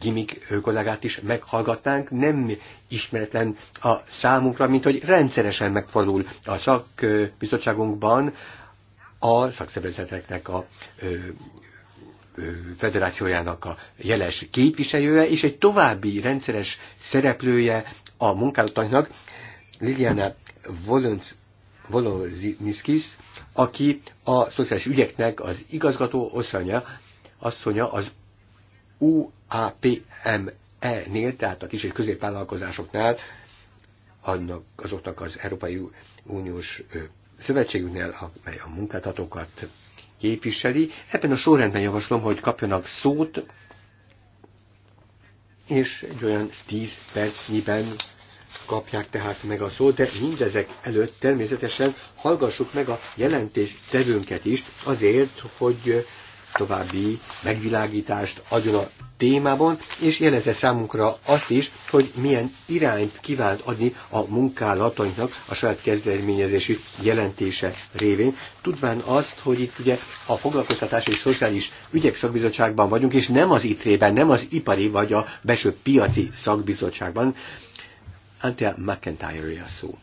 Gimik kollégát is meghallgatnánk, nem ismeretlen a számunkra, mint hogy rendszeresen megfordul a szakbizottságunkban a szakszervezeteknek a ö, federációjának a jeles képviselője, és egy további rendszeres szereplője a munkálatoknak, Liliana Volonc aki a szociális ügyeknek az igazgató oszanya, asszonya az UAPME-nél, tehát a kis és középvállalkozásoknál, annak, azoknak az Európai Uniós szövetségünknél, amely a munkáltatókat képviseli. Ebben a sorrendben javaslom, hogy kapjanak szót, és egy olyan 10 percnyiben kapják tehát meg a szót, de mindezek előtt természetesen hallgassuk meg a jelentés is, azért, hogy további megvilágítást adjon a témában, és jelezze számunkra azt is, hogy milyen irányt kívánt adni a munkálatainknak a saját kezdeményezési jelentése révén, tudván azt, hogy itt ugye a foglalkoztatás és szociális ügyek szakbizottságban vagyunk, és nem az ITRE-ben, nem az ipari vagy a belső piaci szakbizottságban. Antia McIntyre a szó.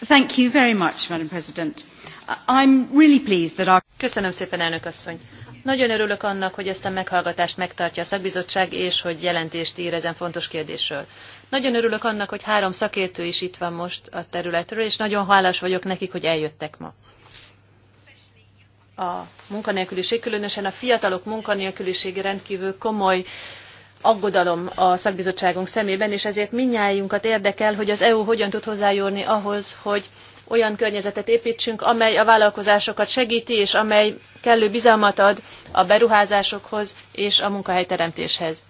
Thank you very much, Madam President. I'm really pleased that our... Köszönöm szépen, elnök asszony. Nagyon örülök annak, hogy ezt a meghallgatást megtartja a szakbizottság, és hogy jelentést ír ezen fontos kérdésről. Nagyon örülök annak, hogy három szakértő is itt van most a területről, és nagyon hálás vagyok nekik, hogy eljöttek ma. A munkanélküliség, különösen a fiatalok munkanélkülisége rendkívül komoly aggodalom a szakbizottságunk szemében, és ezért minnyájunkat érdekel, hogy az EU hogyan tud hozzájárulni ahhoz, hogy olyan környezetet éptsünk, amely a vállalkozásokat segíti, és amely kellő bizalmat ad a beruházásokhoz és a munkahelyteremtéshez.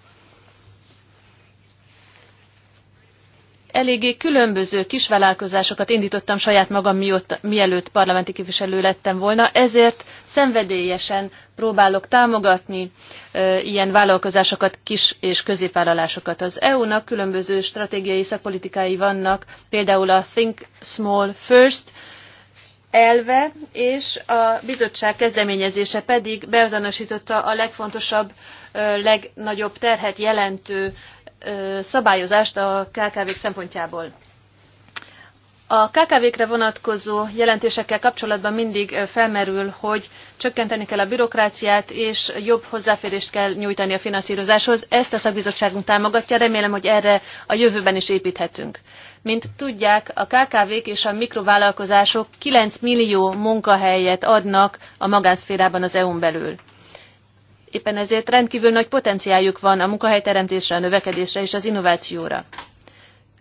eléggé különböző kisvállalkozásokat indítottam saját magam, mióta, mielőtt parlamenti képviselő lettem volna, ezért szenvedélyesen próbálok támogatni e, ilyen vállalkozásokat, kis és középvállalásokat. Az EU-nak különböző stratégiai szakpolitikái vannak, például a Think Small First, elve, és a bizottság kezdeményezése pedig beazonosította a legfontosabb, legnagyobb terhet jelentő szabályozást a KKV-k szempontjából. A KKV-kre vonatkozó jelentésekkel kapcsolatban mindig felmerül, hogy csökkenteni kell a bürokráciát, és jobb hozzáférést kell nyújtani a finanszírozáshoz. Ezt a szakbizottságunk támogatja, remélem, hogy erre a jövőben is építhetünk. Mint tudják, a KKV-k és a mikrovállalkozások 9 millió munkahelyet adnak a magánszférában az EU-n belül. Éppen ezért rendkívül nagy potenciáljuk van a munkahelyteremtésre, a növekedésre és az innovációra.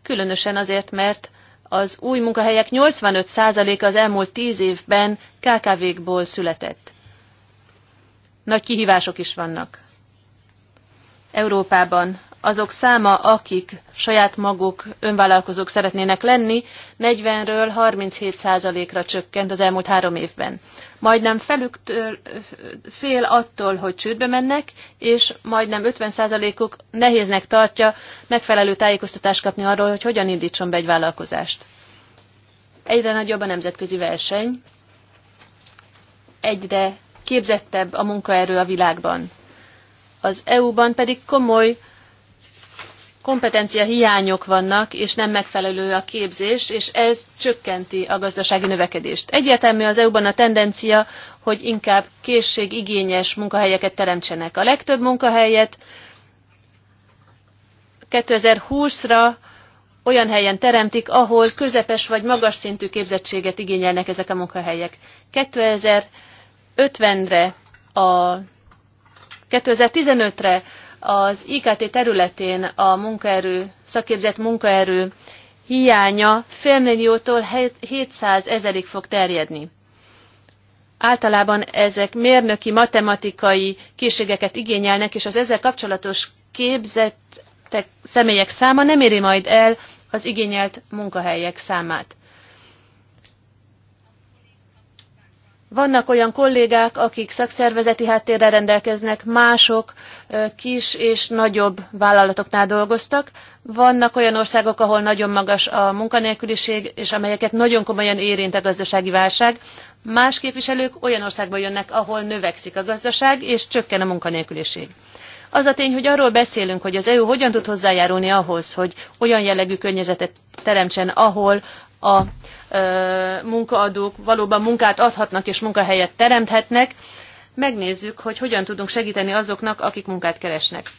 Különösen azért, mert az új munkahelyek 85%-a az elmúlt 10 évben KKV-kból született. Nagy kihívások is vannak. Európában azok száma, akik saját maguk önvállalkozók szeretnének lenni, 40-ről 37%-ra csökkent az elmúlt három évben. Majdnem felük fél attól, hogy csődbe mennek, és majdnem 50%-uk nehéznek tartja megfelelő tájékoztatást kapni arról, hogy hogyan indítson be egy vállalkozást. Egyre nagyobb a nemzetközi verseny, egyre képzettebb a munkaerő a világban. Az EU-ban pedig komoly kompetencia vannak, és nem megfelelő a képzés, és ez csökkenti a gazdasági növekedést. Egyértelmű az EU-ban a tendencia, hogy inkább készségigényes munkahelyeket teremtsenek. A legtöbb munkahelyet 2020-ra olyan helyen teremtik, ahol közepes vagy magas szintű képzettséget igényelnek ezek a munkahelyek. 2050-re, a 2015-re az IKT területén a munkaerő, szakképzett munkaerő hiánya félmilliótól 700 ezerig fog terjedni. Általában ezek mérnöki, matematikai készségeket igényelnek, és az ezzel kapcsolatos képzettek személyek száma nem éri majd el az igényelt munkahelyek számát. Vannak olyan kollégák, akik szakszervezeti háttérrel rendelkeznek, mások kis és nagyobb vállalatoknál dolgoztak. Vannak olyan országok, ahol nagyon magas a munkanélküliség, és amelyeket nagyon komolyan érint a gazdasági válság. Más képviselők olyan országból jönnek, ahol növekszik a gazdaság, és csökken a munkanélküliség. Az a tény, hogy arról beszélünk, hogy az EU hogyan tud hozzájárulni ahhoz, hogy olyan jellegű környezetet teremtsen, ahol a munkaadók valóban munkát adhatnak és munkahelyet teremthetnek, megnézzük, hogy hogyan tudunk segíteni azoknak, akik munkát keresnek.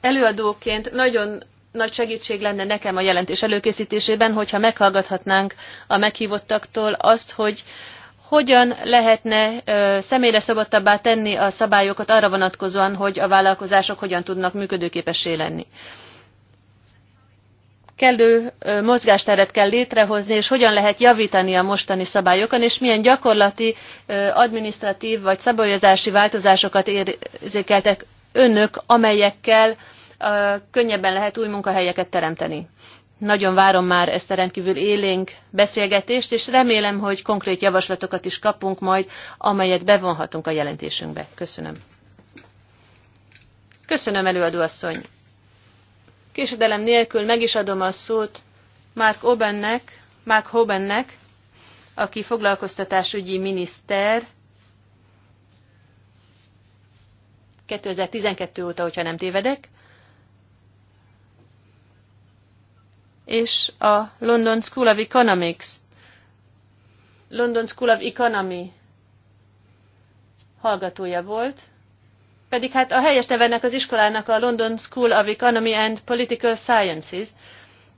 Előadóként nagyon nagy segítség lenne nekem a jelentés előkészítésében, hogyha meghallgathatnánk a meghívottaktól azt, hogy hogyan lehetne személyre szabottabbá tenni a szabályokat arra vonatkozóan, hogy a vállalkozások hogyan tudnak működőképessé lenni kellő mozgásteret kell létrehozni, és hogyan lehet javítani a mostani szabályokon, és milyen gyakorlati, administratív vagy szabályozási változásokat érzékeltek önök, amelyekkel könnyebben lehet új munkahelyeket teremteni. Nagyon várom már ezt a rendkívül élénk beszélgetést, és remélem, hogy konkrét javaslatokat is kapunk majd, amelyet bevonhatunk a jelentésünkbe. Köszönöm. Köszönöm, előadóasszony. Késedelem nélkül meg is adom a szót Mark Obennek, Mark Hobennek, aki foglalkoztatásügyi miniszter 2012 óta, hogyha nem tévedek, és a London School of Economics, London School of Economy hallgatója volt, pedig hát a helyes nevenek az iskolának a London School of Economy and Political Sciences,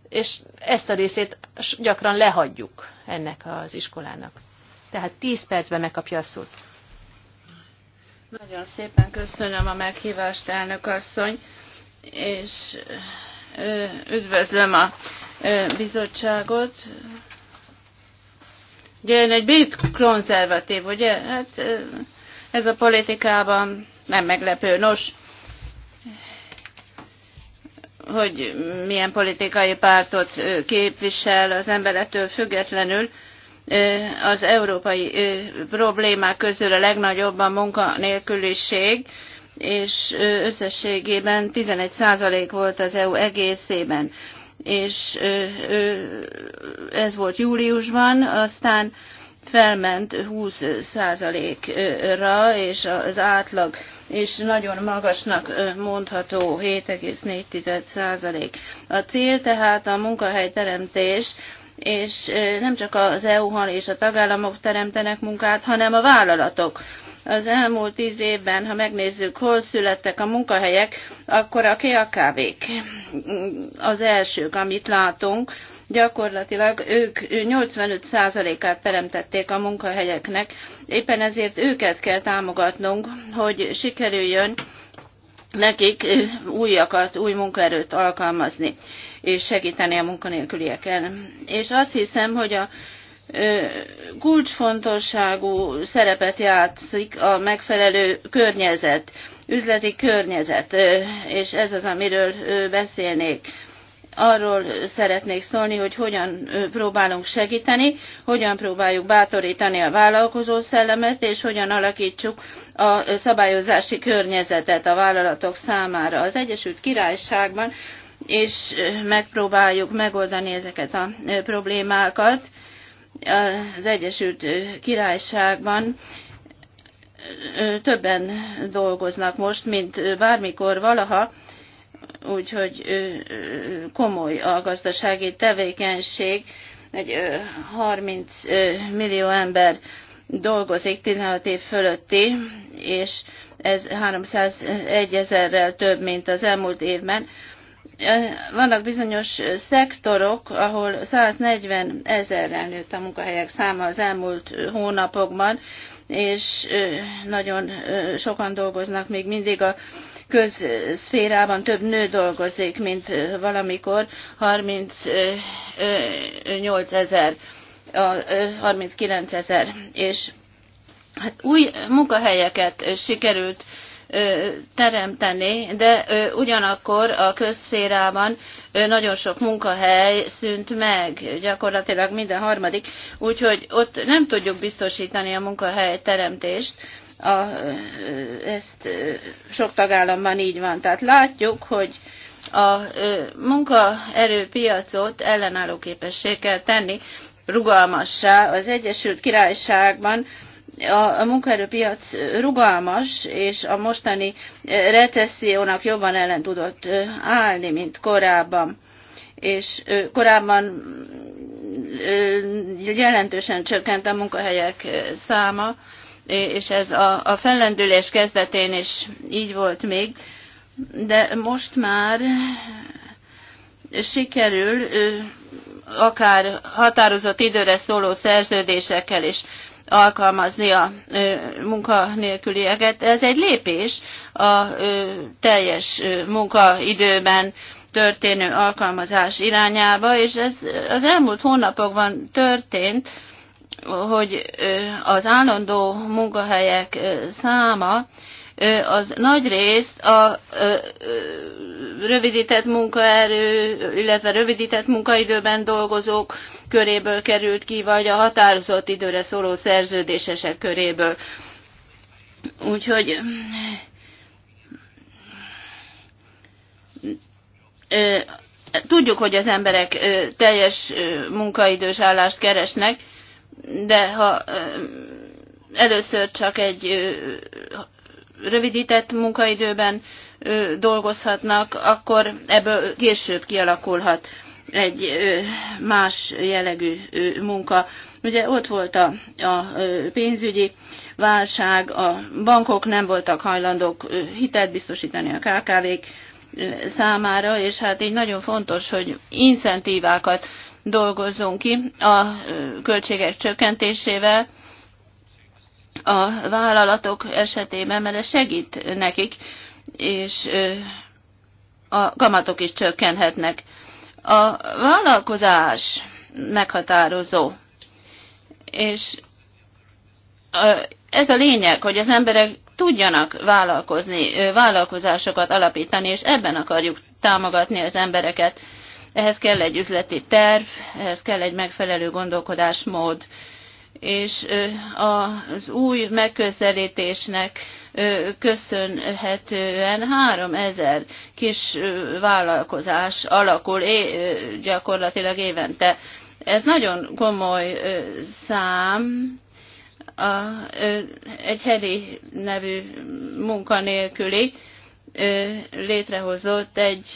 és ezt a részét gyakran lehagyjuk ennek az iskolának. Tehát 10 percben megkapja a szót. Nagyon szépen köszönöm a meghívást, elnök asszony, és üdvözlöm a bizottságot. Ugye én egy brit konzervatív, ugye? Hát ez a politikában nem meglepő. Nos, hogy milyen politikai pártot képvisel az emberettől függetlenül, az európai problémák közül a legnagyobb a munkanélküliség, és összességében 11% volt az EU egészében. És ez volt júliusban, aztán felment 20%-ra, és az átlag és nagyon magasnak mondható 7,4%. A cél tehát a munkahelyteremtés, és nem csak az EU-han és a tagállamok teremtenek munkát, hanem a vállalatok az elmúlt tíz évben, ha megnézzük, hol születtek a munkahelyek, akkor a KKV-k az elsők, amit látunk, gyakorlatilag ők 85%-át teremtették a munkahelyeknek, éppen ezért őket kell támogatnunk, hogy sikerüljön nekik újakat, új munkaerőt alkalmazni, és segíteni a munkanélkülieken. És azt hiszem, hogy a kulcsfontosságú szerepet játszik a megfelelő környezet, üzleti környezet, és ez az, amiről beszélnék arról szeretnék szólni, hogy hogyan próbálunk segíteni, hogyan próbáljuk bátorítani a vállalkozó szellemet, és hogyan alakítsuk a szabályozási környezetet a vállalatok számára. Az Egyesült Királyságban és megpróbáljuk megoldani ezeket a problémákat. Az Egyesült Királyságban többen dolgoznak most, mint bármikor valaha, úgyhogy komoly a gazdasági tevékenység, egy 30 millió ember dolgozik 16 év fölötti, és ez 301 ezerrel több, mint az elmúlt évben. Vannak bizonyos szektorok, ahol 140 ezerrel nőtt a munkahelyek száma az elmúlt hónapokban, és nagyon sokan dolgoznak még mindig a közszférában több nő dolgozik, mint valamikor 38 ezer, 39 ezer, és hát új munkahelyeket sikerült teremteni, de ugyanakkor a közszférában nagyon sok munkahely szűnt meg, gyakorlatilag minden harmadik, úgyhogy ott nem tudjuk biztosítani a munkahely teremtést, a, ezt sok tagállamban így van. Tehát látjuk, hogy a munkaerőpiacot ellenálló képessé kell tenni rugalmassá. Az Egyesült Királyságban a, a munkaerőpiac rugalmas, és a mostani recessziónak jobban ellen tudott állni, mint korábban. És korábban jelentősen csökkent a munkahelyek száma, és ez a, a fellendülés kezdetén is így volt még, de most már sikerül akár határozott időre szóló szerződésekkel is alkalmazni a munkanélkülieket. Ez egy lépés a teljes munkaidőben történő alkalmazás irányába, és ez az elmúlt hónapokban történt, hogy az állandó munkahelyek száma az nagy részt a rövidített munkaerő, illetve rövidített munkaidőben dolgozók köréből került ki, vagy a határozott időre szóló szerződésesek köréből. Úgyhogy tudjuk, hogy az emberek teljes munkaidős állást keresnek, de ha először csak egy rövidített munkaidőben dolgozhatnak, akkor ebből később kialakulhat egy más jellegű munka. Ugye ott volt a, a pénzügyi válság, a bankok nem voltak hajlandók hitelt biztosítani a KKV-k számára, és hát így nagyon fontos, hogy incentívákat dolgozzunk ki a költségek csökkentésével a vállalatok esetében, mert ez segít nekik, és a kamatok is csökkenhetnek. A vállalkozás meghatározó, és ez a lényeg, hogy az emberek tudjanak vállalkozni, vállalkozásokat alapítani, és ebben akarjuk támogatni az embereket. Ehhez kell egy üzleti terv, ehhez kell egy megfelelő gondolkodásmód, és az új megközelítésnek köszönhetően 3000 kis vállalkozás alakul gyakorlatilag évente. Ez nagyon komoly szám, a, egy hedi nevű munkanélküli, létrehozott egy,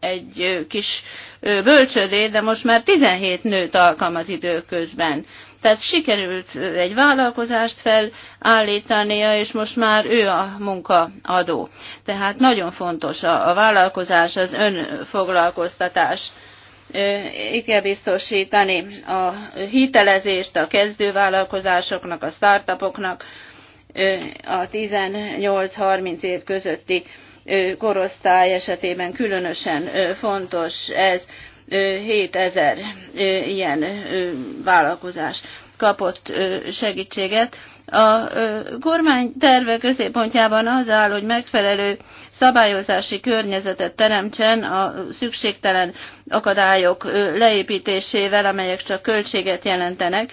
egy kis bölcsödét, de most már 17 nőt alkalmaz időközben. Tehát sikerült egy vállalkozást felállítania, és most már ő a munkaadó. Tehát nagyon fontos a, a vállalkozás, az önfoglalkoztatás. Így kell biztosítani a hitelezést a kezdővállalkozásoknak, a startupoknak, a 18-30 év közötti korosztály esetében különösen fontos ez. 7000 ilyen vállalkozás kapott segítséget. A kormány terve középpontjában az áll, hogy megfelelő szabályozási környezetet teremtsen a szükségtelen akadályok leépítésével, amelyek csak költséget jelentenek.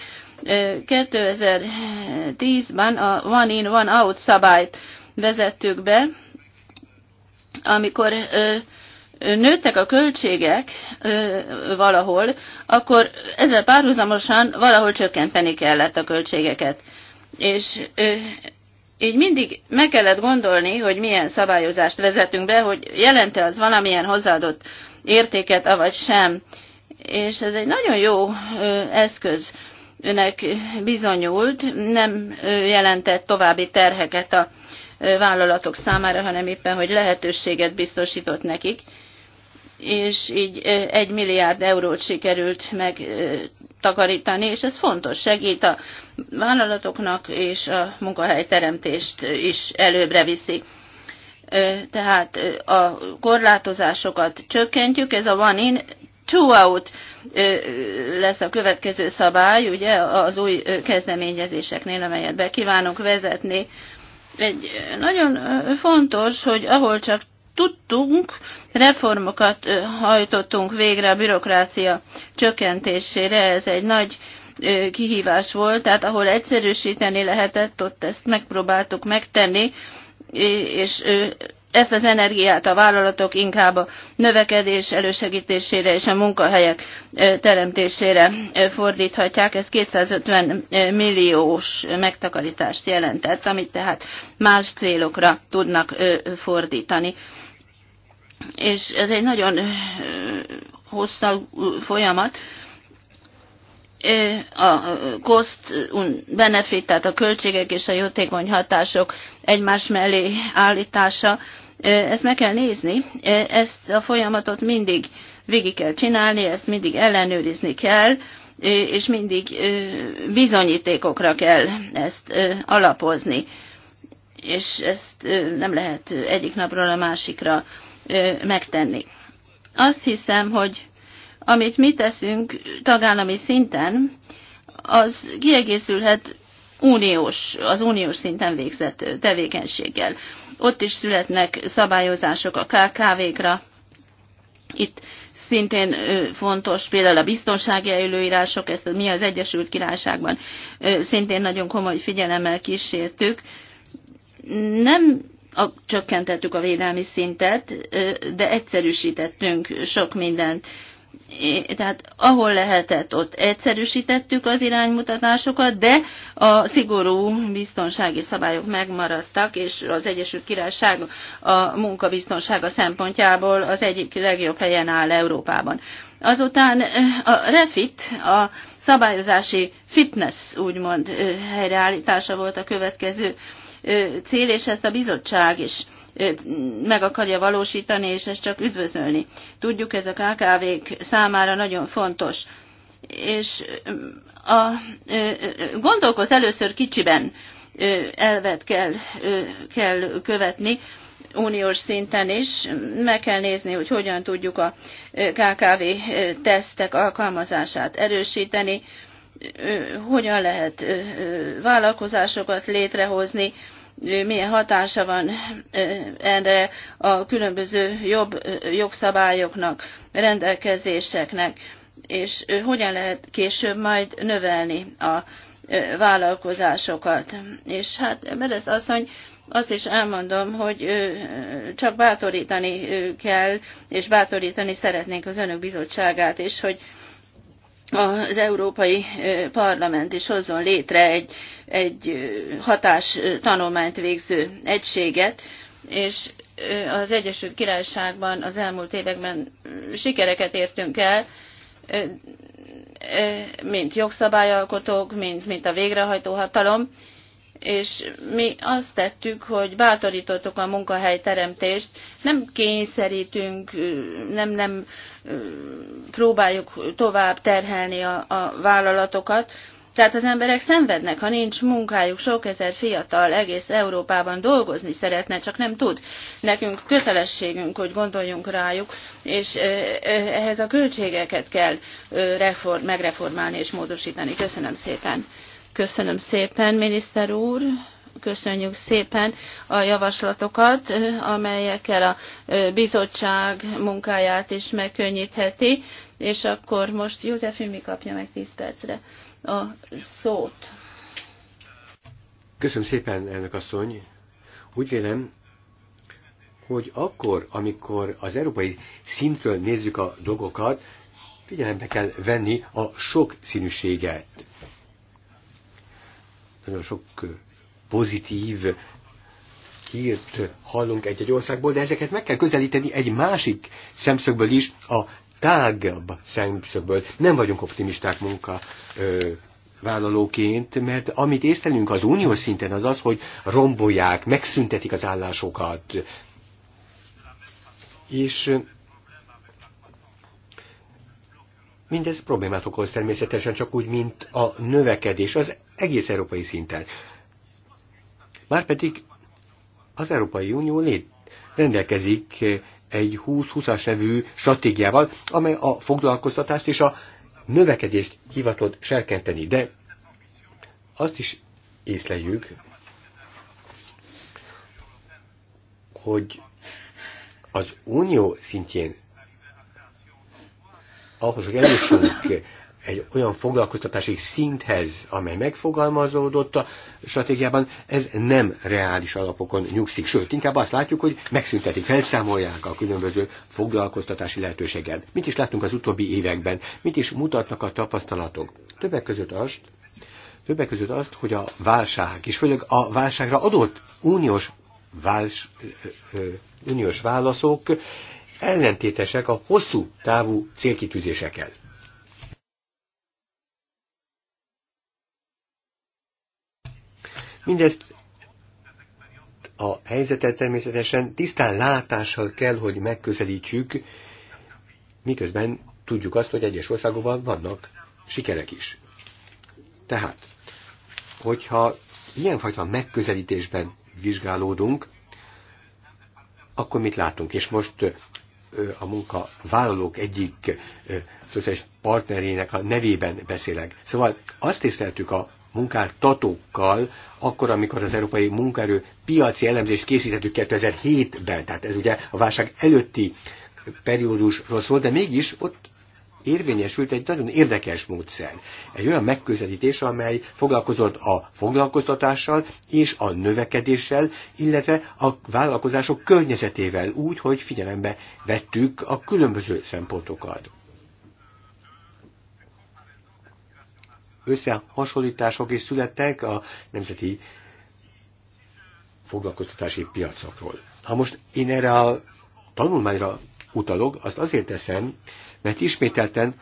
2010-ben a One In, One Out szabályt vezettük be, amikor nőttek a költségek valahol, akkor ezzel párhuzamosan valahol csökkenteni kellett a költségeket. És így mindig meg kellett gondolni, hogy milyen szabályozást vezetünk be, hogy jelente az valamilyen hozzáadott értéket, avagy sem. És ez egy nagyon jó eszköz nek bizonyult, nem jelentett további terheket a vállalatok számára, hanem éppen, hogy lehetőséget biztosított nekik, és így egy milliárd eurót sikerült megtakarítani, és ez fontos, segít a vállalatoknak, és a munkahelyteremtést is előbbre viszi tehát a korlátozásokat csökkentjük, ez a one in, two out lesz a következő szabály, ugye az új kezdeményezéseknél, amelyet be kívánunk vezetni egy nagyon fontos, hogy ahol csak tudtunk, reformokat hajtottunk végre a bürokrácia csökkentésére. Ez egy nagy kihívás volt, tehát ahol egyszerűsíteni lehetett, ott ezt megpróbáltuk megtenni, és ezt az energiát a vállalatok inkább a növekedés elősegítésére és a munkahelyek teremtésére fordíthatják. Ez 250 milliós megtakarítást jelentett, amit tehát más célokra tudnak fordítani. És ez egy nagyon hosszú folyamat, a cost benefit, tehát a költségek és a jótékony hatások egymás mellé állítása ezt meg kell nézni, ezt a folyamatot mindig végig kell csinálni, ezt mindig ellenőrizni kell, és mindig bizonyítékokra kell ezt alapozni. És ezt nem lehet egyik napról a másikra megtenni. Azt hiszem, hogy amit mi teszünk tagállami szinten, az kiegészülhet uniós, az uniós szinten végzett tevékenységgel. Ott is születnek szabályozások a KKV-kra. Itt szintén fontos, például a biztonsági előírások, ezt mi az Egyesült Királyságban szintén nagyon komoly figyelemmel kísértük. Nem a, csökkentettük a védelmi szintet, de egyszerűsítettünk sok mindent tehát ahol lehetett, ott egyszerűsítettük az iránymutatásokat, de a szigorú biztonsági szabályok megmaradtak, és az Egyesült Királyság a munkabiztonsága szempontjából az egyik legjobb helyen áll Európában. Azután eh, a refit, a szabályozási fitness úgymond eh, helyreállítása volt a következő eh, cél, és ezt a bizottság is meg akarja valósítani, és ezt csak üdvözölni. Tudjuk, ez a KKV-k számára nagyon fontos. És a, gondolkoz először kicsiben elvet kell, kell követni, uniós szinten is. Meg kell nézni, hogy hogyan tudjuk a KKV tesztek alkalmazását erősíteni, hogyan lehet vállalkozásokat létrehozni, milyen hatása van erre a különböző jobb jogszabályoknak, rendelkezéseknek, és hogyan lehet később majd növelni a vállalkozásokat. És hát az, asszony, azt is elmondom, hogy csak bátorítani kell, és bátorítani szeretnénk az önök bizottságát is, hogy az Európai Parlament is hozzon létre egy egy hatás tanulmányt végző egységet, és az Egyesült Királyságban az elmúlt években sikereket értünk el, mint jogszabályalkotók, mint, mint a végrehajtó hatalom, és mi azt tettük, hogy bátorítottuk a munkahelyteremtést, nem kényszerítünk, nem, nem próbáljuk tovább terhelni a, a vállalatokat, tehát az emberek szenvednek, ha nincs munkájuk, sok ezer fiatal egész Európában dolgozni szeretne, csak nem tud. Nekünk kötelességünk, hogy gondoljunk rájuk, és ehhez a költségeket kell reform, megreformálni és módosítani. Köszönöm szépen. Köszönöm szépen, miniszter úr köszönjük szépen a javaslatokat, amelyekkel a bizottság munkáját is megkönnyítheti, és akkor most József mi kapja meg 10 percre a szót. Köszönöm szépen, elnök asszony. Úgy vélem, hogy akkor, amikor az európai szintről nézzük a dolgokat, figyelembe kell venni a sok színűséget. Nagyon sok pozitív hírt hallunk egy-egy országból, de ezeket meg kell közelíteni egy másik szemszögből is, a tágabb szemszögből. Nem vagyunk optimisták munka ö, vállalóként, mert amit észlelünk az uniós szinten az az, hogy rombolják, megszüntetik az állásokat. És mindez problémát okoz természetesen csak úgy, mint a növekedés az egész európai szinten. Márpedig az Európai Unió lét rendelkezik egy 20-20-as evű stratégiával, amely a foglalkoztatást és a növekedést hivatott serkenteni. De azt is észleljük, hogy az unió szintjén ahhoz, hogy eljussunk egy olyan foglalkoztatási szinthez, amely megfogalmazódott a stratégiában, ez nem reális alapokon nyugszik. Sőt, inkább azt látjuk, hogy megszüntetik, felszámolják a különböző foglalkoztatási lehetőséget. Mit is láttunk az utóbbi években? Mit is mutatnak a tapasztalatok? Többek között azt, többek között azt, hogy a válság, és főleg a válságra adott uniós, váls, ö, ö, uniós válaszok ellentétesek a hosszú távú célkitűzésekkel. Mindezt a helyzetet természetesen tisztán látással kell, hogy megközelítsük, miközben tudjuk azt, hogy egyes országokban vannak sikerek is. Tehát, hogyha ilyenfajta megközelítésben vizsgálódunk, akkor mit látunk? És most a munkavállalók egyik szociális partnerének a nevében beszélek. Szóval azt tiszteltük a munkáltatókkal, akkor, amikor az európai munkaerő piaci elemzést készítettük 2007-ben, tehát ez ugye a válság előtti periódusról szól, de mégis ott érvényesült egy nagyon érdekes módszer. Egy olyan megközelítés, amely foglalkozott a foglalkoztatással és a növekedéssel, illetve a vállalkozások környezetével úgy, hogy figyelembe vettük a különböző szempontokat. összehasonlítások is születtek a nemzeti foglalkoztatási piacokról. Ha most én erre a tanulmányra utalok, azt azért teszem, mert ismételten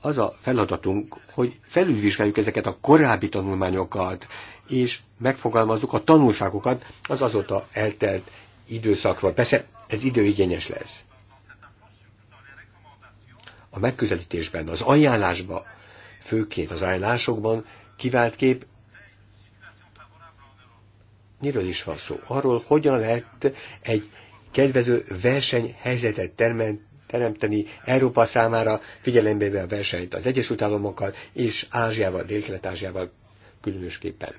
az a feladatunk, hogy felülvizsgáljuk ezeket a korábbi tanulmányokat, és megfogalmazzuk a tanulságokat az azóta eltelt időszakról. Persze ez időigényes lesz. A megközelítésben, az ajánlásba főként az állásokban kivált kép miről is van szó? Arról, hogyan lehet egy kedvező versenyhelyzetet termen, teremteni Európa számára figyelembe véve a versenyt az Egyesült Államokkal és Ázsiával, Dél-Kelet-Ázsiával különösképpen.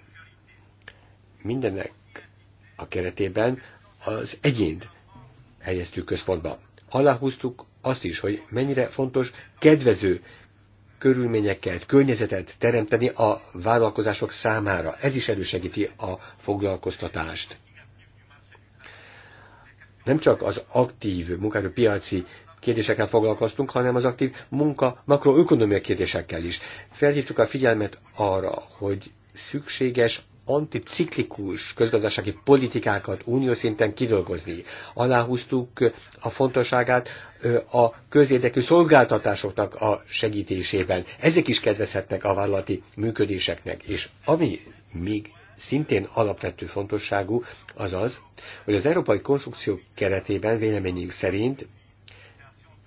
Mindenek a keretében az egyént helyeztük központba. Aláhúztuk azt is, hogy mennyire fontos kedvező körülményeket, környezetet teremteni a vállalkozások számára. Ez is elősegíti a foglalkoztatást. Nem csak az aktív munkaerőpiaci kérdésekkel foglalkoztunk, hanem az aktív munka makroökonomia kérdésekkel is. Felhívtuk a figyelmet arra, hogy szükséges anticiklikus közgazdasági politikákat unió szinten kidolgozni. Aláhúztuk a fontosságát a közérdekű szolgáltatásoknak a segítésében. Ezek is kedvezhetnek a vállalati működéseknek. És ami még szintén alapvető fontosságú, az az, hogy az európai konstrukció keretében véleményünk szerint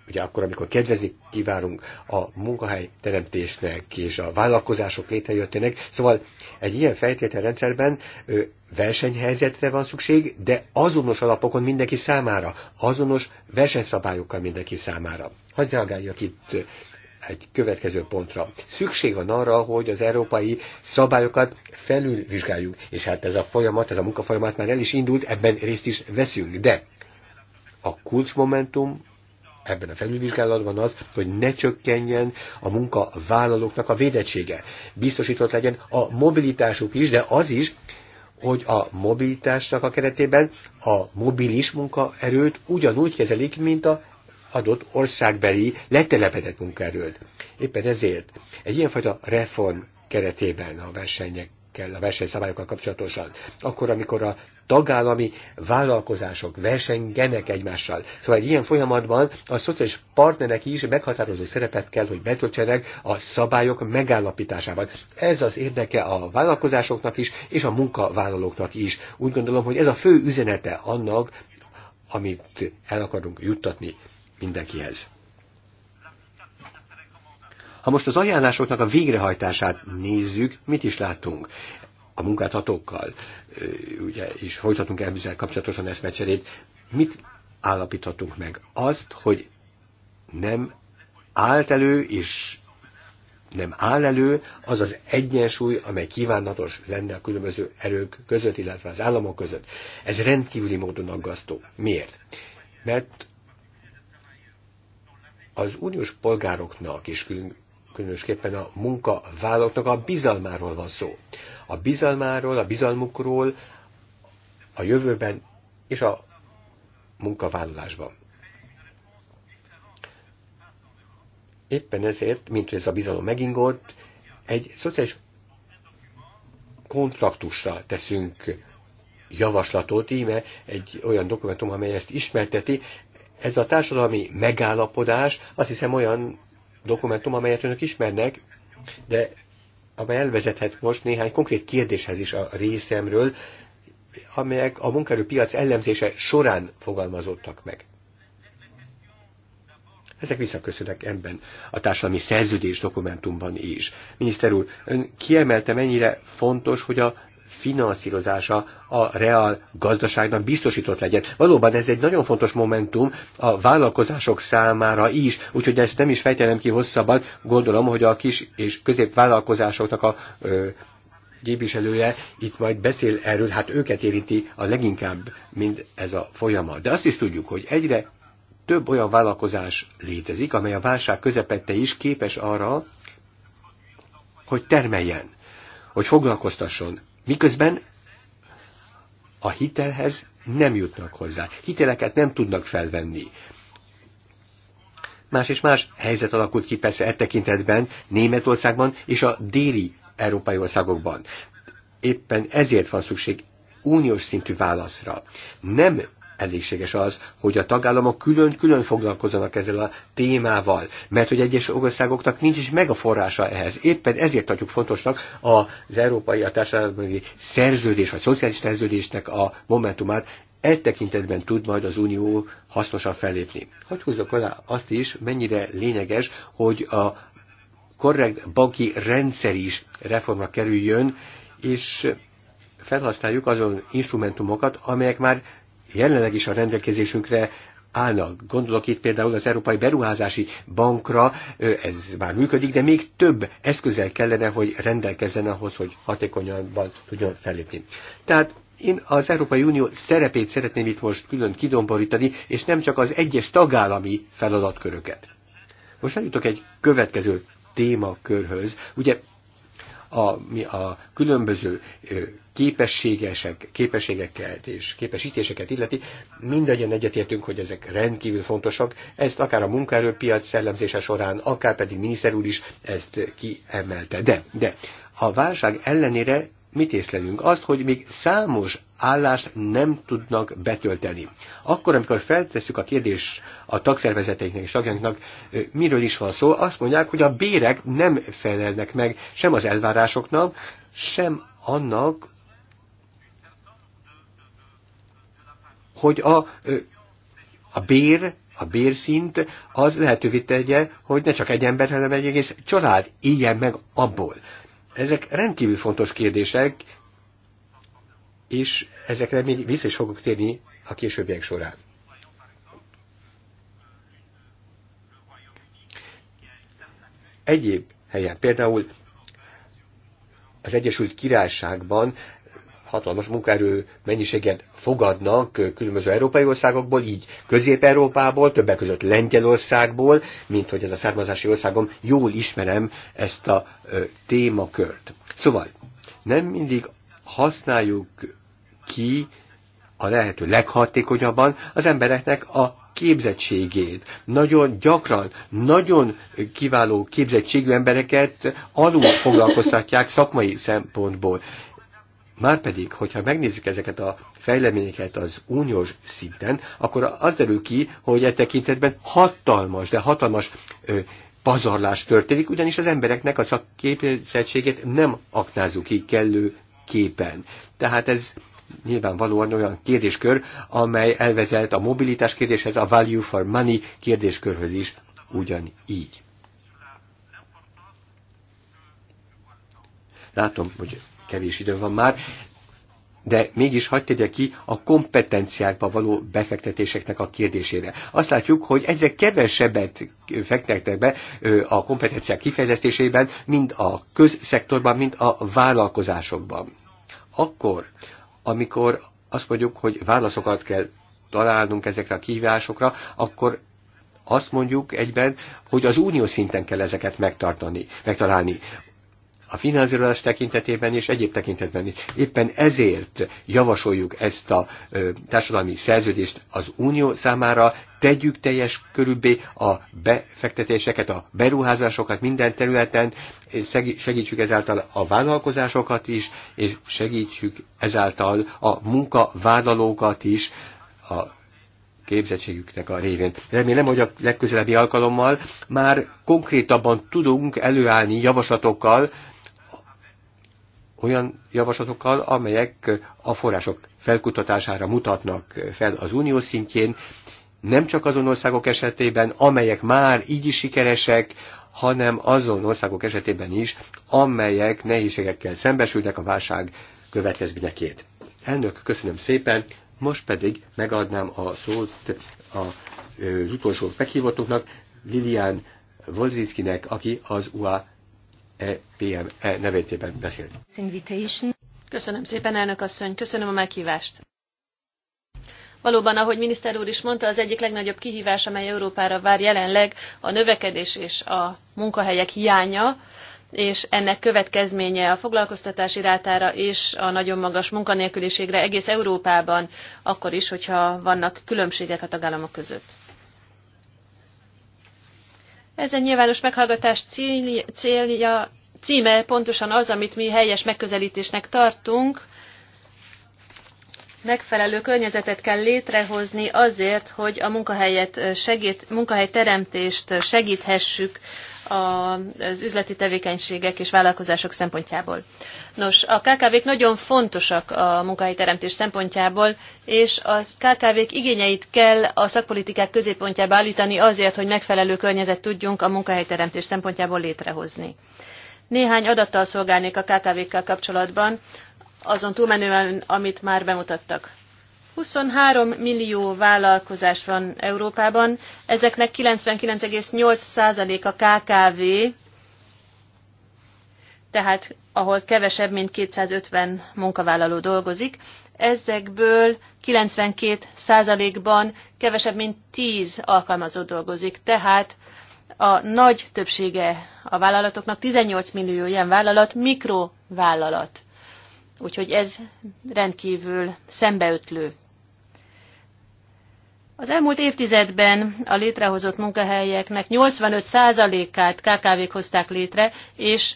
ugye akkor, amikor kedvezni kívánunk a munkahely teremtésnek és a vállalkozások létrejöttének. Szóval egy ilyen feltételrendszerben versenyhelyzetre van szükség, de azonos alapokon mindenki számára, azonos versenyszabályokkal mindenki számára. Hagyj reagáljak itt egy következő pontra. Szükség van arra, hogy az európai szabályokat felülvizsgáljuk, és hát ez a folyamat, ez a munkafolyamat már el is indult, ebben részt is veszünk, de a kulcsmomentum ebben a felülvizsgálatban az, hogy ne csökkenjen a munkavállalóknak a védettsége. Biztosított legyen a mobilitásuk is, de az is, hogy a mobilitásnak a keretében a mobilis munkaerőt ugyanúgy kezelik, mint a adott országbeli letelepedett munkaerőt. Éppen ezért egy ilyenfajta reform keretében a versenyek kell a versenyszabályokkal kapcsolatosan. Akkor, amikor a tagállami vállalkozások versengenek egymással. Szóval egy ilyen folyamatban a szociális partnerek is meghatározó szerepet kell, hogy betöltsenek a szabályok megállapításában. Ez az érdeke a vállalkozásoknak is, és a munkavállalóknak is. Úgy gondolom, hogy ez a fő üzenete annak, amit el akarunk juttatni mindenkihez. Ha most az ajánlásoknak a végrehajtását nézzük, mit is látunk? a munkáltatókkal, ugye, és folytatunk el bizony kapcsolatosan eszmecserét, mit állapíthatunk meg? Azt, hogy nem állt elő, és nem áll elő az az egyensúly, amely kívánatos lenne a különböző erők között, illetve az államok között. Ez rendkívüli módon aggasztó. Miért? Mert az uniós polgároknak és különösképpen a munkavállalóknak a bizalmáról van szó. A bizalmáról, a bizalmukról a jövőben és a munkavállalásban. Éppen ezért, mint ez a bizalom megingott, egy szociális kontraktussal teszünk javaslatot, íme egy olyan dokumentum, amely ezt ismerteti. Ez a társadalmi megállapodás azt hiszem olyan dokumentum, amelyet önök ismernek, de amely elvezethet most néhány konkrét kérdéshez is a részemről, amelyek a munkaerőpiac ellenzése során fogalmazottak meg. Ezek visszaköszönnek ebben a társadalmi szerződés dokumentumban is. Miniszter úr, ön kiemelte, mennyire fontos, hogy a finanszírozása a real gazdaságnak biztosított legyen. Valóban ez egy nagyon fontos momentum a vállalkozások számára is, úgyhogy ezt nem is fejtelem ki hosszabban, gondolom, hogy a kis és középvállalkozásoknak a ö, képviselője itt majd beszél erről, hát őket érinti a leginkább mind ez a folyamat. De azt is tudjuk, hogy egyre több olyan vállalkozás létezik, amely a válság közepette is képes arra, hogy termeljen, hogy foglalkoztasson miközben a hitelhez nem jutnak hozzá. Hiteleket nem tudnak felvenni. Más és más helyzet alakult ki persze e tekintetben Németországban és a déli európai országokban. Éppen ezért van szükség uniós szintű válaszra. Nem elégséges az, hogy a tagállamok külön-külön foglalkozzanak ezzel a témával, mert hogy egyes országoknak nincs is meg a forrása ehhez. Éppen ezért tartjuk fontosnak az európai a társadalmi szerződés, vagy szociális szerződésnek a momentumát, e tekintetben tud majd az Unió hasznosan fellépni. Hogy húzzak alá azt is, mennyire lényeges, hogy a korrekt banki rendszer is reformra kerüljön, és felhasználjuk azon instrumentumokat, amelyek már jelenleg is a rendelkezésünkre állnak. Gondolok itt például az Európai Beruházási Bankra, ez már működik, de még több eszközzel kellene, hogy rendelkezzen ahhoz, hogy hatékonyan tudjon fellépni. Tehát én az Európai Unió szerepét szeretném itt most külön kidomborítani, és nem csak az egyes tagállami feladatköröket. Most eljutok egy következő témakörhöz. Ugye a, mi a különböző képességesek, képességeket és képesítéseket illeti, mindannyian egyetértünk, hogy ezek rendkívül fontosak, ezt akár a munkaerőpiac szellemzése során, akár pedig miniszter úr is ezt kiemelte. De, de a válság ellenére mit észlelünk? Azt, hogy még számos állást nem tudnak betölteni. Akkor, amikor feltesszük a kérdést a tagszervezeteknek és tagjainknak, miről is van szó, azt mondják, hogy a bérek nem felelnek meg sem az elvárásoknak, sem annak, hogy a, a bér a bérszint az lehetővé tegye, hogy ne csak egy ember, hanem egy egész család éljen meg abból. Ezek rendkívül fontos kérdések, és ezekre még vissza is fogok térni a későbbiek során. Egyéb helyen, például az Egyesült Királyságban hatalmas munkaerő mennyiséget fogadnak különböző európai országokból, így Közép-Európából, többek között Lengyelországból, mint hogy ez a származási országom, jól ismerem ezt a témakört. Szóval nem mindig használjuk ki a lehető leghatékonyabban az embereknek a képzettségét. Nagyon gyakran, nagyon kiváló képzettségű embereket alul foglalkoztatják szakmai szempontból. Márpedig, hogyha megnézzük ezeket a fejleményeket az uniós szinten, akkor az derül ki, hogy e tekintetben hatalmas, de hatalmas ö, pazarlás történik, ugyanis az embereknek a szakképzettségét nem aknázunk ki kellő képen. Tehát ez nyilvánvalóan olyan kérdéskör, amely elvezet a mobilitás kérdéshez, a value for money kérdéskörhöz is ugyanígy. Látom, hogy kevés idő van már, de mégis hagyd tegye ki a kompetenciákba való befektetéseknek a kérdésére. Azt látjuk, hogy egyre kevesebbet fektetek be a kompetenciák kifejlesztésében, mind a közszektorban, mind a vállalkozásokban. Akkor, amikor azt mondjuk, hogy válaszokat kell találnunk ezekre a kihívásokra, akkor azt mondjuk egyben, hogy az unió szinten kell ezeket megtartani, megtalálni a finanszírozás tekintetében és egyéb tekintetben is. Éppen ezért javasoljuk ezt a társadalmi szerződést az Unió számára, tegyük teljes körülbé a befektetéseket, a beruházásokat minden területen, segítsük ezáltal a vállalkozásokat is, és segítsük ezáltal a munkavállalókat is, a képzettségüknek a révén. Remélem, hogy a legközelebbi alkalommal már konkrétabban tudunk előállni javaslatokkal, olyan javaslatokkal, amelyek a források felkutatására mutatnak fel az unió szintjén, nem csak azon országok esetében, amelyek már így is sikeresek, hanem azon országok esetében is, amelyek nehézségekkel szembesülnek a válság következményekét. Elnök, köszönöm szépen, most pedig megadnám a szót az utolsó meghívottunknak, Lilian Volzinskinek, aki az UA PM e, e nevétében beszélt. Köszönöm szépen, elnök asszony, köszönöm a meghívást. Valóban, ahogy miniszter úr is mondta, az egyik legnagyobb kihívás, amely Európára vár jelenleg, a növekedés és a munkahelyek hiánya, és ennek következménye a foglalkoztatási rátára és a nagyon magas munkanélküliségre egész Európában, akkor is, hogyha vannak különbségek a tagállamok között. Ezen nyilvános meghallgatás célja, címe pontosan az, amit mi helyes megközelítésnek tartunk. Megfelelő környezetet kell létrehozni azért, hogy a munkahelyet segít, teremtést segíthessük az üzleti tevékenységek és vállalkozások szempontjából. Nos, a KKV-k nagyon fontosak a munkahelyteremtés szempontjából, és a KKV-k igényeit kell a szakpolitikák középpontjába állítani azért, hogy megfelelő környezet tudjunk a munkahelyteremtés szempontjából létrehozni. Néhány adattal szolgálnék a KKV-kkel kapcsolatban, azon túlmenően, amit már bemutattak. 23 millió vállalkozás van Európában, ezeknek 99,8%-a KKV, tehát ahol kevesebb, mint 250 munkavállaló dolgozik. Ezekből 92%-ban kevesebb, mint 10 alkalmazott dolgozik, tehát a nagy többsége a vállalatoknak, 18 millió ilyen vállalat, mikrovállalat. Úgyhogy ez rendkívül szembeötlő az elmúlt évtizedben a létrehozott munkahelyeknek 85%-át KKV-k hozták létre, és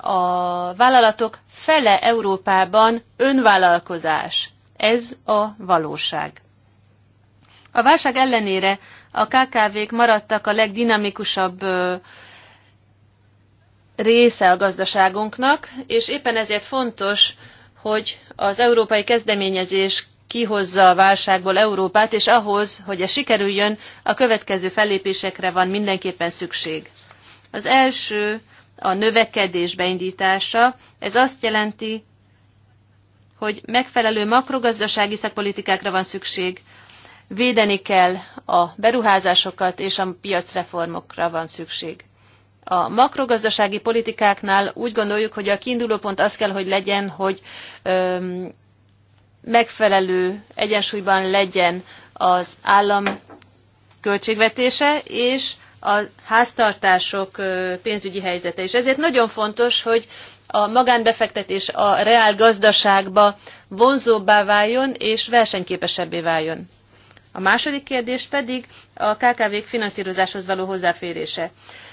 a vállalatok fele Európában önvállalkozás. Ez a valóság. A válság ellenére a KKV-k maradtak a legdinamikusabb része a gazdaságunknak, és éppen ezért fontos, hogy az európai kezdeményezés kihozza a válságból Európát, és ahhoz, hogy ez sikerüljön, a következő fellépésekre van mindenképpen szükség. Az első a növekedés beindítása. Ez azt jelenti, hogy megfelelő makrogazdasági szakpolitikákra van szükség, védeni kell a beruházásokat és a piacreformokra van szükség. A makrogazdasági politikáknál úgy gondoljuk, hogy a kiinduló pont az kell, hogy legyen, hogy öm, megfelelő egyensúlyban legyen az állam költségvetése és a háztartások pénzügyi helyzete. És ezért nagyon fontos, hogy a magánbefektetés a reál gazdaságba vonzóbbá váljon és versenyképesebbé váljon. A második kérdés pedig a KKV-k finanszírozáshoz való hozzáférése.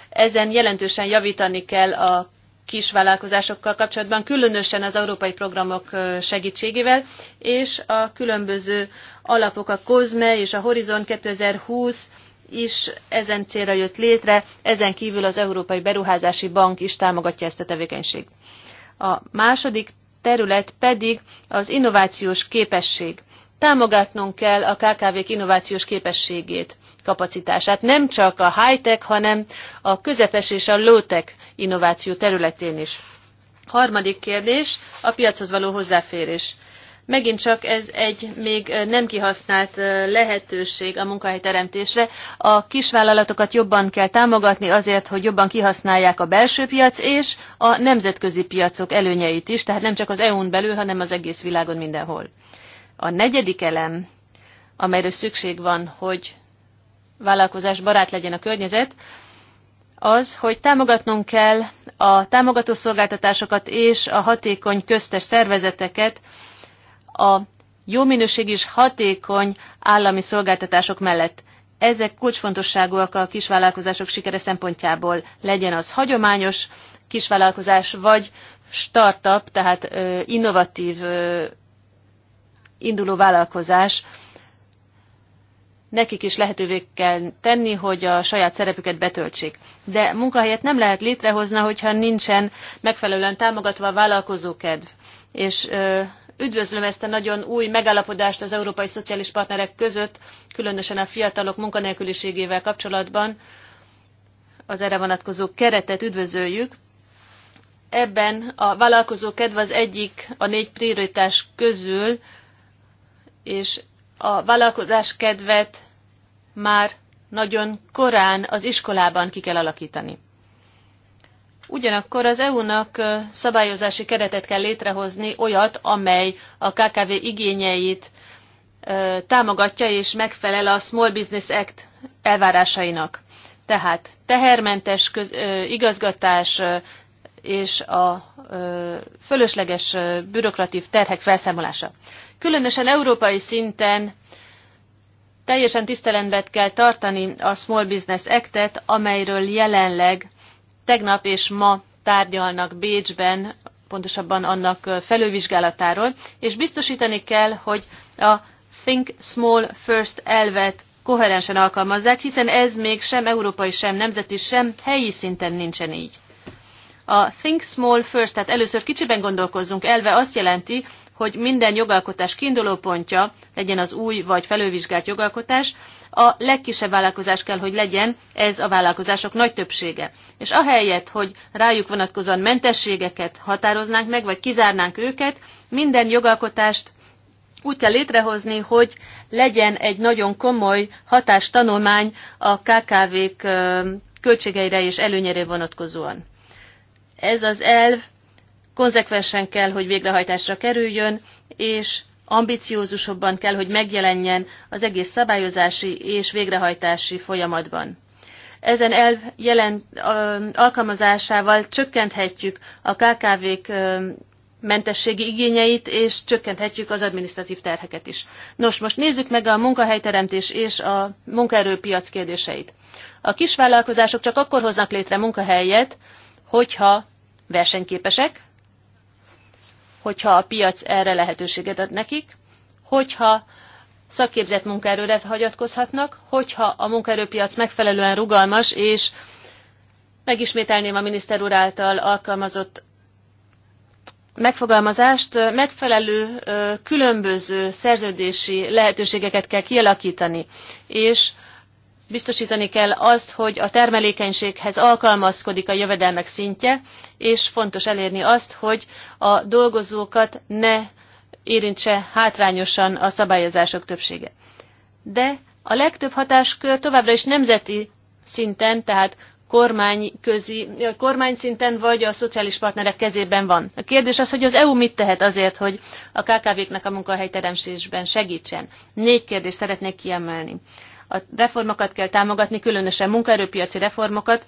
Ezen jelentősen javítani kell a kisvállalkozásokkal kapcsolatban, különösen az európai programok segítségével, és a különböző alapok, a COSME és a Horizon 2020 is ezen célra jött létre, ezen kívül az Európai Beruházási Bank is támogatja ezt a tevékenységet. A második terület pedig az innovációs képesség. Támogatnunk kell a KKV-k innovációs képességét, kapacitását. Nem csak a high-tech, hanem a közepes és a low-tech innováció területén is. Harmadik kérdés, a piachoz való hozzáférés. Megint csak ez egy még nem kihasznált lehetőség a munkahelyteremtésre. A kisvállalatokat jobban kell támogatni azért, hogy jobban kihasználják a belső piac és a nemzetközi piacok előnyeit is, tehát nem csak az EU-n belül, hanem az egész világon mindenhol. A negyedik elem, amelyre szükség van, hogy vállalkozás barát legyen a környezet, az, hogy támogatnunk kell a támogató szolgáltatásokat és a hatékony köztes szervezeteket a jó minőség és hatékony állami szolgáltatások mellett. Ezek kulcsfontosságúak a kisvállalkozások sikere szempontjából. Legyen az hagyományos kisvállalkozás, vagy startup, tehát innovatív induló vállalkozás, nekik is lehetővé kell tenni, hogy a saját szerepüket betöltsék. De munkahelyet nem lehet létrehozni, hogyha nincsen megfelelően támogatva a vállalkozókedv. És üdvözlöm ezt a nagyon új megállapodást az európai szociális partnerek között, különösen a fiatalok munkanélküliségével kapcsolatban. Az erre vonatkozó keretet üdvözöljük. Ebben a vállalkozó kedv az egyik a négy prioritás közül, és a vállalkozás kedvet már nagyon korán az iskolában ki kell alakítani. Ugyanakkor az EU-nak szabályozási keretet kell létrehozni, olyat, amely a KKV igényeit támogatja és megfelel a Small Business Act elvárásainak. Tehát tehermentes köz, igazgatás és a fölösleges bürokratív terhek felszámolása különösen európai szinten teljesen tiszteletben kell tartani a Small Business Act-et, amelyről jelenleg tegnap és ma tárgyalnak Bécsben, pontosabban annak felővizsgálatáról, és biztosítani kell, hogy a Think Small First elvet koherensen alkalmazzák, hiszen ez még sem európai, sem nemzeti, sem helyi szinten nincsen így. A Think Small First, tehát először kicsiben gondolkozzunk, elve azt jelenti, hogy minden jogalkotás kiinduló pontja legyen az új vagy felővizsgált jogalkotás, a legkisebb vállalkozás kell, hogy legyen, ez a vállalkozások nagy többsége. És ahelyett, hogy rájuk vonatkozóan mentességeket határoznánk meg, vagy kizárnánk őket, minden jogalkotást úgy kell létrehozni, hogy legyen egy nagyon komoly hatástanulmány a KKV-k költségeire és előnyére vonatkozóan. Ez az elv konzekvensen kell, hogy végrehajtásra kerüljön, és ambiciózusabban kell, hogy megjelenjen az egész szabályozási és végrehajtási folyamatban. Ezen elv alkalmazásával csökkenthetjük a KKV-k mentességi igényeit, és csökkenthetjük az adminisztratív terheket is. Nos, most nézzük meg a munkahelyteremtés és a munkaerőpiac kérdéseit. A kisvállalkozások csak akkor hoznak létre munkahelyet, hogyha versenyképesek, hogyha a piac erre lehetőséget ad nekik, hogyha szakképzett munkaerőre hagyatkozhatnak, hogyha a munkaerőpiac megfelelően rugalmas, és megismételném a miniszter úr által alkalmazott megfogalmazást, megfelelő különböző szerződési lehetőségeket kell kialakítani, és biztosítani kell azt, hogy a termelékenységhez alkalmazkodik a jövedelmek szintje, és fontos elérni azt, hogy a dolgozókat ne érintse hátrányosan a szabályozások többsége. De a legtöbb hatáskör továbbra is nemzeti szinten, tehát kormány, közi, kormány szinten vagy a szociális partnerek kezében van. A kérdés az, hogy az EU mit tehet azért, hogy a KKV-knak a munkahelyteremtésben segítsen. Négy kérdést szeretnék kiemelni. A reformokat kell támogatni, különösen munkaerőpiaci reformokat,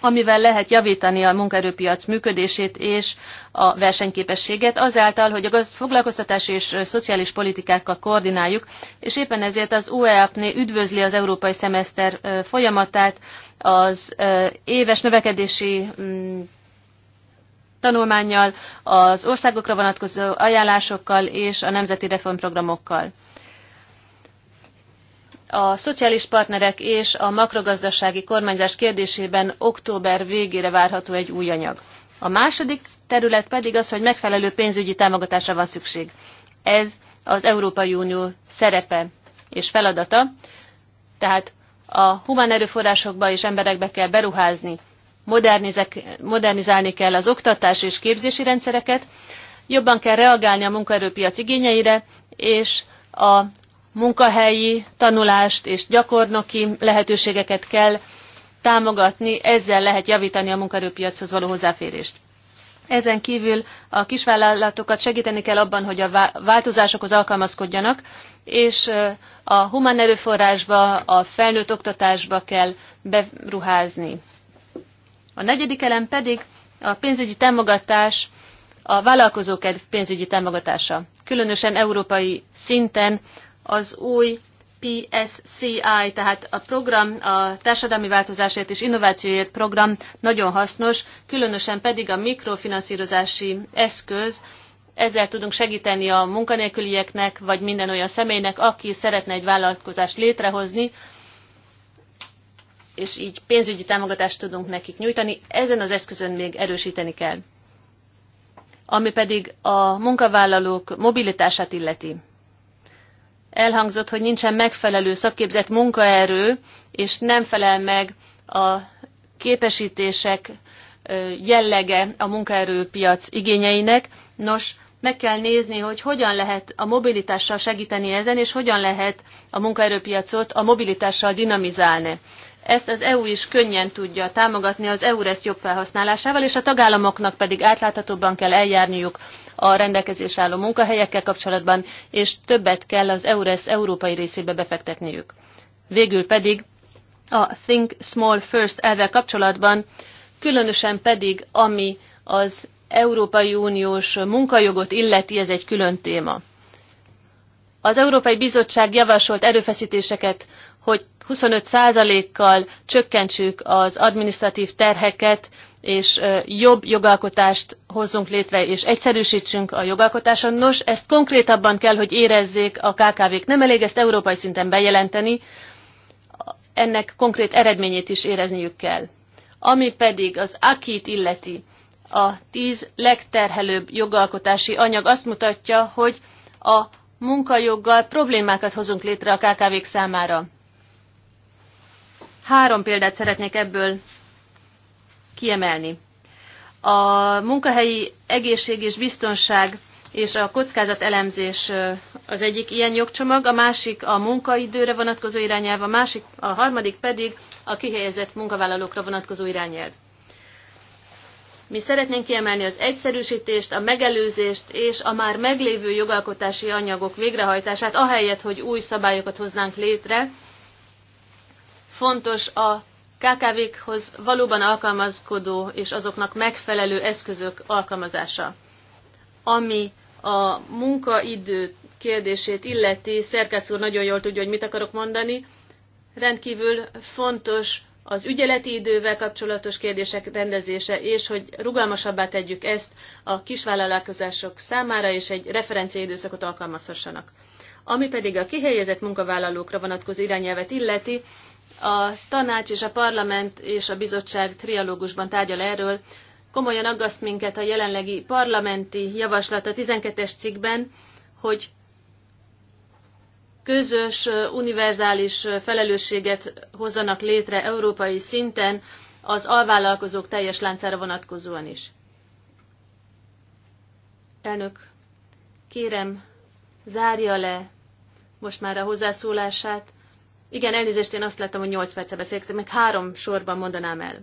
amivel lehet javítani a munkaerőpiac működését és a versenyképességet azáltal, hogy a foglalkoztatási és szociális politikákkal koordináljuk, és éppen ezért az UEAPNE üdvözli az európai szemeszter folyamatát, az éves növekedési mm, tanulmányjal, az országokra vonatkozó ajánlásokkal és a nemzeti reformprogramokkal a szociális partnerek és a makrogazdasági kormányzás kérdésében október végére várható egy új anyag. A második terület pedig az, hogy megfelelő pénzügyi támogatásra van szükség. Ez az Európai Unió szerepe és feladata, tehát a humán erőforrásokba és emberekbe kell beruházni, modernizálni kell az oktatás és képzési rendszereket, jobban kell reagálni a munkaerőpiac igényeire, és a munkahelyi tanulást és gyakornoki lehetőségeket kell támogatni, ezzel lehet javítani a munkaerőpiachoz való hozzáférést. Ezen kívül a kisvállalatokat segíteni kell abban, hogy a változásokhoz alkalmazkodjanak, és a humán erőforrásba, a felnőtt oktatásba kell beruházni. A negyedik elem pedig a pénzügyi támogatás, a vállalkozókedv pénzügyi támogatása. Különösen európai szinten az új PSCI, tehát a program, a társadalmi változásért és innovációért program nagyon hasznos, különösen pedig a mikrofinanszírozási eszköz, ezzel tudunk segíteni a munkanélkülieknek, vagy minden olyan személynek, aki szeretne egy vállalkozást létrehozni, és így pénzügyi támogatást tudunk nekik nyújtani. Ezen az eszközön még erősíteni kell. Ami pedig a munkavállalók mobilitását illeti elhangzott, hogy nincsen megfelelő szakképzett munkaerő, és nem felel meg a képesítések jellege a munkaerőpiac igényeinek. Nos, meg kell nézni, hogy hogyan lehet a mobilitással segíteni ezen, és hogyan lehet a munkaerőpiacot a mobilitással dinamizálni. Ezt az EU is könnyen tudja támogatni az EURES jobb felhasználásával, és a tagállamoknak pedig átláthatóbban kell eljárniuk a rendelkezés álló munkahelyekkel kapcsolatban, és többet kell az EURES európai részébe befektetniük. Végül pedig a Think Small First elvel kapcsolatban, különösen pedig ami az Európai Uniós munkajogot illeti, ez egy külön téma. Az Európai Bizottság javasolt erőfeszítéseket hogy 25%-kal csökkentsük az administratív terheket, és jobb jogalkotást hozzunk létre, és egyszerűsítsünk a jogalkotáson. Nos, ezt konkrétabban kell, hogy érezzék a KKV-k. Nem elég ezt európai szinten bejelenteni, ennek konkrét eredményét is érezniük kell. Ami pedig az akit illeti, a tíz legterhelőbb jogalkotási anyag azt mutatja, hogy a munkajoggal problémákat hozunk létre a KKV-k számára. Három példát szeretnék ebből kiemelni. A munkahelyi egészség és biztonság és a elemzés az egyik ilyen jogcsomag, a másik a munkaidőre vonatkozó irányelv, a, másik, a harmadik pedig a kihelyezett munkavállalókra vonatkozó irányelv. Mi szeretnénk kiemelni az egyszerűsítést, a megelőzést és a már meglévő jogalkotási anyagok végrehajtását, ahelyett, hogy új szabályokat hoznánk létre, Fontos a KKV-khoz valóban alkalmazkodó és azoknak megfelelő eszközök alkalmazása. Ami a munkaidő kérdését illeti, Szerkesz úr nagyon jól tudja, hogy mit akarok mondani, rendkívül fontos az ügyeleti idővel kapcsolatos kérdések rendezése, és hogy rugalmasabbá tegyük ezt a kisvállalkozások számára, és egy időszakot alkalmazhassanak. Ami pedig a kihelyezett munkavállalókra vonatkozó irányelvet illeti, a tanács és a parlament és a bizottság trialógusban tárgyal erről. Komolyan aggaszt minket a jelenlegi parlamenti javaslat a 12-es cikkben, hogy közös, univerzális felelősséget hozzanak létre európai szinten az alvállalkozók teljes láncára vonatkozóan is. Elnök, kérem, zárja le most már a hozzászólását, igen, elnézést, én azt láttam, hogy 8 perce beszéltem, meg három sorban mondanám el.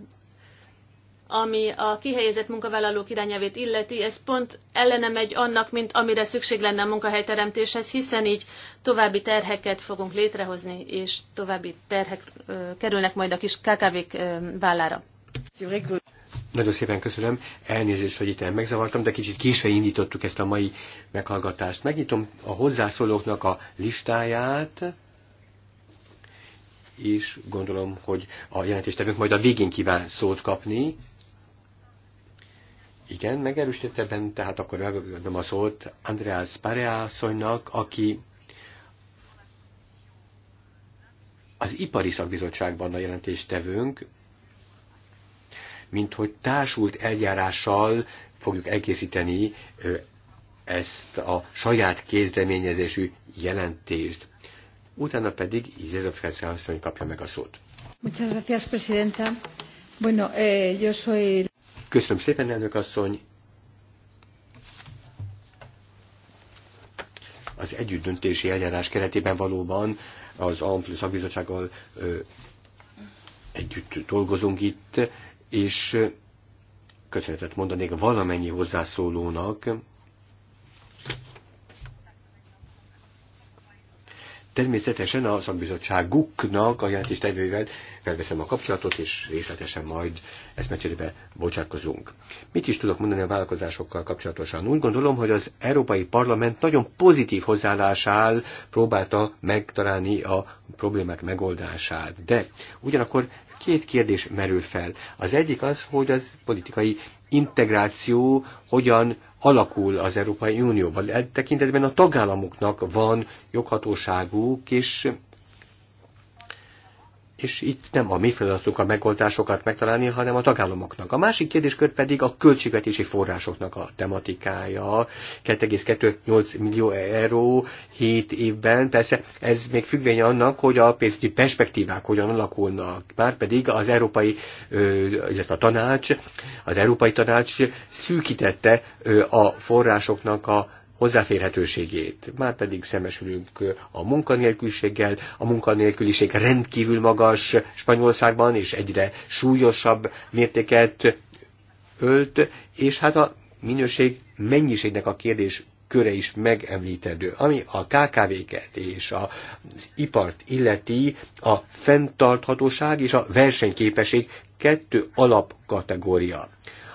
Ami a kihelyezett munkavállalók irányelvét illeti, ez pont ellene megy annak, mint amire szükség lenne a munkahelyteremtéshez, hiszen így további terheket fogunk létrehozni, és további terhek ö, kerülnek majd a kis KKV-k vállára. Nagyon szépen köszönöm. Elnézést, hogy itt megzavartam, de kicsit késve indítottuk ezt a mai meghallgatást. Megnyitom a hozzászólóknak a listáját és gondolom, hogy a jelentéstevőnk majd a végén kíván szót kapni. Igen, megerősítette ebben, tehát akkor megadom a szót Andreas Pareászonynak, aki az Ipari Szakbizottságban a jelentéstevőnk, mint hogy társult eljárással fogjuk elkészíteni ezt a saját kézdeményezésű jelentést utána pedig Izeza Felszállasszony kapja meg a szót. Muchas gracias, presidenta. Bueno, eh, yo soy... Köszönöm szépen, elnök asszony. Az együttdöntési eljárás keretében valóban az AMPL szakbizottsággal együtt dolgozunk itt, és köszönetet mondanék valamennyi hozzászólónak, természetesen a szakbizottságuknak a tevővel felveszem a kapcsolatot, és részletesen majd eszmecserébe bocsátkozunk. Mit is tudok mondani a vállalkozásokkal kapcsolatosan? Úgy gondolom, hogy az Európai Parlament nagyon pozitív hozzáállásával próbálta megtalálni a problémák megoldását. De ugyanakkor két kérdés merül fel. Az egyik az, hogy az politikai integráció hogyan alakul az Európai Unióban. E tekintetben a tagállamoknak van joghatóságuk, és és itt nem a mi feladatunk a megoldásokat megtalálni, hanem a tagállamoknak. A másik kérdéskör pedig a költségvetési forrásoknak a tematikája, 2,28 millió euró 7 évben, persze ez még függvénye annak, hogy a pénzügyi perspektívák hogyan alakulnak, már pedig az európai, illetve a tanács, az európai tanács szűkítette a forrásoknak a hozzáférhetőségét. Már pedig szembesülünk a munkanélküliséggel, a munkanélküliség rendkívül magas Spanyolországban, és egyre súlyosabb mértéket ölt, és hát a minőség mennyiségnek a kérdés köre is megemlítendő, ami a KKV-ket és az ipart illeti a fenntarthatóság és a versenyképesség kettő alapkategória.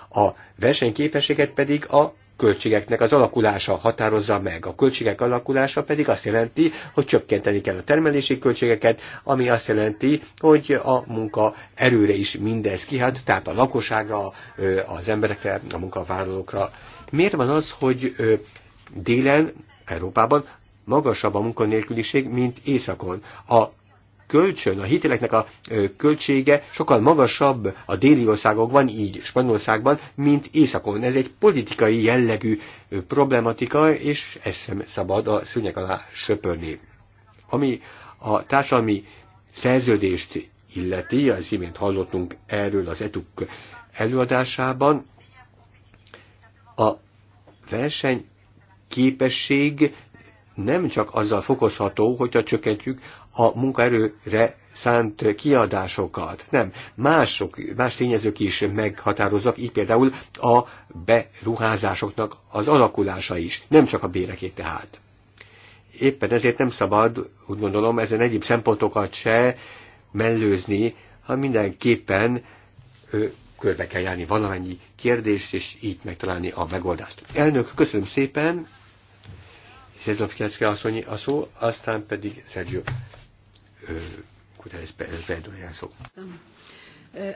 A versenyképességet pedig a költségeknek az alakulása határozza meg. A költségek alakulása pedig azt jelenti, hogy csökkenteni kell a termelési költségeket, ami azt jelenti, hogy a munka erőre is mindez kihat, tehát a lakosságra, az emberekre, a munkavállalókra. Miért van az, hogy délen, Európában magasabb a munkanélküliség, mint északon? A kölcsön, a hiteleknek a költsége sokkal magasabb a déli országokban, így Spanyolországban, mint északon. Ez egy politikai jellegű problematika, és ezt sem szabad a szőnyek alá söpörni. Ami a társadalmi szerződést illeti, az imént hallottunk erről az etuk előadásában, a verseny képesség nem csak azzal fokozható, hogyha csökkentjük a munkaerőre szánt kiadásokat. Nem, mások, más tényezők is meghatározzak, így például a beruházásoknak az alakulása is, nem csak a bérekét tehát. Éppen ezért nem szabad, úgy gondolom, ezen egyéb szempontokat se mellőzni, ha mindenképpen ö, körbe kell járni valamennyi kérdést, és így megtalálni a megoldást. Elnök, köszönöm szépen! Szezovkiácske asszonyi a szó, aztán pedig Sergio Kutelez Pedroja szó.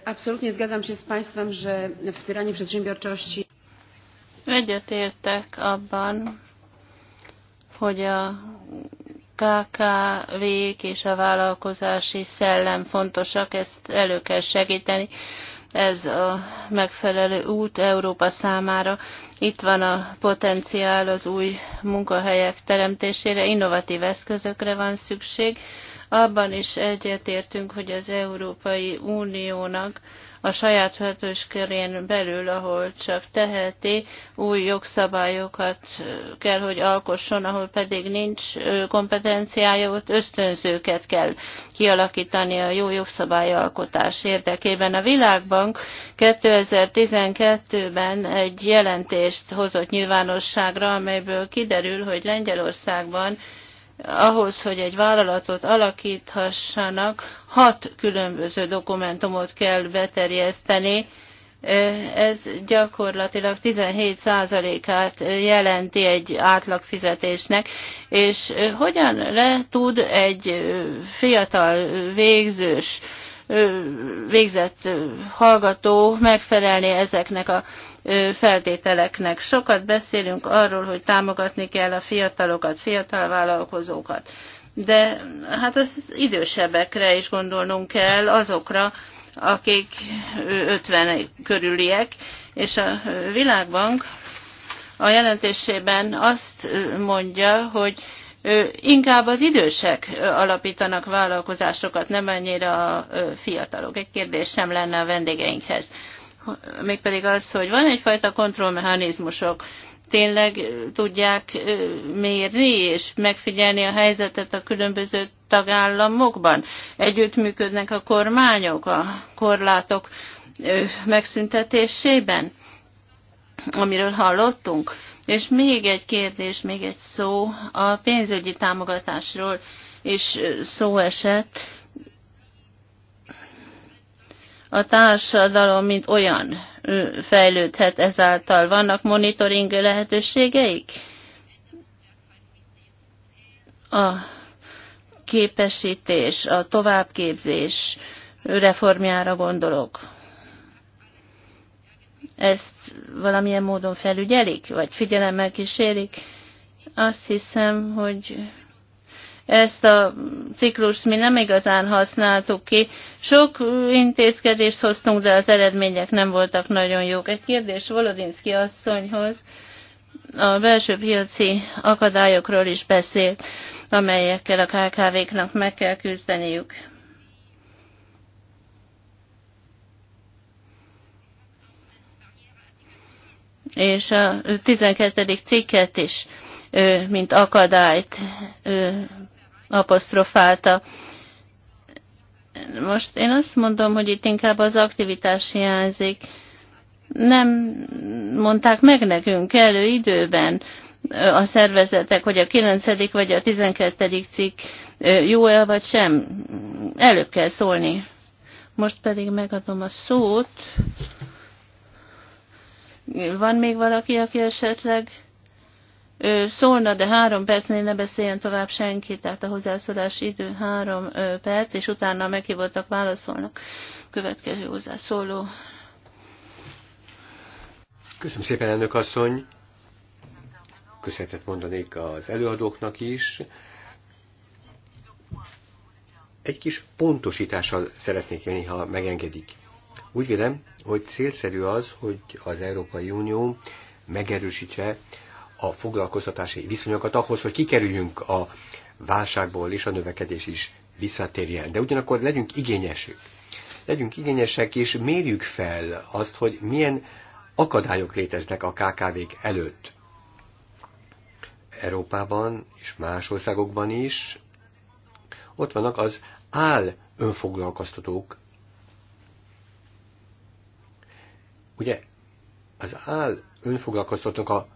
Absolutnie zgadzam się z Państwem, że wspieranie przedsiębiorczości. Egyet értek abban, hogy a KKV-k és a vállalkozási szellem fontosak, ezt elő kell segíteni ez a megfelelő út Európa számára. Itt van a potenciál az új munkahelyek teremtésére, innovatív eszközökre van szükség. Abban is egyetértünk, hogy az Európai Uniónak a saját hatóskörén belül, ahol csak teheti, új jogszabályokat kell, hogy alkosson, ahol pedig nincs kompetenciája, ott ösztönzőket kell kialakítani a jó jogszabályalkotás érdekében. A Világbank 2012-ben egy jelentést hozott nyilvánosságra, amelyből kiderül, hogy Lengyelországban ahhoz, hogy egy vállalatot alakíthassanak, hat különböző dokumentumot kell beterjeszteni, ez gyakorlatilag 17%-át jelenti egy átlagfizetésnek, és hogyan le tud egy fiatal végzős végzett hallgató megfelelni ezeknek a feltételeknek. Sokat beszélünk arról, hogy támogatni kell a fiatalokat, fiatal vállalkozókat, de hát az idősebbekre is gondolnunk kell, azokra, akik 50 körüliek, és a Világbank a jelentésében azt mondja, hogy inkább az idősek alapítanak vállalkozásokat, nem annyira a fiatalok. Egy kérdés sem lenne a vendégeinkhez. Mégpedig az, hogy van egyfajta kontrollmechanizmusok, tényleg tudják mérni és megfigyelni a helyzetet a különböző tagállamokban. Együttműködnek a kormányok a korlátok megszüntetésében, amiről hallottunk és még egy kérdés, még egy szó a pénzügyi támogatásról is szó esett. A társadalom, mint olyan fejlődhet ezáltal. Vannak monitoring lehetőségeik? A képesítés, a továbbképzés reformjára gondolok ezt valamilyen módon felügyelik, vagy figyelemmel kísérik. Azt hiszem, hogy ezt a ciklust mi nem igazán használtuk ki. Sok intézkedést hoztunk, de az eredmények nem voltak nagyon jók. Egy kérdés Volodinszki asszonyhoz a belső piaci akadályokról is beszélt, amelyekkel a KKV-knak meg kell küzdeniük. és a 12. cikket is, mint akadályt apostrofálta. Most én azt mondom, hogy itt inkább az aktivitás hiányzik. Nem mondták meg nekünk elő időben a szervezetek, hogy a 9. vagy a 12. cikk jó-e vagy sem. Előbb kell szólni. Most pedig megadom a szót van még valaki, aki esetleg ő szólna, de három percnél ne beszéljen tovább senki, tehát a hozzászólás idő három perc, és utána meghívottak válaszolnak. Következő hozzászóló. Köszönöm szépen, elnök asszony. Köszönetet mondanék az előadóknak is. Egy kis pontosítással szeretnék jönni, ha megengedik. Úgy vélem, hogy célszerű az, hogy az Európai Unió megerősítse a foglalkoztatási viszonyokat ahhoz, hogy kikerüljünk a válságból, és a növekedés is visszatérjen. De ugyanakkor legyünk igényesek. Legyünk igényesek, és mérjük fel azt, hogy milyen akadályok léteznek a KKV-k előtt. Európában és más országokban is ott vannak az áll önfoglalkoztatók, Ugye az áll önfoglalkoztatók a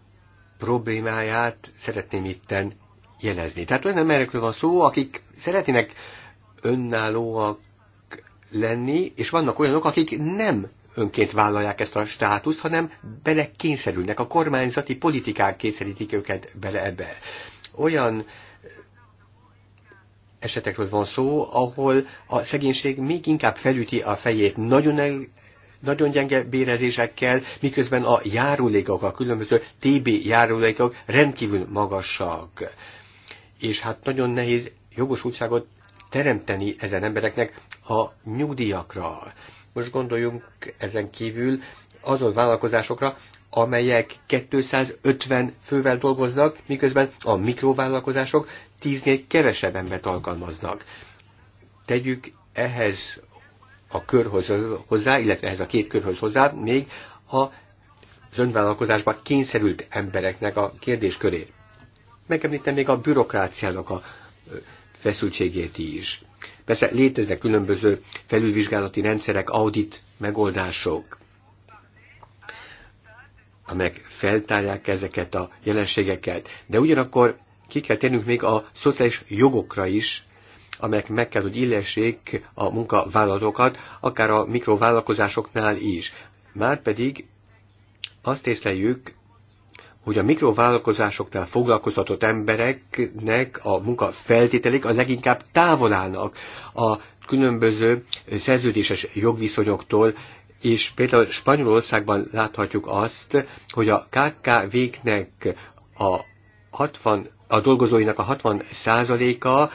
problémáját szeretném itten jelezni. Tehát olyan emberekről van szó, akik szeretnének önállóak lenni, és vannak olyanok, akik nem önként vállalják ezt a státuszt, hanem kényszerülnek. a kormányzati politikák kényszerítik őket bele ebbe. Olyan esetekről van szó, ahol a szegénység még inkább felüti a fejét. Nagyon nagyon gyenge bérezésekkel, miközben a járulékok, a különböző TB járulékok rendkívül magasak. És hát nagyon nehéz jogosultságot teremteni ezen embereknek a nyugdíjakra. Most gondoljunk ezen kívül azon vállalkozásokra, amelyek 250 fővel dolgoznak, miközben a mikrovállalkozások 10-nél kevesebb embert alkalmaznak. Tegyük ehhez a körhöz hozzá, illetve ehhez a két körhöz hozzá, még a az önvállalkozásba kényszerült embereknek a kérdésköré. Megemlítem még a bürokráciának a feszültségét is. Persze léteznek különböző felülvizsgálati rendszerek, audit megoldások, amelyek feltárják ezeket a jelenségeket. De ugyanakkor ki kell tennünk még a szociális jogokra is, amelyek meg kell, hogy illessék a munkavállalókat, akár a mikrovállalkozásoknál is. Márpedig azt észleljük, hogy a mikrovállalkozásoknál foglalkoztatott embereknek a munka a leginkább távol állnak a különböző szerződéses jogviszonyoktól, és például Spanyolországban láthatjuk azt, hogy a KKV-knek a 60 a dolgozóinak a 60 százaléka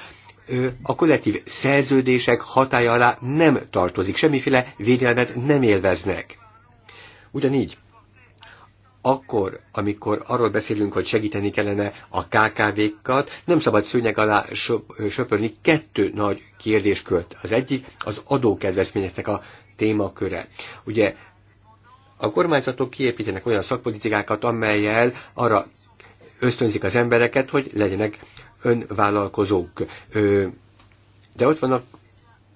a kollektív szerződések hatája alá nem tartozik, semmiféle védelmet nem élveznek. Ugyanígy, akkor, amikor arról beszélünk, hogy segíteni kellene a KKV-kat, nem szabad szőnyeg alá söpörni kettő nagy kérdéskört. Az egyik az adókedvezményeknek a témaköre. Ugye a kormányzatok kiépítenek olyan szakpolitikákat, amelyel arra ösztönzik az embereket, hogy legyenek önvállalkozók. De ott vannak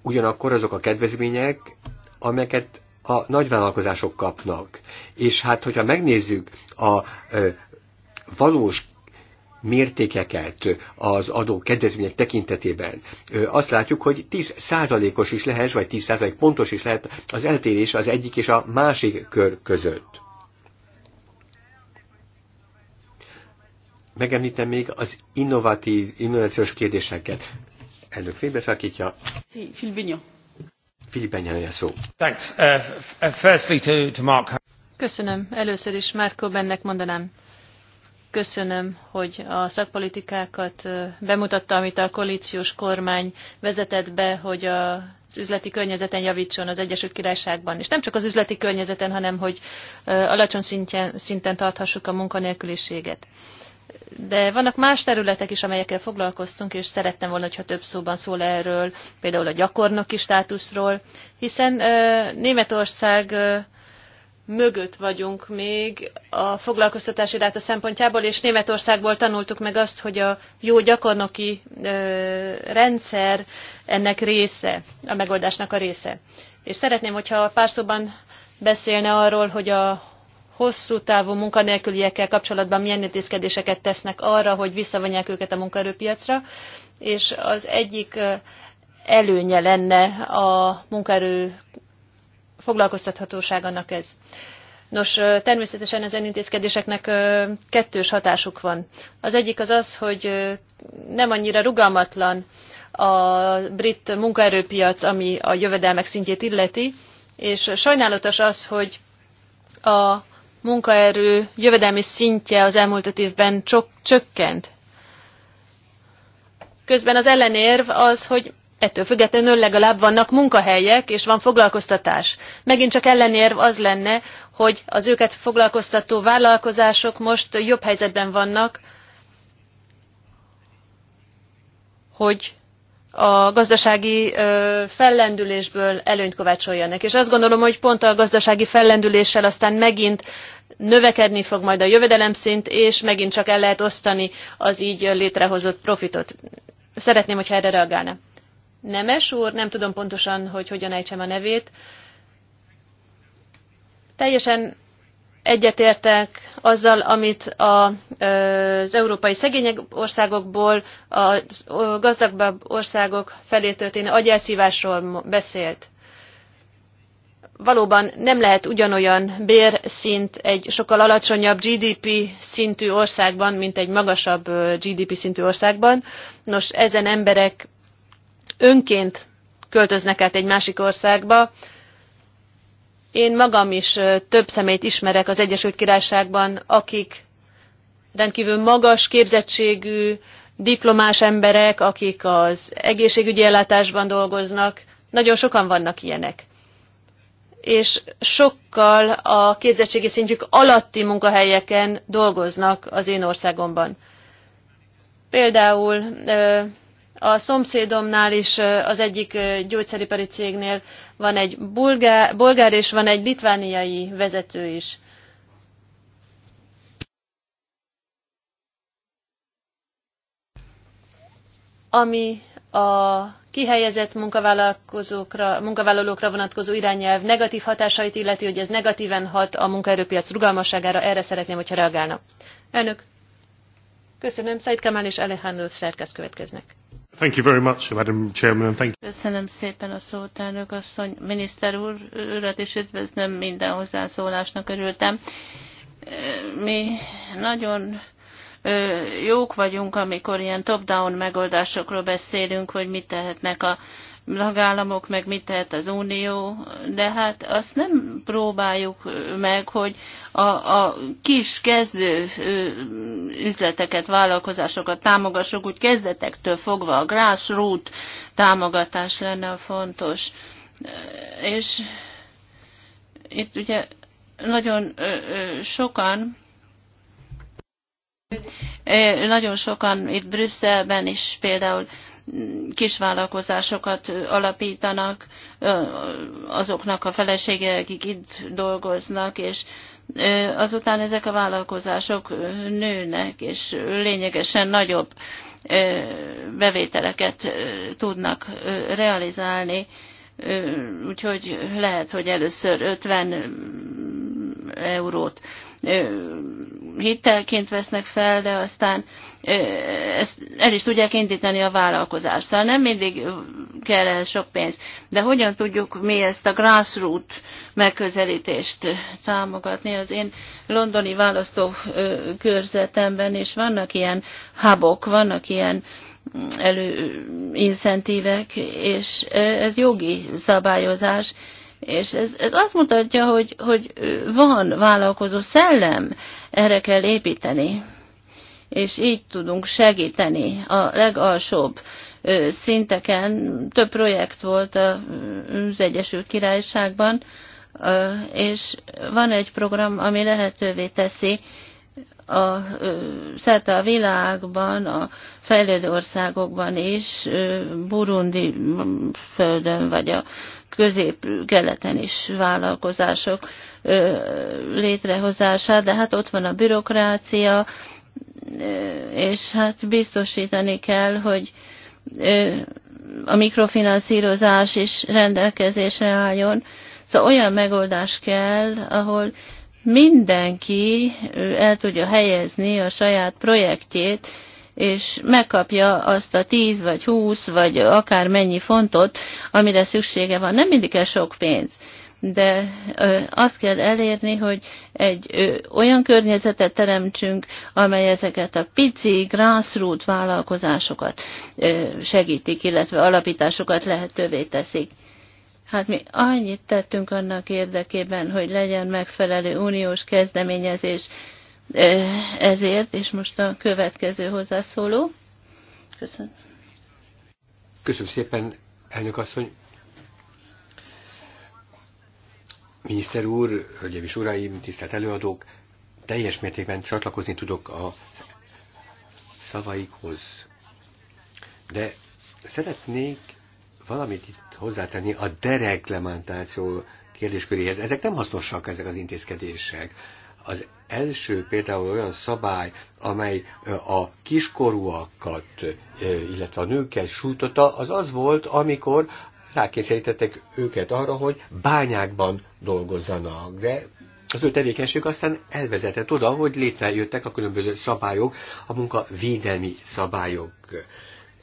ugyanakkor azok a kedvezmények, amelyeket a nagyvállalkozások kapnak. És hát, hogyha megnézzük a valós mértékeket az adó kedvezmények tekintetében. Azt látjuk, hogy 10%-os is lehet, vagy 10% pontos is lehet az eltérés az egyik és a másik kör között. megemlítem még az innovatív, innovációs kérdéseket. Elnök félbeszakítja. Sí, Filipinyo. Filipinyo szó. Thanks. Uh, firstly to, to Mark. Köszönöm. Először is Márko Bennek mondanám. Köszönöm, hogy a szakpolitikákat bemutatta, amit a koalíciós kormány vezetett be, hogy az üzleti környezeten javítson az Egyesült Királyságban. És nem csak az üzleti környezeten, hanem hogy alacsony szinten, szinten tarthassuk a munkanélküliséget de vannak más területek is, amelyekkel foglalkoztunk, és szerettem volna, hogyha több szóban szól erről, például a gyakornoki státuszról, hiszen Németország mögött vagyunk még a foglalkoztatási ráta szempontjából, és Németországból tanultuk meg azt, hogy a jó gyakornoki rendszer ennek része, a megoldásnak a része. És szeretném, hogyha pár szóban beszélne arról, hogy a hosszú távú munkanélküliekkel kapcsolatban milyen intézkedéseket tesznek arra, hogy visszavonják őket a munkaerőpiacra, és az egyik előnye lenne a munkaerő foglalkoztathatóságának ez. Nos, természetesen ezen intézkedéseknek kettős hatásuk van. Az egyik az az, hogy nem annyira rugalmatlan a brit munkaerőpiac, ami a jövedelmek szintjét illeti, és sajnálatos az, hogy a munkaerő jövedelmi szintje az elmúlt öt évben csökkent. Közben az ellenérv az, hogy ettől függetlenül legalább vannak munkahelyek, és van foglalkoztatás. Megint csak ellenérv az lenne, hogy az őket foglalkoztató vállalkozások most jobb helyzetben vannak, hogy a gazdasági fellendülésből előnyt kovácsoljanak. És azt gondolom, hogy pont a gazdasági fellendüléssel aztán megint növekedni fog majd a jövedelemszint, és megint csak el lehet osztani az így létrehozott profitot. Szeretném, hogyha erre reagálna. Nemes úr, nem tudom pontosan, hogy hogyan ejtsem a nevét. Teljesen egyetértek azzal, amit a, az európai szegény országokból a gazdagabb országok felé történő agyelszívásról beszélt. Valóban nem lehet ugyanolyan bérszint egy sokkal alacsonyabb GDP szintű országban, mint egy magasabb GDP szintű országban. Nos, ezen emberek önként költöznek át egy másik országba, én magam is több személyt ismerek az Egyesült Királyságban, akik rendkívül magas képzettségű, diplomás emberek, akik az egészségügyi ellátásban dolgoznak. Nagyon sokan vannak ilyenek. És sokkal a képzettségi szintjük alatti munkahelyeken dolgoznak az én országomban. Például a szomszédomnál is az egyik gyógyszeripari cégnél van egy bulgár, bulgár és van egy litvániai vezető is. Ami a kihelyezett munkavállalkozókra, munkavállalókra vonatkozó irányelv negatív hatásait illeti, hogy ez negatíven hat a munkaerőpiac rugalmasságára. Erre szeretném, hogyha reagálna. Elnök, köszönöm. Szaid Kemal és Alejandro Szerkesz következnek. Thank you very much, Madam Chairman, thank you. Köszönöm szépen a szót, elnök asszony. Miniszter úr, őrat is üdvözlöm, minden hozzászólásnak örültem. Mi nagyon jók vagyunk, amikor ilyen top-down megoldásokról beszélünk, hogy mit tehetnek a tagállamok, meg mit tehet az Unió, de hát azt nem próbáljuk meg, hogy a, a kis kezdő üzleteket, vállalkozásokat támogassuk, úgy kezdetektől fogva a grassroot támogatás lenne a fontos. És itt ugye nagyon sokan nagyon sokan itt Brüsszelben is például kisvállalkozásokat alapítanak azoknak a felesége, akik itt dolgoznak, és azután ezek a vállalkozások nőnek, és lényegesen nagyobb bevételeket tudnak realizálni, úgyhogy lehet, hogy először 50 eurót hitelként vesznek fel, de aztán ezt el is tudják indítani a vállalkozást. Szóval nem mindig kell ehhez sok pénz. De hogyan tudjuk mi ezt a grassroot megközelítést támogatni? Az én londoni választókörzetemben is vannak ilyen hubok, vannak ilyen mm, előincentívek, és ez jogi szabályozás, és ez, ez azt mutatja, hogy, hogy van vállalkozó szellem, erre kell építeni. És így tudunk segíteni a legalsóbb szinteken. Több projekt volt az Egyesült Királyságban, és van egy program, ami lehetővé teszi a, szerte a világban, a fejlődő országokban is, Burundi földön, vagy a közép-keleten is vállalkozások létrehozását, de hát ott van a bürokrácia, és hát biztosítani kell, hogy a mikrofinanszírozás is rendelkezésre álljon. Szóval olyan megoldás kell, ahol mindenki el tudja helyezni a saját projektjét, és megkapja azt a 10 vagy 20 vagy akár mennyi fontot, amire szüksége van. Nem mindig kell sok pénz, de azt kell elérni, hogy egy olyan környezetet teremtsünk, amely ezeket a pici grassroot vállalkozásokat segítik, illetve alapításokat lehetővé teszik. Hát mi annyit tettünk annak érdekében, hogy legyen megfelelő uniós kezdeményezés, ezért, és most a következő hozzászóló. Köszönöm. Köszönöm szépen, elnök asszony. Miniszter úr, hölgyeim és uraim, tisztelt előadók, teljes mértékben csatlakozni tudok a szavaikhoz. De szeretnék valamit itt hozzátenni a dereglementáció kérdésköréhez. Ezek nem hasznosak, ezek az intézkedések az első például olyan szabály, amely a kiskorúakat, illetve a nőket sújtotta, az az volt, amikor rákényszerítettek őket arra, hogy bányákban dolgozzanak. De az ő tevékenység aztán elvezetett oda, hogy létrejöttek a különböző szabályok, a munka védelmi szabályok.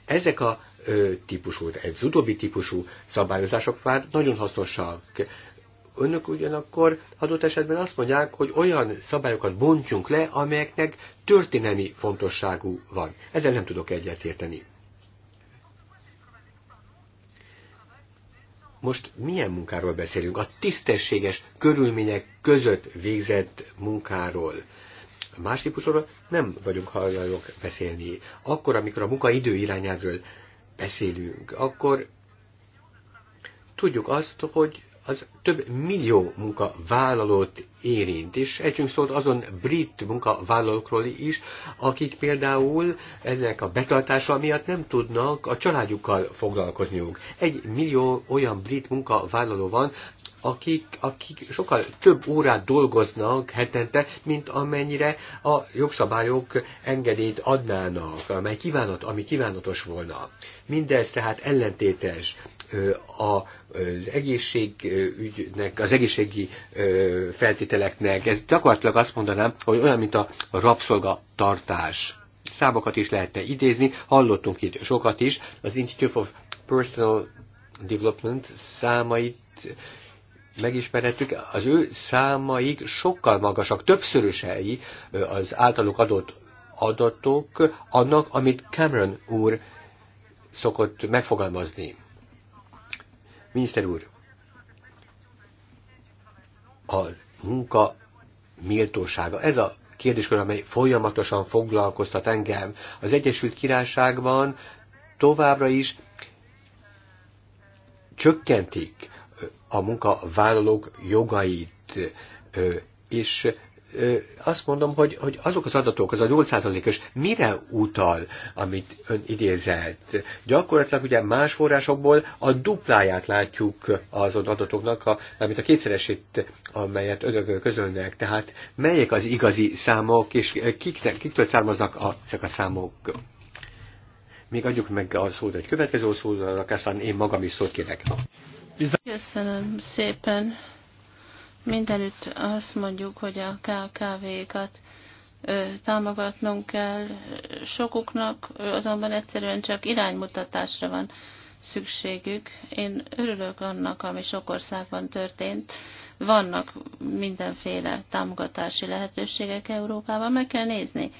Ezek a típusú, ez utóbbi típusú szabályozások már nagyon hasznosak. Önök ugyanakkor adott esetben azt mondják, hogy olyan szabályokat bontsunk le, amelyeknek történelmi fontosságú van. Ezzel nem tudok egyetérteni. Most milyen munkáról beszélünk? A tisztességes körülmények között végzett munkáról. A más típusról nem vagyunk hajlandók beszélni. Akkor, amikor a munkaidő irányáról beszélünk, akkor tudjuk azt, hogy az több millió munkavállalót érint, és együnk szólt azon brit munkavállalókról is, akik például ennek a betartása miatt nem tudnak a családjukkal foglalkozniuk. Egy millió olyan brit munkavállaló van, akik, akik sokkal több órát dolgoznak hetente, mint amennyire a jogszabályok engedélyt adnának, amely kívánat, ami kívánatos volna. Mindez tehát ellentétes az egészségügynek, az egészségi feltételeknek. Ez gyakorlatilag azt mondanám, hogy olyan, mint a rabszolgatartás. Számokat is lehetne idézni, hallottunk itt sokat is. Az Institute of Personal Development számait megismerhetük, az ő számaik sokkal magasak, többszörösei az általuk adott adatok annak, amit Cameron úr szokott megfogalmazni. Miniszter úr, a munka méltósága, ez a kérdéskör, amely folyamatosan foglalkoztat engem. Az Egyesült Királyságban továbbra is csökkentik a munkavállalók jogait, és azt mondom, hogy, hogy azok az adatok, az a 8%-os mire utal, amit ön idézett? Gyakorlatilag ugye más forrásokból a dupláját látjuk azon adatoknak, a, amit a kétszeresét, amelyet önök közölnek. Tehát melyek az igazi számok, és kik, kiktől származnak a, ezek a számok? Még adjuk meg a szót egy következő szót, aztán én magam is szót kérek. Köszönöm szépen. Mindenütt azt mondjuk, hogy a KKV-kat támogatnunk kell. Sokuknak azonban egyszerűen csak iránymutatásra van szükségük. Én örülök annak, ami sok országban történt. Vannak mindenféle támogatási lehetőségek Európában, meg kell nézni,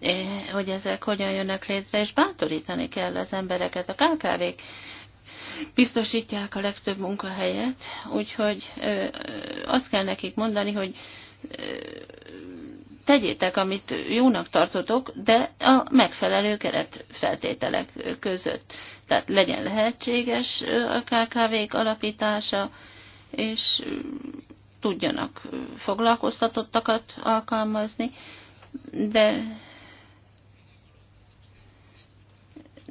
eh, hogy ezek hogyan jönnek létre, és bátorítani kell az embereket. A KKV-k biztosítják a legtöbb munkahelyet, úgyhogy azt kell nekik mondani, hogy tegyétek, amit jónak tartotok, de a megfelelő keret feltételek között. Tehát legyen lehetséges a KKV-k alapítása, és tudjanak foglalkoztatottakat alkalmazni, de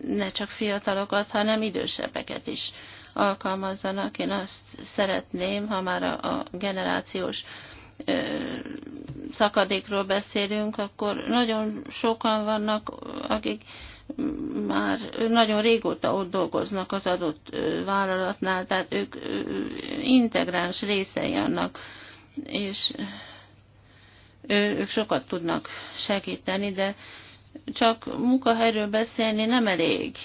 ne csak fiatalokat, hanem idősebbeket is alkalmazzanak. Én azt szeretném, ha már a generációs szakadékról beszélünk, akkor nagyon sokan vannak, akik már nagyon régóta ott dolgoznak az adott vállalatnál, tehát ők integráns részei annak, és ők sokat tudnak segíteni, de csak munkahelyről beszélni nem elég.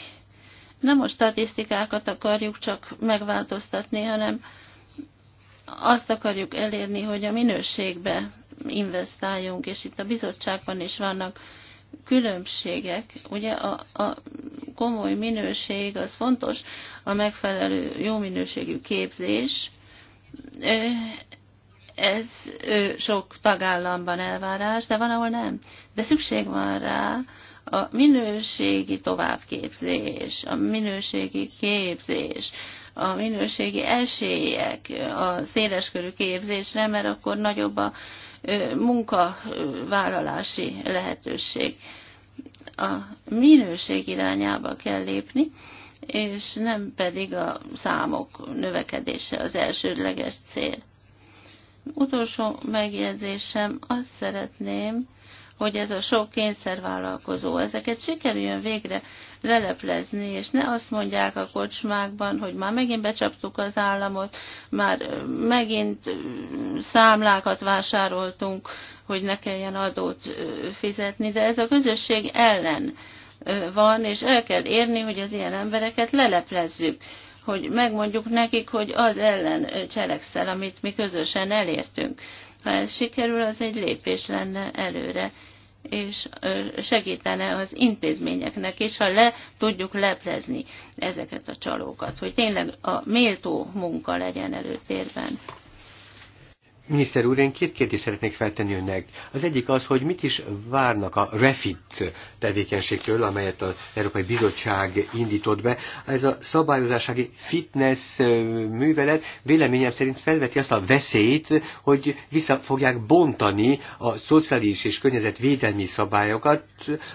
Nem a statisztikákat akarjuk csak megváltoztatni, hanem azt akarjuk elérni, hogy a minőségbe investáljunk, és itt a bizottságban is vannak különbségek. Ugye a, a komoly minőség az fontos, a megfelelő jó minőségű képzés, ez sok tagállamban elvárás, de van, ahol nem. De szükség van rá a minőségi továbbképzés, a minőségi képzés, a minőségi esélyek, a széleskörű képzésre, mert akkor nagyobb a munkavállalási lehetőség. A minőség irányába kell lépni, és nem pedig a számok növekedése az elsődleges cél. Utolsó megjegyzésem, azt szeretném, hogy ez a sok kényszervállalkozó, ezeket sikerüljön végre leleplezni, és ne azt mondják a kocsmákban, hogy már megint becsaptuk az államot, már megint számlákat vásároltunk, hogy ne kelljen adót fizetni, de ez a közösség ellen van, és el kell érni, hogy az ilyen embereket leleplezzük hogy megmondjuk nekik, hogy az ellen cselekszel, amit mi közösen elértünk. Ha ez sikerül, az egy lépés lenne előre, és segítene az intézményeknek is, ha le tudjuk leplezni ezeket a csalókat, hogy tényleg a méltó munka legyen előtérben. Miniszter úr, én két kérdést szeretnék feltenni önnek. Az egyik az, hogy mit is várnak a REFIT tevékenységtől, amelyet az Európai Bizottság indított be. Ez a szabályozásági fitness művelet véleményem szerint felveti azt a veszélyt, hogy vissza fogják bontani a szociális és környezetvédelmi szabályokat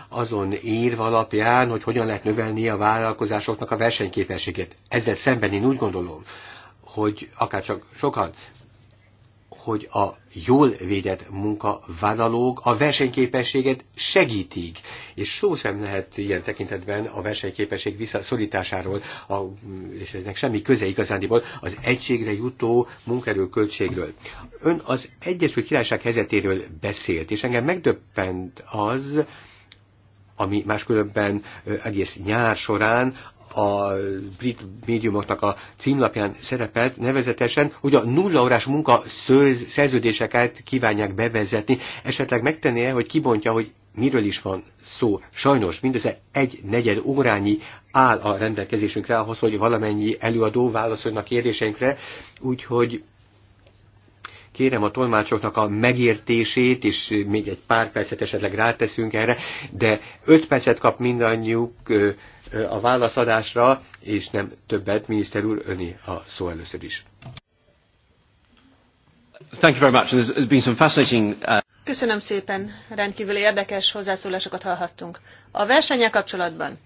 azon érv alapján, hogy hogyan lehet növelni a vállalkozásoknak a versenyképességet. Ezzel szemben én úgy gondolom, hogy akárcsak sokan hogy a jól védett munkavállalók a versenyképességet segítik, és szó sem lehet ilyen tekintetben a versenyképesség visszaszorításáról, a, és eznek semmi köze igazándiból az egységre jutó munkerőköltségről. Ön az Egyesült Királyság helyzetéről beszélt, és engem megdöppent az, ami máskülönben egész nyár során a brit médiumoknak a címlapján szerepelt, nevezetesen, hogy a nullaórás munka szerződéseket kívánják bevezetni. Esetleg megtenné hogy kibontja, hogy miről is van szó. Sajnos mindössze egy negyed órányi áll a rendelkezésünkre ahhoz, hogy valamennyi előadó válaszoljon a kérdéseinkre, úgyhogy Kérem a tolmácsoknak a megértését, és még egy pár percet esetleg ráteszünk erre, de öt percet kap mindannyiuk a válaszadásra, és nem többet. Miniszter úr, öni a szó először is. Thank you very much. There's been some fascinating, uh... Köszönöm szépen, rendkívül érdekes hozzászólásokat hallhattunk. A versennyel kapcsolatban.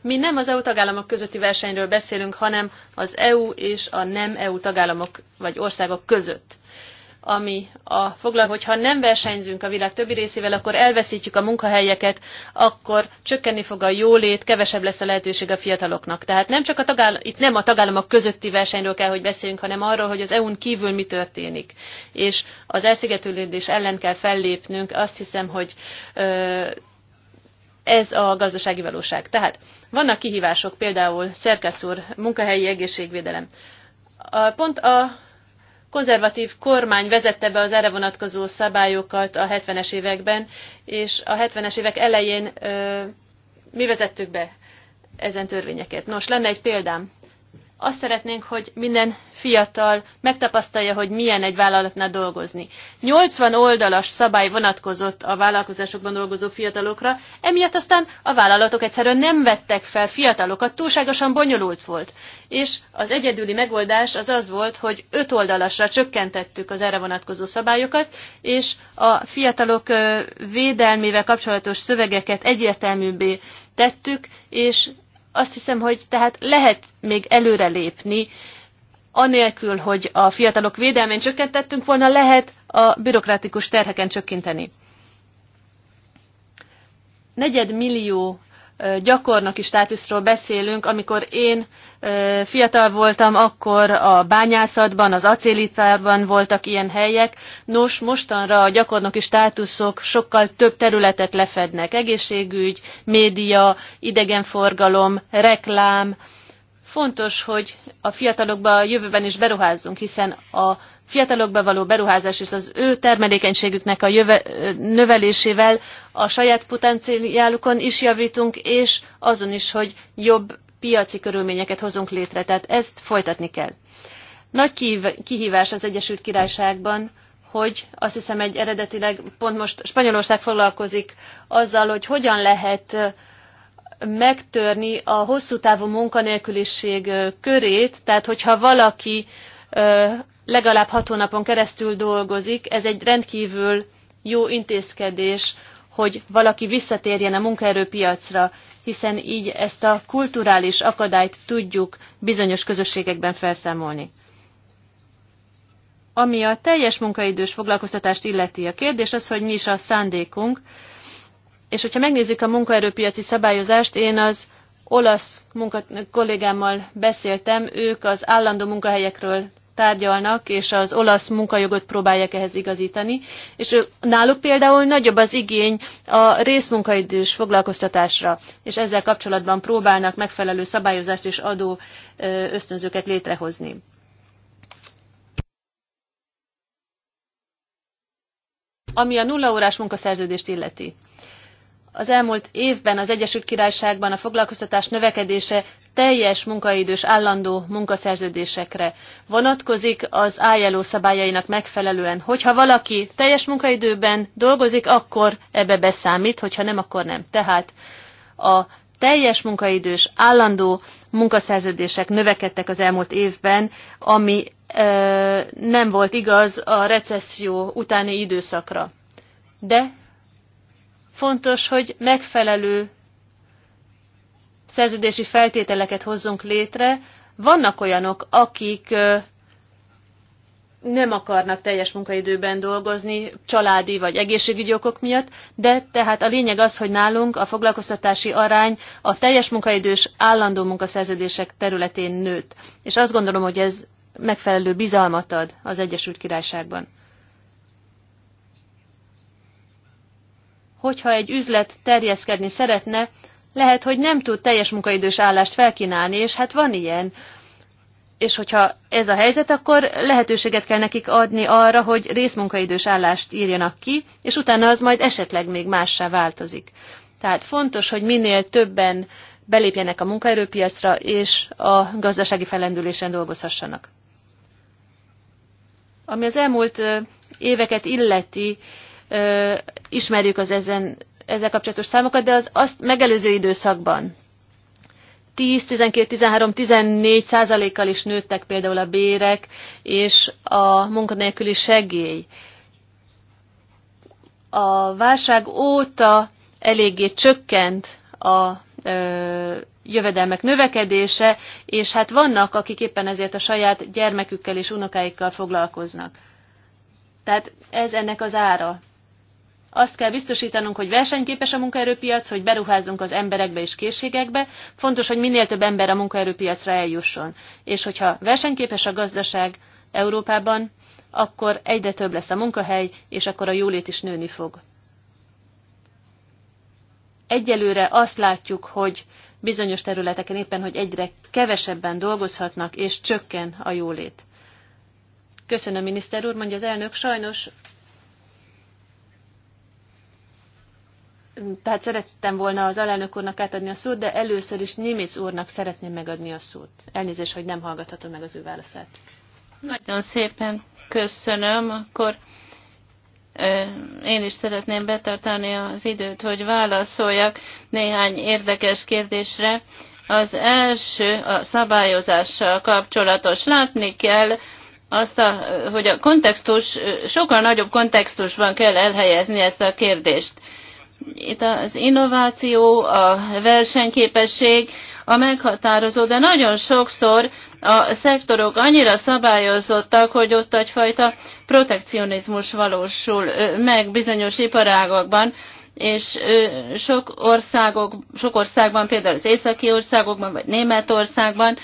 Mi nem az EU tagállamok közötti versenyről beszélünk, hanem az EU és a nem EU tagállamok vagy országok között ami a foglal, hogyha nem versenyzünk a világ többi részével, akkor elveszítjük a munkahelyeket, akkor csökkenni fog a jólét, kevesebb lesz a lehetőség a fiataloknak. Tehát nem csak a tagállam, itt nem a tagállamok közötti versenyről kell, hogy beszéljünk, hanem arról, hogy az EU-n kívül mi történik. És az elszigetülődés ellen kell fellépnünk, azt hiszem, hogy ö, ez a gazdasági valóság. Tehát vannak kihívások, például Szerkesz úr, munkahelyi egészségvédelem. A, pont a konzervatív kormány vezette be az erre vonatkozó szabályokat a 70-es években, és a 70-es évek elején ö, mi vezettük be ezen törvényeket. Nos, lenne egy példám. Azt szeretnénk, hogy minden fiatal megtapasztalja, hogy milyen egy vállalatnál dolgozni. 80 oldalas szabály vonatkozott a vállalkozásokban dolgozó fiatalokra, emiatt aztán a vállalatok egyszerűen nem vettek fel fiatalokat, túlságosan bonyolult volt. És az egyedüli megoldás az az volt, hogy 5 oldalasra csökkentettük az erre vonatkozó szabályokat, és a fiatalok védelmével kapcsolatos szövegeket egyértelműbbé tettük, és azt hiszem, hogy tehát lehet még előrelépni, anélkül, hogy a fiatalok védelmén csökkentettünk volna, lehet a bürokratikus terheken csökkenteni. Negyed millió gyakornoki státuszról beszélünk, amikor én fiatal voltam, akkor a bányászatban, az acélipárban voltak ilyen helyek. Nos, mostanra a gyakornoki státuszok sokkal több területet lefednek. Egészségügy, média, idegenforgalom, reklám. Fontos, hogy a fiatalokba a jövőben is beruházzunk, hiszen a fiatalokba való beruházás és az ő termelékenységüknek a jöve, növelésével a saját potenciálukon is javítunk, és azon is, hogy jobb piaci körülményeket hozunk létre. Tehát ezt folytatni kell. Nagy kihívás az Egyesült Királyságban, hogy azt hiszem egy eredetileg, pont most Spanyolország foglalkozik azzal, hogy hogyan lehet megtörni a hosszú távú munkanélküliség körét, tehát hogyha valaki legalább hat hónapon keresztül dolgozik. Ez egy rendkívül jó intézkedés, hogy valaki visszatérjen a munkaerőpiacra, hiszen így ezt a kulturális akadályt tudjuk bizonyos közösségekben felszámolni. Ami a teljes munkaidős foglalkoztatást illeti, a kérdés az, hogy mi is a szándékunk, és hogyha megnézzük a munkaerőpiaci szabályozást, én az olasz munka kollégámmal beszéltem, ők az állandó munkahelyekről tárgyalnak, és az olasz munkajogot próbálják ehhez igazítani. És náluk például nagyobb az igény a részmunkaidős foglalkoztatásra, és ezzel kapcsolatban próbálnak megfelelő szabályozást és adó ösztönzőket létrehozni. Ami a nulla órás munkaszerződést illeti az elmúlt évben az Egyesült Királyságban a foglalkoztatás növekedése teljes munkaidős állandó munkaszerződésekre vonatkozik az ILO szabályainak megfelelően. Hogyha valaki teljes munkaidőben dolgozik, akkor ebbe beszámít, hogyha nem, akkor nem. Tehát a teljes munkaidős állandó munkaszerződések növekedtek az elmúlt évben, ami ö, nem volt igaz a recesszió utáni időszakra. De Fontos, hogy megfelelő szerződési feltételeket hozzunk létre. Vannak olyanok, akik nem akarnak teljes munkaidőben dolgozni családi vagy egészségügyi okok miatt, de tehát a lényeg az, hogy nálunk a foglalkoztatási arány a teljes munkaidős állandó munkaszerződések területén nőtt. És azt gondolom, hogy ez megfelelő bizalmat ad az Egyesült Királyságban. hogyha egy üzlet terjeszkedni szeretne, lehet, hogy nem tud teljes munkaidős állást felkínálni, és hát van ilyen. És hogyha ez a helyzet, akkor lehetőséget kell nekik adni arra, hogy részmunkaidős állást írjanak ki, és utána az majd esetleg még mássá változik. Tehát fontos, hogy minél többen belépjenek a munkaerőpiacra, és a gazdasági fellendülésen dolgozhassanak. Ami az elmúlt éveket illeti, ismerjük az ezen, ezzel kapcsolatos számokat, de az azt megelőző időszakban 10, 12, 13, 14 százalékkal is nőttek például a bérek és a munkanélküli segély. A válság óta eléggé csökkent a ö, jövedelmek növekedése, és hát vannak, akik éppen ezért a saját gyermekükkel és unokáikkal foglalkoznak. Tehát ez ennek az ára azt kell biztosítanunk, hogy versenyképes a munkaerőpiac, hogy beruházunk az emberekbe és készségekbe. Fontos, hogy minél több ember a munkaerőpiacra eljusson. És hogyha versenyképes a gazdaság Európában, akkor egyre több lesz a munkahely, és akkor a jólét is nőni fog. Egyelőre azt látjuk, hogy bizonyos területeken éppen, hogy egyre kevesebben dolgozhatnak, és csökken a jólét. Köszönöm, miniszter úr, mondja az elnök. Sajnos tehát szerettem volna az alelnök úrnak átadni a szót, de először is Nimitz úrnak szeretném megadni a szót. Elnézést, hogy nem hallgathatom meg az ő válaszát. Nagyon szépen köszönöm. Akkor én is szeretném betartani az időt, hogy válaszoljak néhány érdekes kérdésre. Az első a szabályozással kapcsolatos. Látni kell, azt, a, hogy a kontextus, sokkal nagyobb kontextusban kell elhelyezni ezt a kérdést itt az innováció, a versenyképesség a meghatározó, de nagyon sokszor a szektorok annyira szabályozottak, hogy ott egyfajta protekcionizmus valósul meg bizonyos iparágakban, és sok, országok, sok országban, például az északi országokban, vagy Németországban,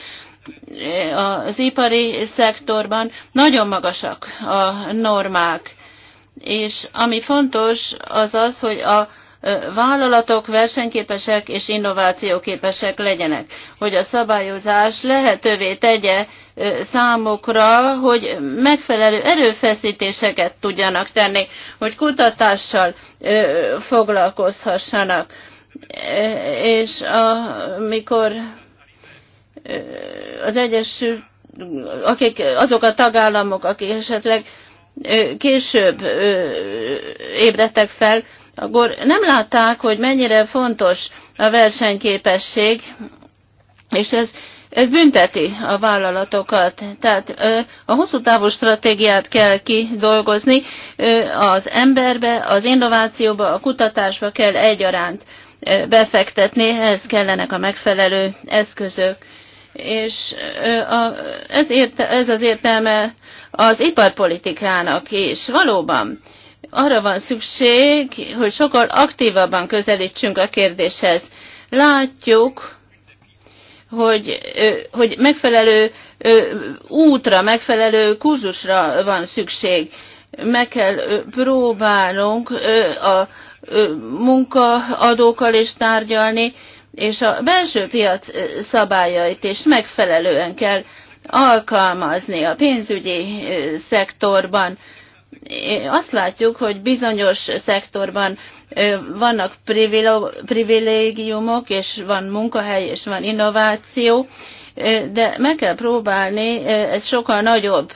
az ipari szektorban nagyon magasak a normák. És ami fontos, az az, hogy a vállalatok versenyképesek és innovációképesek legyenek, hogy a szabályozás lehetővé tegye számokra, hogy megfelelő erőfeszítéseket tudjanak tenni, hogy kutatással foglalkozhassanak. És amikor az Egyesült, akik, azok a tagállamok, akik esetleg később ébredtek fel, akkor nem látták, hogy mennyire fontos a versenyképesség, és ez, ez bünteti a vállalatokat. Tehát a hosszú távú stratégiát kell kidolgozni, az emberbe, az innovációba, a kutatásba kell egyaránt befektetni, ehhez kellenek a megfelelő eszközök. És ez, ez az értelme az iparpolitikának is. Valóban arra van szükség, hogy sokkal aktívabban közelítsünk a kérdéshez. Látjuk, hogy, hogy megfelelő útra, megfelelő kurzusra van szükség. Meg kell próbálnunk a munkaadókkal is tárgyalni, és a belső piac szabályait is megfelelően kell alkalmazni a pénzügyi szektorban azt látjuk, hogy bizonyos szektorban vannak privilégiumok, és van munkahely, és van innováció, de meg kell próbálni ezt sokkal nagyobb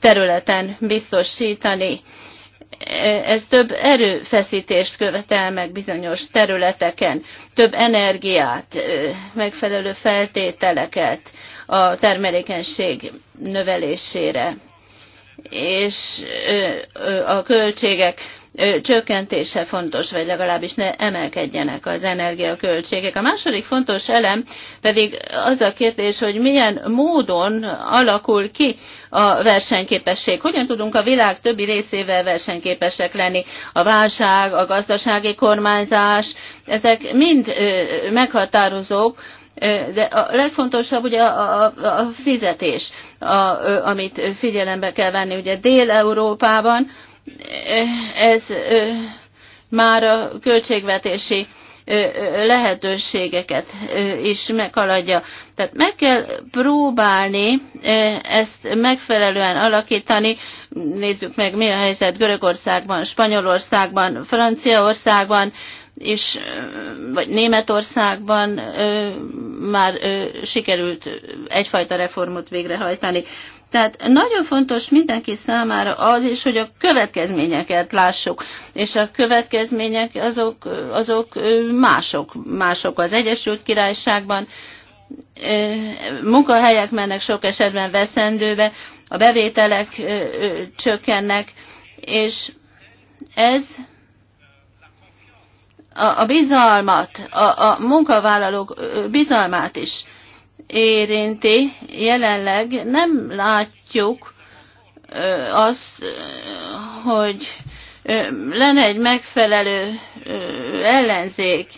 területen biztosítani. Ez több erőfeszítést követel meg bizonyos területeken, több energiát, megfelelő feltételeket a termelékenység növelésére és a költségek csökkentése fontos, vagy legalábbis ne emelkedjenek az energiaköltségek. A második fontos elem pedig az a kérdés, hogy milyen módon alakul ki a versenyképesség. Hogyan tudunk a világ többi részével versenyképesek lenni? A válság, a gazdasági kormányzás, ezek mind meghatározók de a legfontosabb ugye a, a, a fizetés, a, amit figyelembe kell venni. Ugye Dél-Európában ez már a költségvetési lehetőségeket is meghaladja. Tehát meg kell próbálni ezt megfelelően alakítani. Nézzük meg, mi a helyzet Görögországban, Spanyolországban, Franciaországban, és vagy Németországban már sikerült egyfajta reformot végrehajtani. Tehát nagyon fontos mindenki számára az is, hogy a következményeket lássuk, és a következmények azok, azok mások. Mások az Egyesült Királyságban, munkahelyek mennek sok esetben veszendőbe, a bevételek csökkennek, és ez a, a bizalmat, a, a munkavállalók bizalmát is érinti. Jelenleg nem látjuk azt, hogy lenne egy megfelelő ellenzék.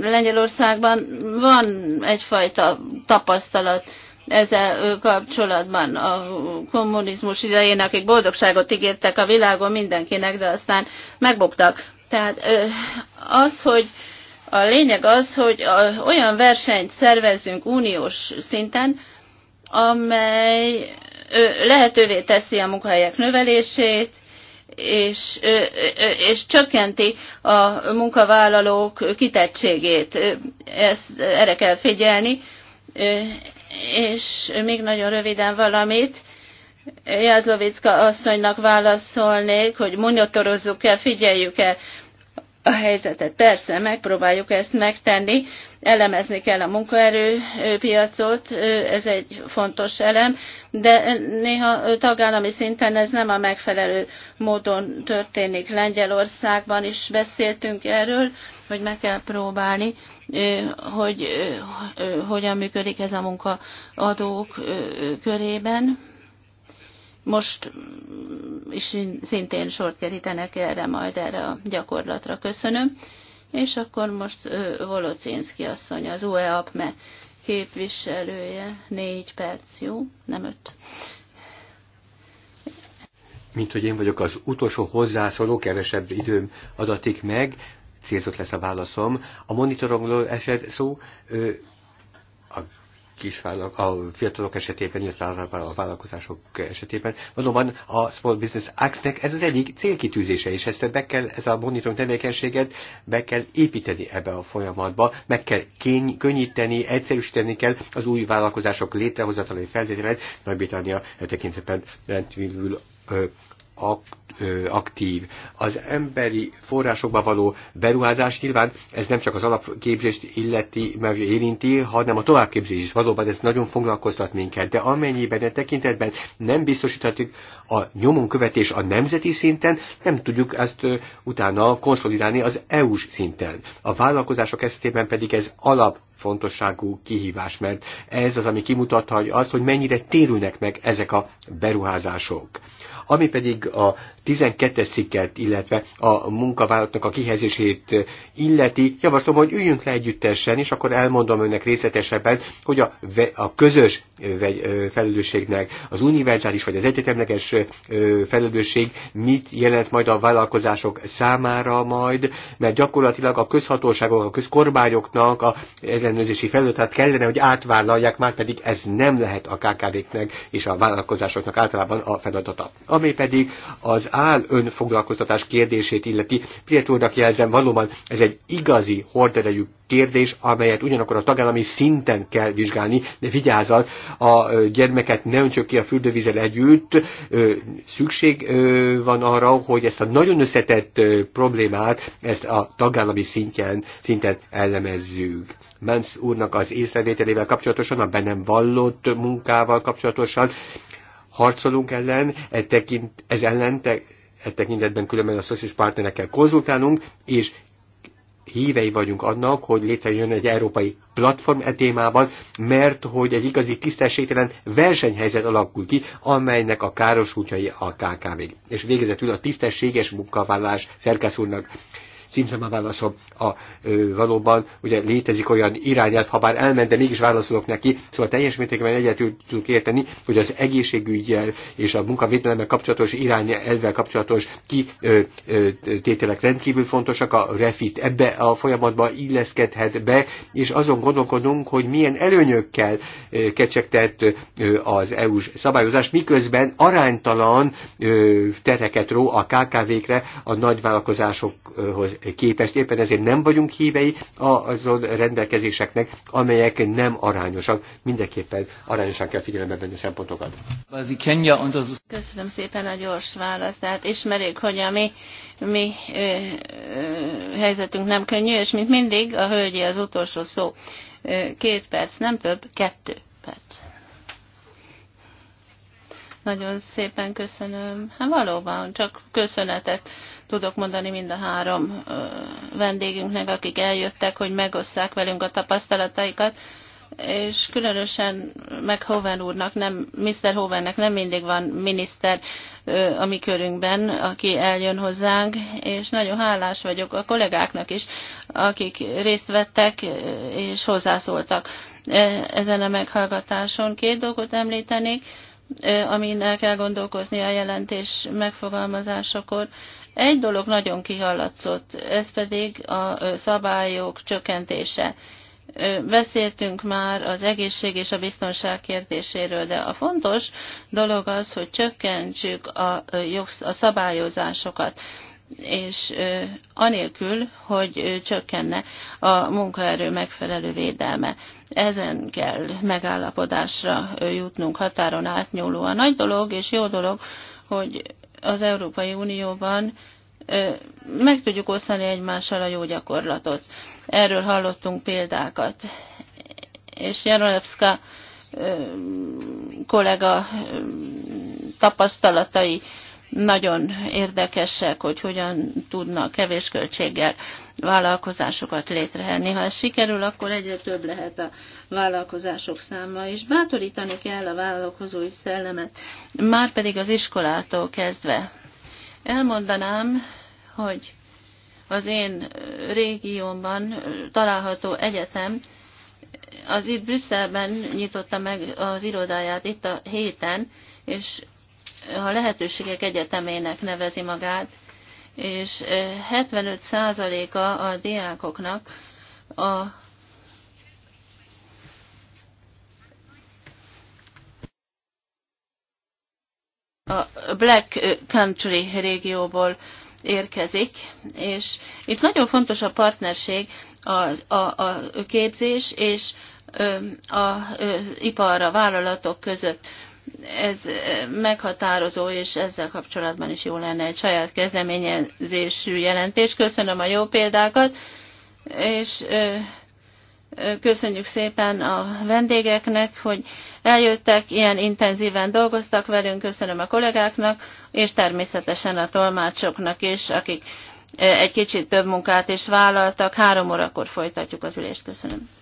Lengyelországban van egyfajta tapasztalat ezzel kapcsolatban a kommunizmus idején, akik boldogságot ígértek a világon mindenkinek, de aztán megbuktak tehát az, hogy a lényeg az, hogy olyan versenyt szervezünk uniós szinten, amely lehetővé teszi a munkahelyek növelését, és, és csökkenti a munkavállalók kitettségét. Ezt, erre kell figyelni. És még nagyon röviden valamit. Jászlovicka asszonynak válaszolnék, hogy monitorozzuk-e, figyeljük-e a helyzetet. Persze, megpróbáljuk ezt megtenni, elemezni kell a munkaerőpiacot, ez egy fontos elem, de néha tagállami szinten ez nem a megfelelő módon történik. Lengyelországban is beszéltünk erről, hogy meg kell próbálni, hogy hogyan működik ez a munkaadók körében most is szintén sort kerítenek erre majd erre a gyakorlatra. Köszönöm. És akkor most Volocinszki asszony, az UE-APME e képviselője, négy perc, jó? Nem öt mint hogy én vagyok az utolsó hozzászóló, kevesebb időm adatik meg, célzott lesz a válaszom. A monitoromról esett szó, a kisvállalk, a fiatalok esetében, illetve a vállalkozások esetében. Valóban a Small Business Act-nek ez az egyik célkitűzése, is, ezt be kell, ez a monitoring tevékenységet be kell építeni ebbe a folyamatba, meg kell kény, könnyíteni, egyszerűsíteni kell az új vállalkozások létrehozatali feltételeit. Nagy-Britannia tekintetben rendkívül aktív. Az emberi forrásokba való beruházás nyilván ez nem csak az alapképzést illeti, mert érinti, hanem a továbbképzés is valóban ez nagyon foglalkoztat minket, de amennyiben e tekintetben nem biztosíthatjuk a nyomon követés a nemzeti szinten, nem tudjuk ezt utána konszolidálni az EU-s szinten. A vállalkozások esetében pedig ez alap fontosságú kihívás, mert ez az, ami kimutatja azt, hogy mennyire térülnek meg ezek a beruházások. Ami pedig a 12-es cikket, illetve a munkavállalatnak a kihelyezését illeti, javaslom, hogy üljünk le együttesen, és akkor elmondom önnek részletesebben, hogy a, a közös felelősségnek, az univerzális vagy az egyetemleges felelősség mit jelent majd a vállalkozások számára majd, mert gyakorlatilag a közhatóságok, a közkormányoknak a ellenőrzési feladatát kellene, hogy átvállalják, már pedig ez nem lehet a KKV-knek és a vállalkozásoknak általában a feladata. Ami pedig az áll önfoglalkoztatás kérdését illeti. Prietónak jelzem, valóban ez egy igazi horderejű kérdés, amelyet ugyanakkor a tagállami szinten kell vizsgálni, de vigyázzal a gyermeket ne öntsök ki a fürdővízzel együtt. Szükség van arra, hogy ezt a nagyon összetett problémát, ezt a tagállami szinten szinten elemezzük. Menz úrnak az észrevételével kapcsolatosan, a bennem vallott munkával kapcsolatosan harcolunk ellen, e tekint, ez ellen te, e tekintetben különben a szociális partnerekkel konzultálunk, és hívei vagyunk annak, hogy létrejön egy európai platform e témában, mert hogy egy igazi tisztességtelen versenyhelyzet alakul ki, amelynek a káros útjai a kkv És végezetül a tisztességes munkavállalás Szerkesz úrnak címzem a válaszom, a, ö, valóban ugye létezik olyan irányelv, ha bár elment, de mégis válaszolok neki, szóval teljes mértékben egyetül tudunk érteni, hogy az egészségügyel és a munkavédelemmel kapcsolatos irányelvvel kapcsolatos tételek rendkívül fontosak, a refit ebbe a folyamatba illeszkedhet be, és azon gondolkodunk, hogy milyen előnyökkel ö, kecsegtett ö, az EU-s szabályozás, miközben aránytalan ö, tereket ró a KKV-kre a nagyvállalkozásokhoz képest. Éppen ezért nem vagyunk hívei azon rendelkezéseknek, amelyek nem arányosak. Mindenképpen arányosan kell figyelembe venni a szempontokat. Köszönöm szépen a gyors választ. Tehát ismerjük, hogy a mi, mi ö, ö, helyzetünk nem könnyű, és mint mindig a hölgyi az utolsó szó. Két perc, nem több, kettő perc. Nagyon szépen köszönöm. Hát valóban, csak köszönetet tudok mondani mind a három vendégünknek, akik eljöttek, hogy megosszák velünk a tapasztalataikat és különösen meg Hoven úrnak, nem, Mr. Hovennek nem mindig van miniszter a mi körünkben, aki eljön hozzánk, és nagyon hálás vagyok a kollégáknak is, akik részt vettek és hozzászóltak ezen a meghallgatáson. Két dolgot említenék, amin el kell gondolkozni a jelentés megfogalmazásakor. Egy dolog nagyon kihallatszott, ez pedig a szabályok csökkentése. Beszéltünk már az egészség és a biztonság kérdéséről, de a fontos dolog az, hogy csökkentsük a, jogsz, a szabályozásokat és anélkül, hogy csökkenne a munkaerő megfelelő védelme. Ezen kell megállapodásra jutnunk határon átnyúlóan. Nagy dolog és jó dolog, hogy az Európai Unióban meg tudjuk osztani egymással a jó gyakorlatot. Erről hallottunk példákat. És Jarolevska kollega tapasztalatai nagyon érdekesek, hogy hogyan tudnak kevés költséggel vállalkozásokat létrehenni. Ha ez sikerül, akkor egyre több lehet a vállalkozások száma, és bátorítani kell a vállalkozói szellemet, már pedig az iskolától kezdve. Elmondanám, hogy az én régiómban található egyetem, az itt Brüsszelben nyitotta meg az irodáját itt a héten, és a lehetőségek egyetemének nevezi magát, és 75%-a a diákoknak a a Black Country régióból érkezik, és itt nagyon fontos a partnerség, a, a, a képzés és az ipar, a vállalatok között ez eh, meghatározó, és ezzel kapcsolatban is jó lenne egy saját kezdeményezésű jelentés. Köszönöm a jó példákat, és eh, eh, köszönjük szépen a vendégeknek, hogy eljöttek, ilyen intenzíven dolgoztak velünk, köszönöm a kollégáknak, és természetesen a tolmácsoknak is, akik egy kicsit több munkát is vállaltak. Három órakor folytatjuk az ülést. Köszönöm.